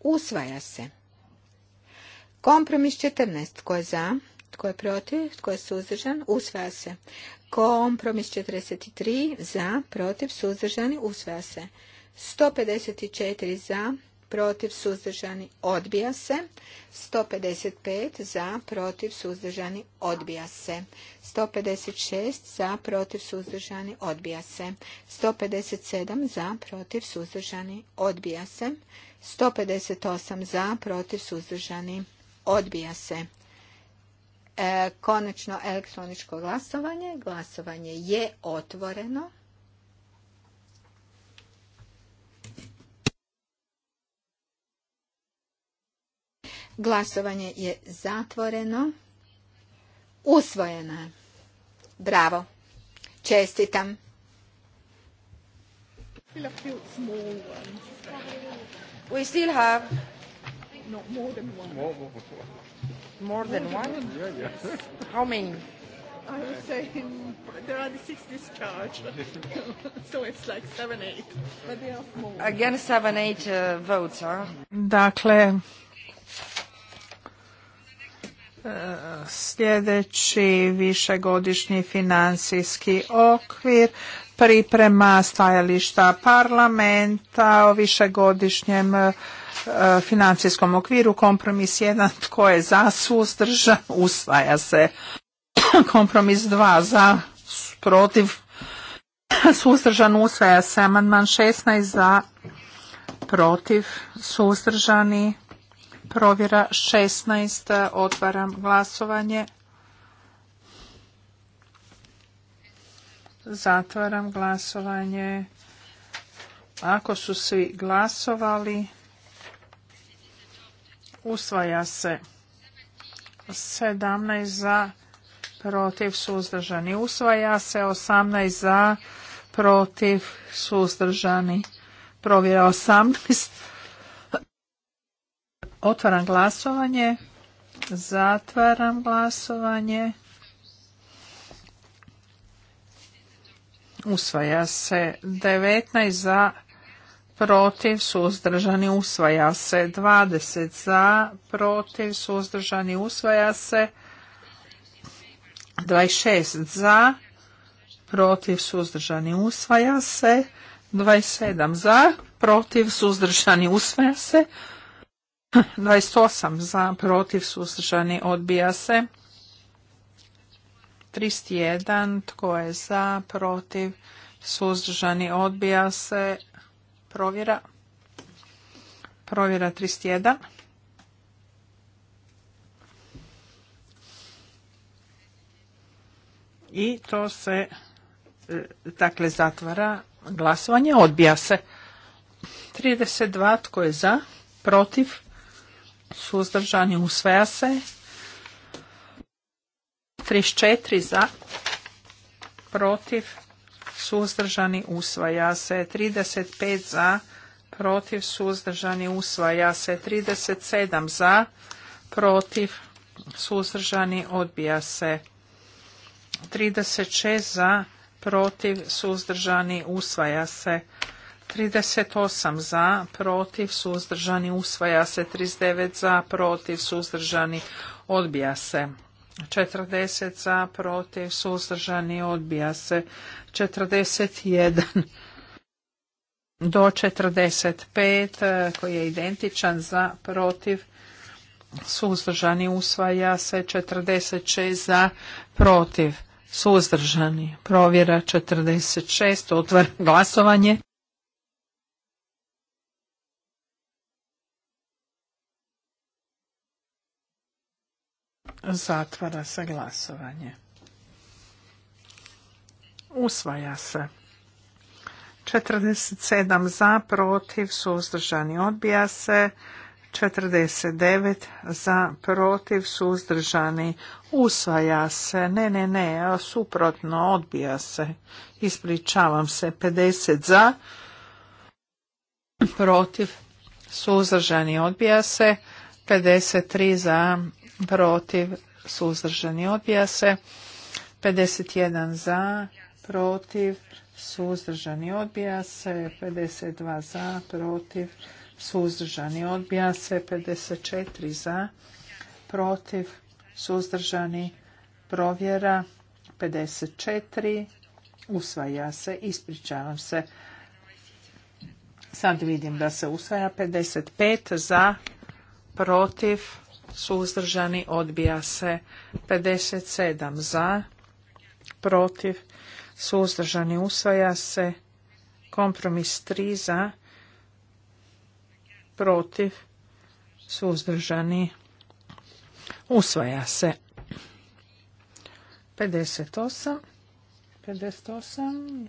Usvaja se. Kompromis 14. Tko je za? Tko je protiv? Tko je suzdržan? Usvaja se. Kompromis 43. Za, protiv, suzdržani? Usvaja se. 154 za, protiv suzdržani odbija se. 155 za, protiv suzdržani odbija se. 156 za, protiv suzdržani odbija se. 157 za, protiv suzdržani odbija se. 158 za, protiv suzdržani odbija se. E, konačno elektroničko glasovanje. Glasovanje je otvoreno. Glasovanje je zatvoreno. Usvojeno je. Bravo. Čestitam. We still have no, more than one. More, more, more than one? Yeah, yeah. How many? I would say there are the six discharge, so it's like seven, eight. But they are small. Again, seven, eight uh, votes, huh? Dakle, sljedeći višegodišnji financijski okvir, priprema stajališta parlamenta o višegodišnjem e, financijskom okviru, kompromis 1, tko je za suzdržan, usvaja se. Kompromis 2, za, protiv, suzdržan, usvaja se. Amandman 16, za, protiv, suzdržani, provjera 16. E, otvaram glasovanje. Zatvaram glasovanje. Ako su svi glasovali, usvaja se 17 za, protiv suzdržani. Usvaja se 18 za, protiv suzdržani. Provjera 18. Otvaram glasovanje. Zatvaram glasovanje. Usvaja se 19 za, protiv, suzdržani, usvaja se 20 za, protiv, suzdržani, usvaja se 26 za, protiv, suzdržani, usvaja se 27 za, protiv, suzdržani, usvaja se 28 za, protiv, suzdržani, odbija se. 31. tko je za, protiv, suzdržani, odbija se. Provjera. Provjera 31. I to se, e, dakle, zatvara glasovanje, odbija se. 32, tko je za, protiv, suzdržani usvaja se. 34 za, protiv, suzdržani usvaja se. 35 za, protiv, suzdržani usvaja se. 37 za, protiv, suzdržani odbija se. 36 za, protiv, suzdržani usvaja se. 38 za, protiv, suzdržani, usvaja se. 39 za, protiv, suzdržani, odbija se. 40 za, protiv, suzdržani, odbija se. 41 do 45 eh, koji je identičan za, protiv, suzdržani, usvaja se. 46 za, protiv, suzdržani, provjera 46, otvar glasovanje. Zatvara se glasovanje. Usvaja se. 47 za, protiv, suzdržani odbija se. 49 za, protiv, suzdržani usvaja se. Ne, ne, ne, suprotno odbija se. Ispričavam se. 50 za, protiv, suzdržani odbija se. 53 za, protiv, suzdržani, odbija se. 51 za, protiv, suzdržani, odbija se. 52 za, protiv, suzdržani, odbija se. 54 za, protiv, suzdržani, provjera. 54 usvaja se, ispričavam se. Sad vidim da se usvaja 55 za, protiv, suzdržani, odbija se. 57 za, protiv, suzdržani, usvaja se. Kompromis 3 za, protiv, suzdržani, usvaja se. 58, 58,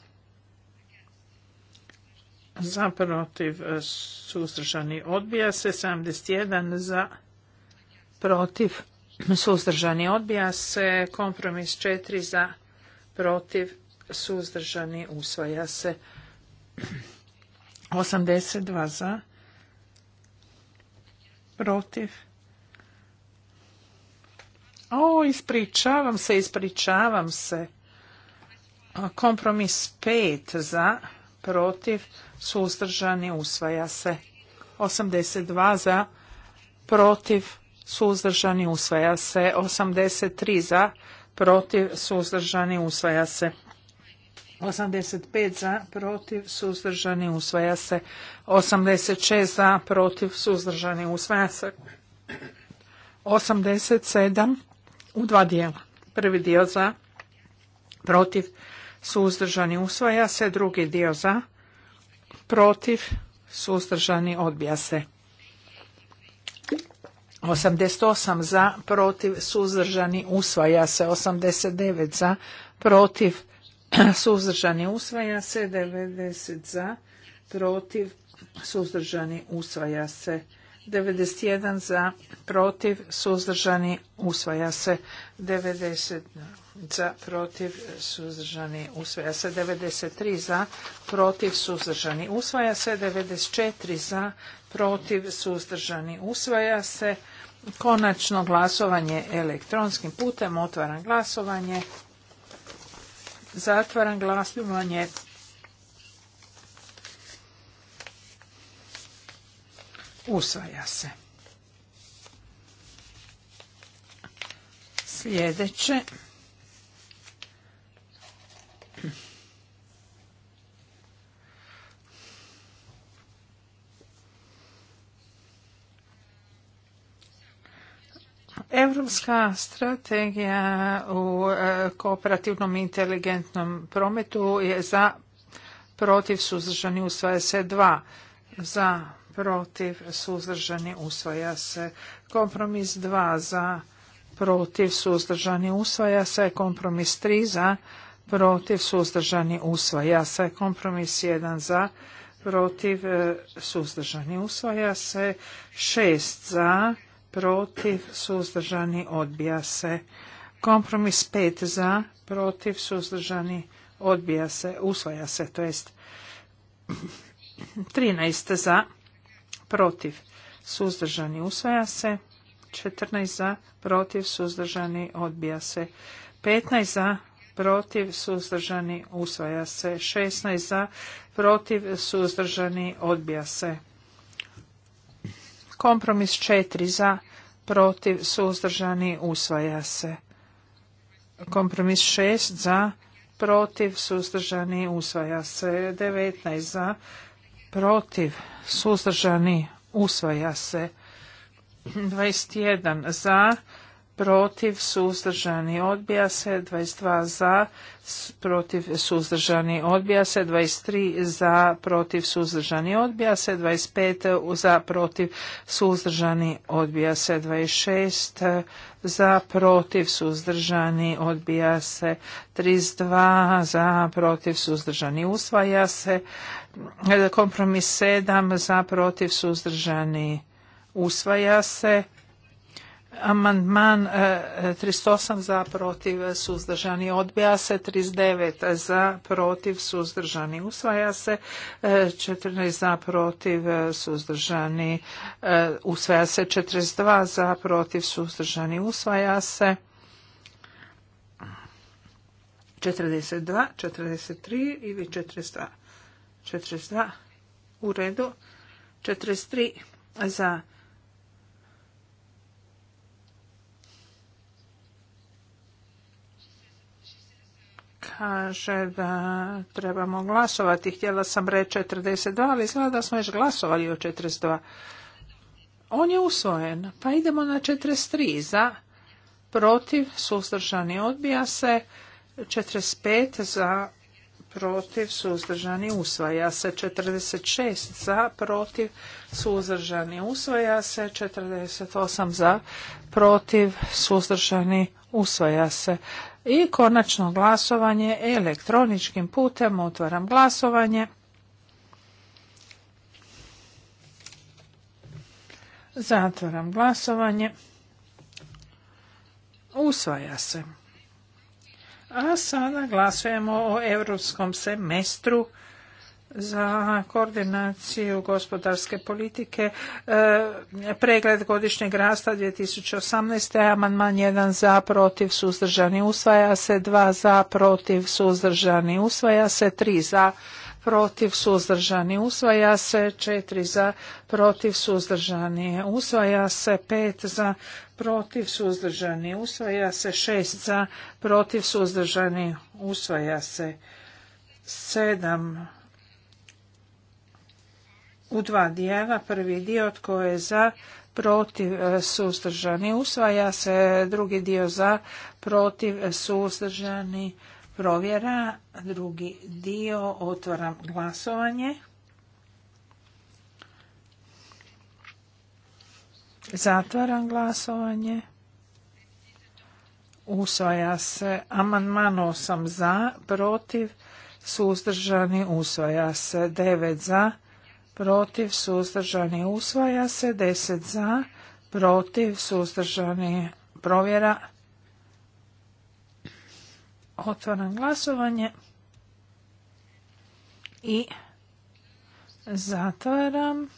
za protiv e, suzdržani odbija se 71 za protiv suzdržani odbija se kompromis 4 za protiv suzdržani usvaja se 82 za protiv o ispričavam se ispričavam se kompromis 5 za protiv, suzdržani, usvaja se. 82 za, protiv, suzdržani, usvaja se. 83 za, protiv, suzdržani, usvaja se. 85 za, protiv, suzdržani, usvaja se. 86 za, protiv, suzdržani, usvaja se. 87 u dva dijela. Prvi dio za, protiv, suzdržani usvaja se, drugi dio za, protiv, suzdržani odbija se. 88 za, protiv, suzdržani usvaja se, 89 za, protiv, suzdržani usvaja se, 90 za, protiv, suzdržani usvaja se. 91 za, protiv, suzdržani, usvaja se 90 za protiv suzdržani usvaja se 93 za protiv suzdržani usvaja se 94 za protiv suzdržani usvaja se konačno glasovanje elektronskim putem otvaram glasovanje zatvaram glasovanje usvaja se sljedeće Europska strategija u e, kooperativnom i inteligentnom prometu je za protiv suzdržani usvaja se dva za protiv suzdržani usvaja se kompromis 2, za protiv suzdržani usvaja se kompromis 3, za protiv suzdržani usvaja se kompromis jedan za protiv e, suzdržani usvaja se Šest za protiv, suzdržani, odbija se. Kompromis 5 za, protiv, suzdržani, odbija se, usvaja se, to jest 13 za, protiv, suzdržani, usvaja se, 14 za, protiv, suzdržani, odbija se, 15 za, protiv, suzdržani, usvaja se, 16 za, protiv, suzdržani, odbija se. Kompromis četiri za, protiv, suzdržani, usvaja se. Kompromis šest za, protiv, suzdržani, usvaja se. 19 za, protiv, suzdržani, usvaja se. 21 za, protiv, suzdržani, odbija se, 22 za, protiv, suzdržani, odbija se, 23 za, protiv, suzdržani, odbija se, 25 za, protiv, suzdržani, odbija se, 26 za, protiv, suzdržani, odbija se, 32 za, protiv, suzdržani, usvaja se, kompromis 7 za, protiv, suzdržani, usvaja se, Amandman 38 e, za protiv suzdržani odbija se, 39 za protiv suzdržani usvaja se, 14 e, e, za protiv suzdržani usvaja se, 42 za protiv suzdržani usvaja se, 42, 43 ili 42, 42 u redu, 43 za kaže da trebamo glasovati. Htjela sam reći 42, ali izgleda da smo još glasovali o 42. On je usvojen, pa idemo na 43 za, protiv, suzdržani odbija se, 45 za, protiv, suzdržani, usvaja se. 46 za, protiv, suzdržani, usvaja se. 48 za, protiv, suzdržani, usvaja se. I konačno glasovanje elektroničkim putem. Otvaram glasovanje. Zatvaram glasovanje. Usvaja se. A sada glasujemo o europskom semestru za koordinaciju gospodarske politike, e, pregled godišnjeg rasta 2018. Amandman 1 za, protiv, suzdržani, usvaja se, 2 za, protiv, suzdržani, usvaja se, 3 za, protiv suzdržani usvaja se, četiri za protiv suzdržani usvaja se, pet za protiv suzdržani usvaja se, šest za protiv suzdržani usvaja se, sedam u dva dijela, prvi dio tko je za protiv e, suzdržani usvaja se, drugi dio za protiv suzdržani Provjera, drugi dio, otvaram glasovanje. Zatvaram glasovanje. Usvaja se amandman 8 za, protiv, suzdržani, usvaja se 9 za, protiv, suzdržani, usvaja se 10 za, protiv, suzdržani, provjera Otvaram glasovanje i zatvaram.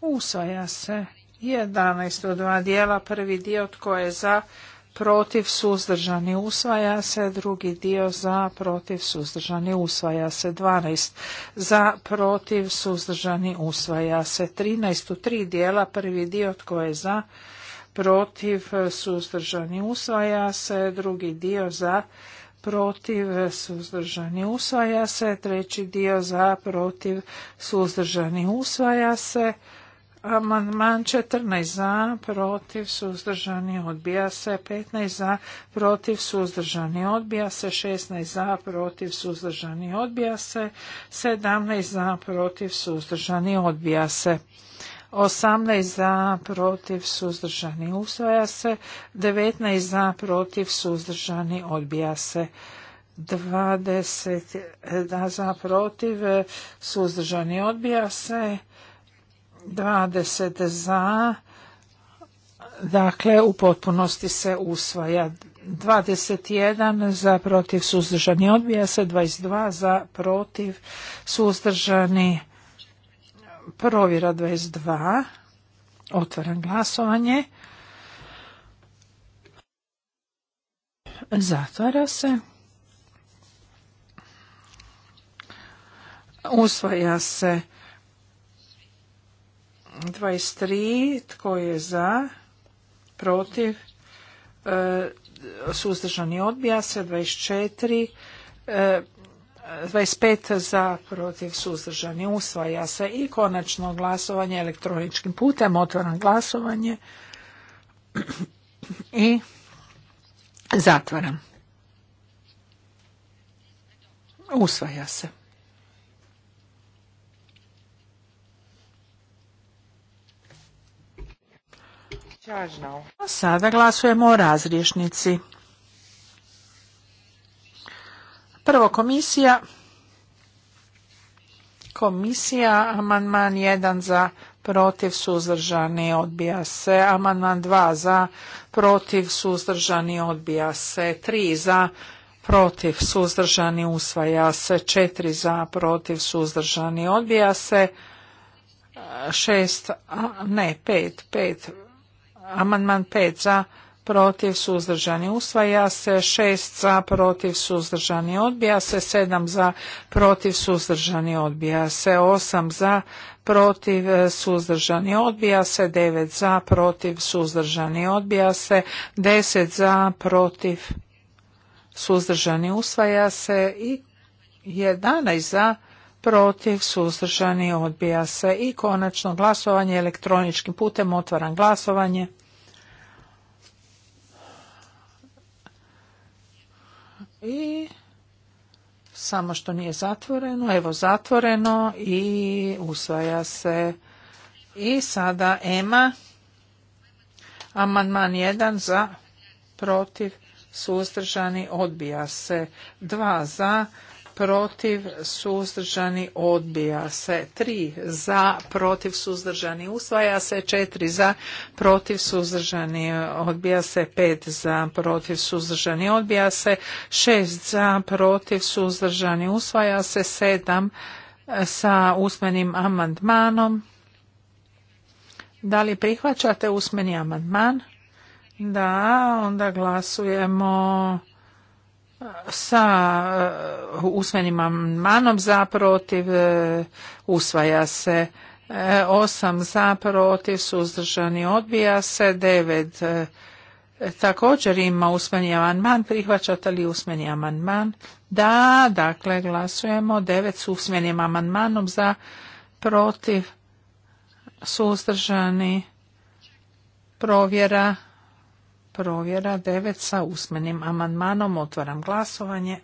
Usvaja se 11 od dva dijela. Prvi dio tko je za, protiv, suzdržani, usvaja se. Drugi dio za, protiv, suzdržani, usvaja se. 12 za, protiv, suzdržani, usvaja se. 13 u tri dijela. Prvi dio tko je za, protiv, e, suzdržani, usvaja se. Drugi dio za, protiv, e, suzdržani, usvaja se. Treći dio za, protiv, suzdržani, usvaja se. Amandman 14 za, protiv, suzdržani, odbija se. 15 za, protiv, suzdržani, odbija se. 16 za, protiv, suzdržani, odbija se. 17 za, protiv, suzdržani, odbija se. 18 za, protiv, suzdržani, usvaja se. 19 za, protiv, suzdržani, odbija se. 20 za, protiv, suzdržani, odbija se. 20 za, dakle u potpunosti se usvaja. 21 za protiv suzdržani odbija se, 22 za protiv suzdržani Provjera 22. Otvaram glasovanje. Zatvara se. Usvaja se 23. Tko je za? Protiv? E, suzdržani odbija se. 24. 25 za protiv suzdržani usvaja se i konačno glasovanje elektroničkim putem otvaram glasovanje i zatvaram usvaja se sada glasujemo o razriješnici Prvo komisija. Komisija, amandman 1 za protiv suzdržani odbija se. Amandman 2 za protiv suzdržani odbija se. 3 za protiv suzdržani usvaja se. 4 za protiv suzdržani odbija se. 6, ne 5, 5, amandman 5 za protiv suzdržani usvaja se, 6 za protiv suzdržani odbija se, 7 za protiv suzdržani odbija se, Osam za protiv e, suzdržani odbija se, 9 za protiv suzdržani odbija se, 10 za protiv suzdržani usvaja se i 11 za protiv suzdržani odbija se i konačno glasovanje elektroničkim putem otvaram glasovanje. I samo što nije zatvoreno, evo zatvoreno i usvaja se. I sada EMA, amandman 1 za, protiv, suzdržani, odbija se. 2 za, protiv suzdržani odbija se Tri za protiv suzdržani usvaja se Četiri za protiv suzdržani odbija se pet za protiv suzdržani odbija se Šest za protiv suzdržani usvaja se Sedam sa usmenim amandmanom da li prihvaćate usmeni amandman da onda glasujemo sa e, usmenim manom za protiv e, usvaja se e, osam za protiv suzdržani odbija se devet. također ima usmeni amandman prihvaćate li usmeni amandman da dakle glasujemo devet s usmenim amandmanom za protiv suzdržani provjera provjera 9 sa usmenim amandmanom. Otvaram glasovanje.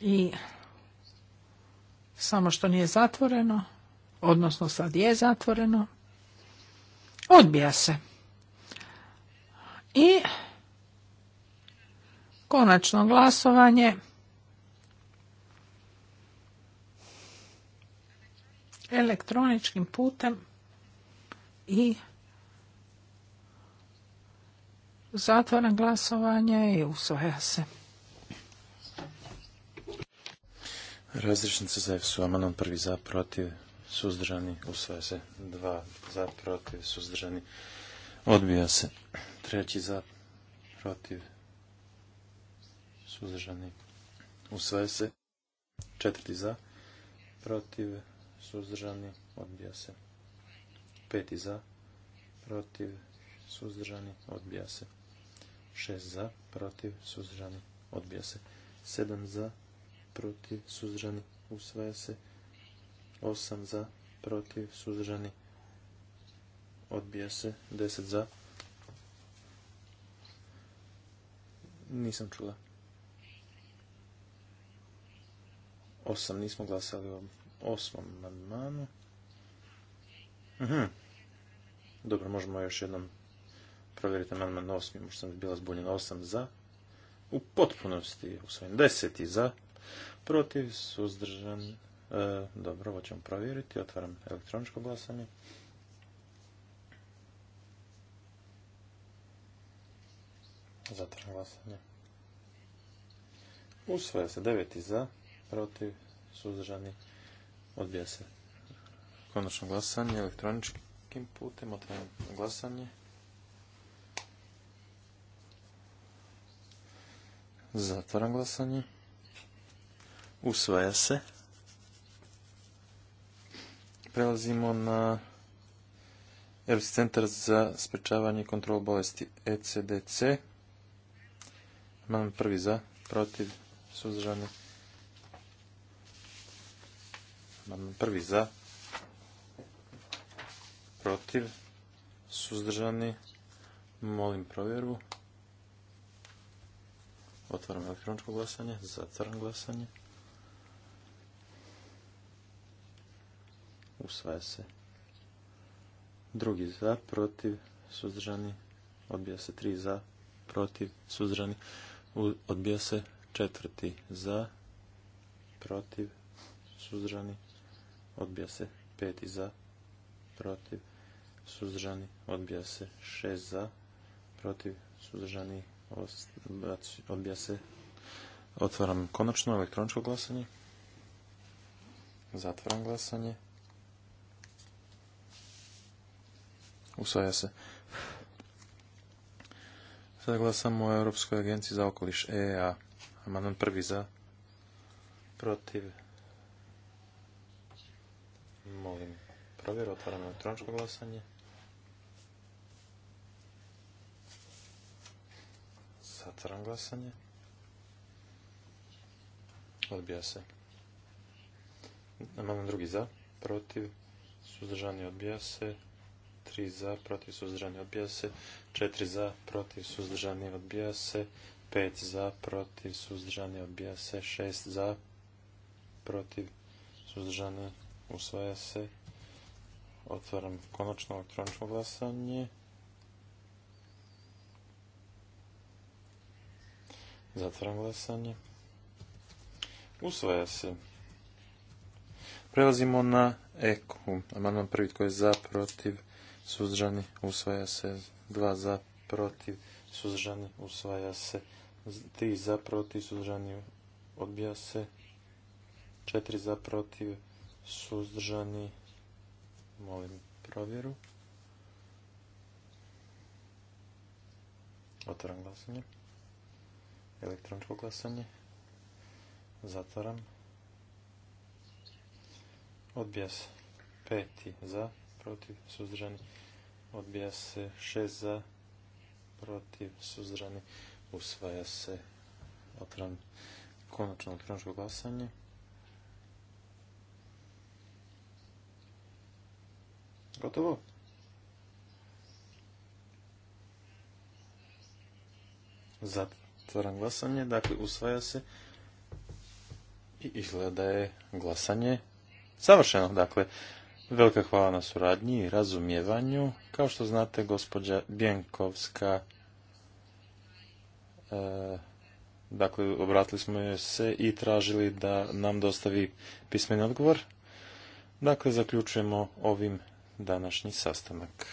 I samo što nije zatvoreno, odnosno sad je zatvoreno, odbija se. I konačno glasovanje elektroničkim putem i zatvaram glasovanje i usvaja se. Razrišnica za EFSU, amanon prvi za, protiv, suzdržani, usvaja se. Dva za, protiv, suzdržani, odbija se. Treći za, protiv, suzdržani, usvaja se. Četvrti za, protiv, suzdržani, odbija se. 5 za, protiv, suzdržani, odbija se. 6 za, protiv, suzdržani, odbija se. 7 za, protiv, suzdržani, usvaja se. 8 za, protiv, suzdržani, odbija se. 10 za, nisam čula. 8 nismo glasali o osmom amandmanu. Mhm. Dobro, možemo još jednom provjeriti amandman 8, možda sam bila zbunjena osam za, u potpunosti usvojen 10 za, protiv, suzdržan, e, dobro, ovo ćemo provjeriti, otvaram elektroničko glasanje. Zatvaram glasanje. Usvaja se 9 za, protiv, suzdržani, odbija se konačno glasanje elektroničkim putem, otvaram glasanje. Zatvaram glasanje. Usvaja se. Prelazimo na Europski centar za sprečavanje i kontrolu bolesti ECDC. Imam prvi za, protiv, suzdržani. Imam prvi za, protiv, suzdržani, molim provjeru. Otvaram elektroničko glasanje, zatvaram glasanje. Usvaja se. Drugi za, protiv, suzdržani, odbija se tri za, protiv, suzdržani, odbija se četvrti za, protiv, suzdržani, odbija se peti za, protiv, suzdržani, odbija se šest za, protiv, suzdržani, odbija se. Otvaram konačno elektroničko glasanje. Zatvaram glasanje. Usvaja se. Sada glasamo o Europskoj agenciji za okoliš EEA, Amandman prvi za. Protiv. Molim provjeru, otvaram elektroničko glasanje. Zatvaram glasanje. Odbija se. Imamo drugi za, protiv, suzdržani odbija se. 3 za, protiv, suzdržani odbija se. 4 za, protiv, suzdržani odbija se. 5 za, protiv, suzdržani odbija se. 6 za, protiv, suzdržani usvaja se. Otvaram konačno elektronično glasanje. Zatvaram glasanje. Usvaja se. Prelazimo na EKU. Amandman prvi tko je za, protiv, suzdržani, usvaja se. Dva za, protiv, suzdržani, usvaja se. Tri za, protiv, suzdržani, odbija se. Četiri za, protiv, suzdržani, Molim provjeru. Otvaram glasanje. Elektroničko glasanje. Zatvaram. Odbija se peti za, protiv, suzdržani. Odbija se šest za, protiv, suzdržani. Usvaja se otvaram konačno elektroničko glasanje. Gotovo. Zatvaram glasanje. Dakle, usvaja se i izgleda je glasanje savršeno. Dakle, velika hvala na suradnji i razumijevanju. Kao što znate, gospođa Bjenkovska e, Dakle, obratili smo joj se i tražili da nam dostavi pismeni odgovor. Dakle, zaključujemo ovim današnji sastanak.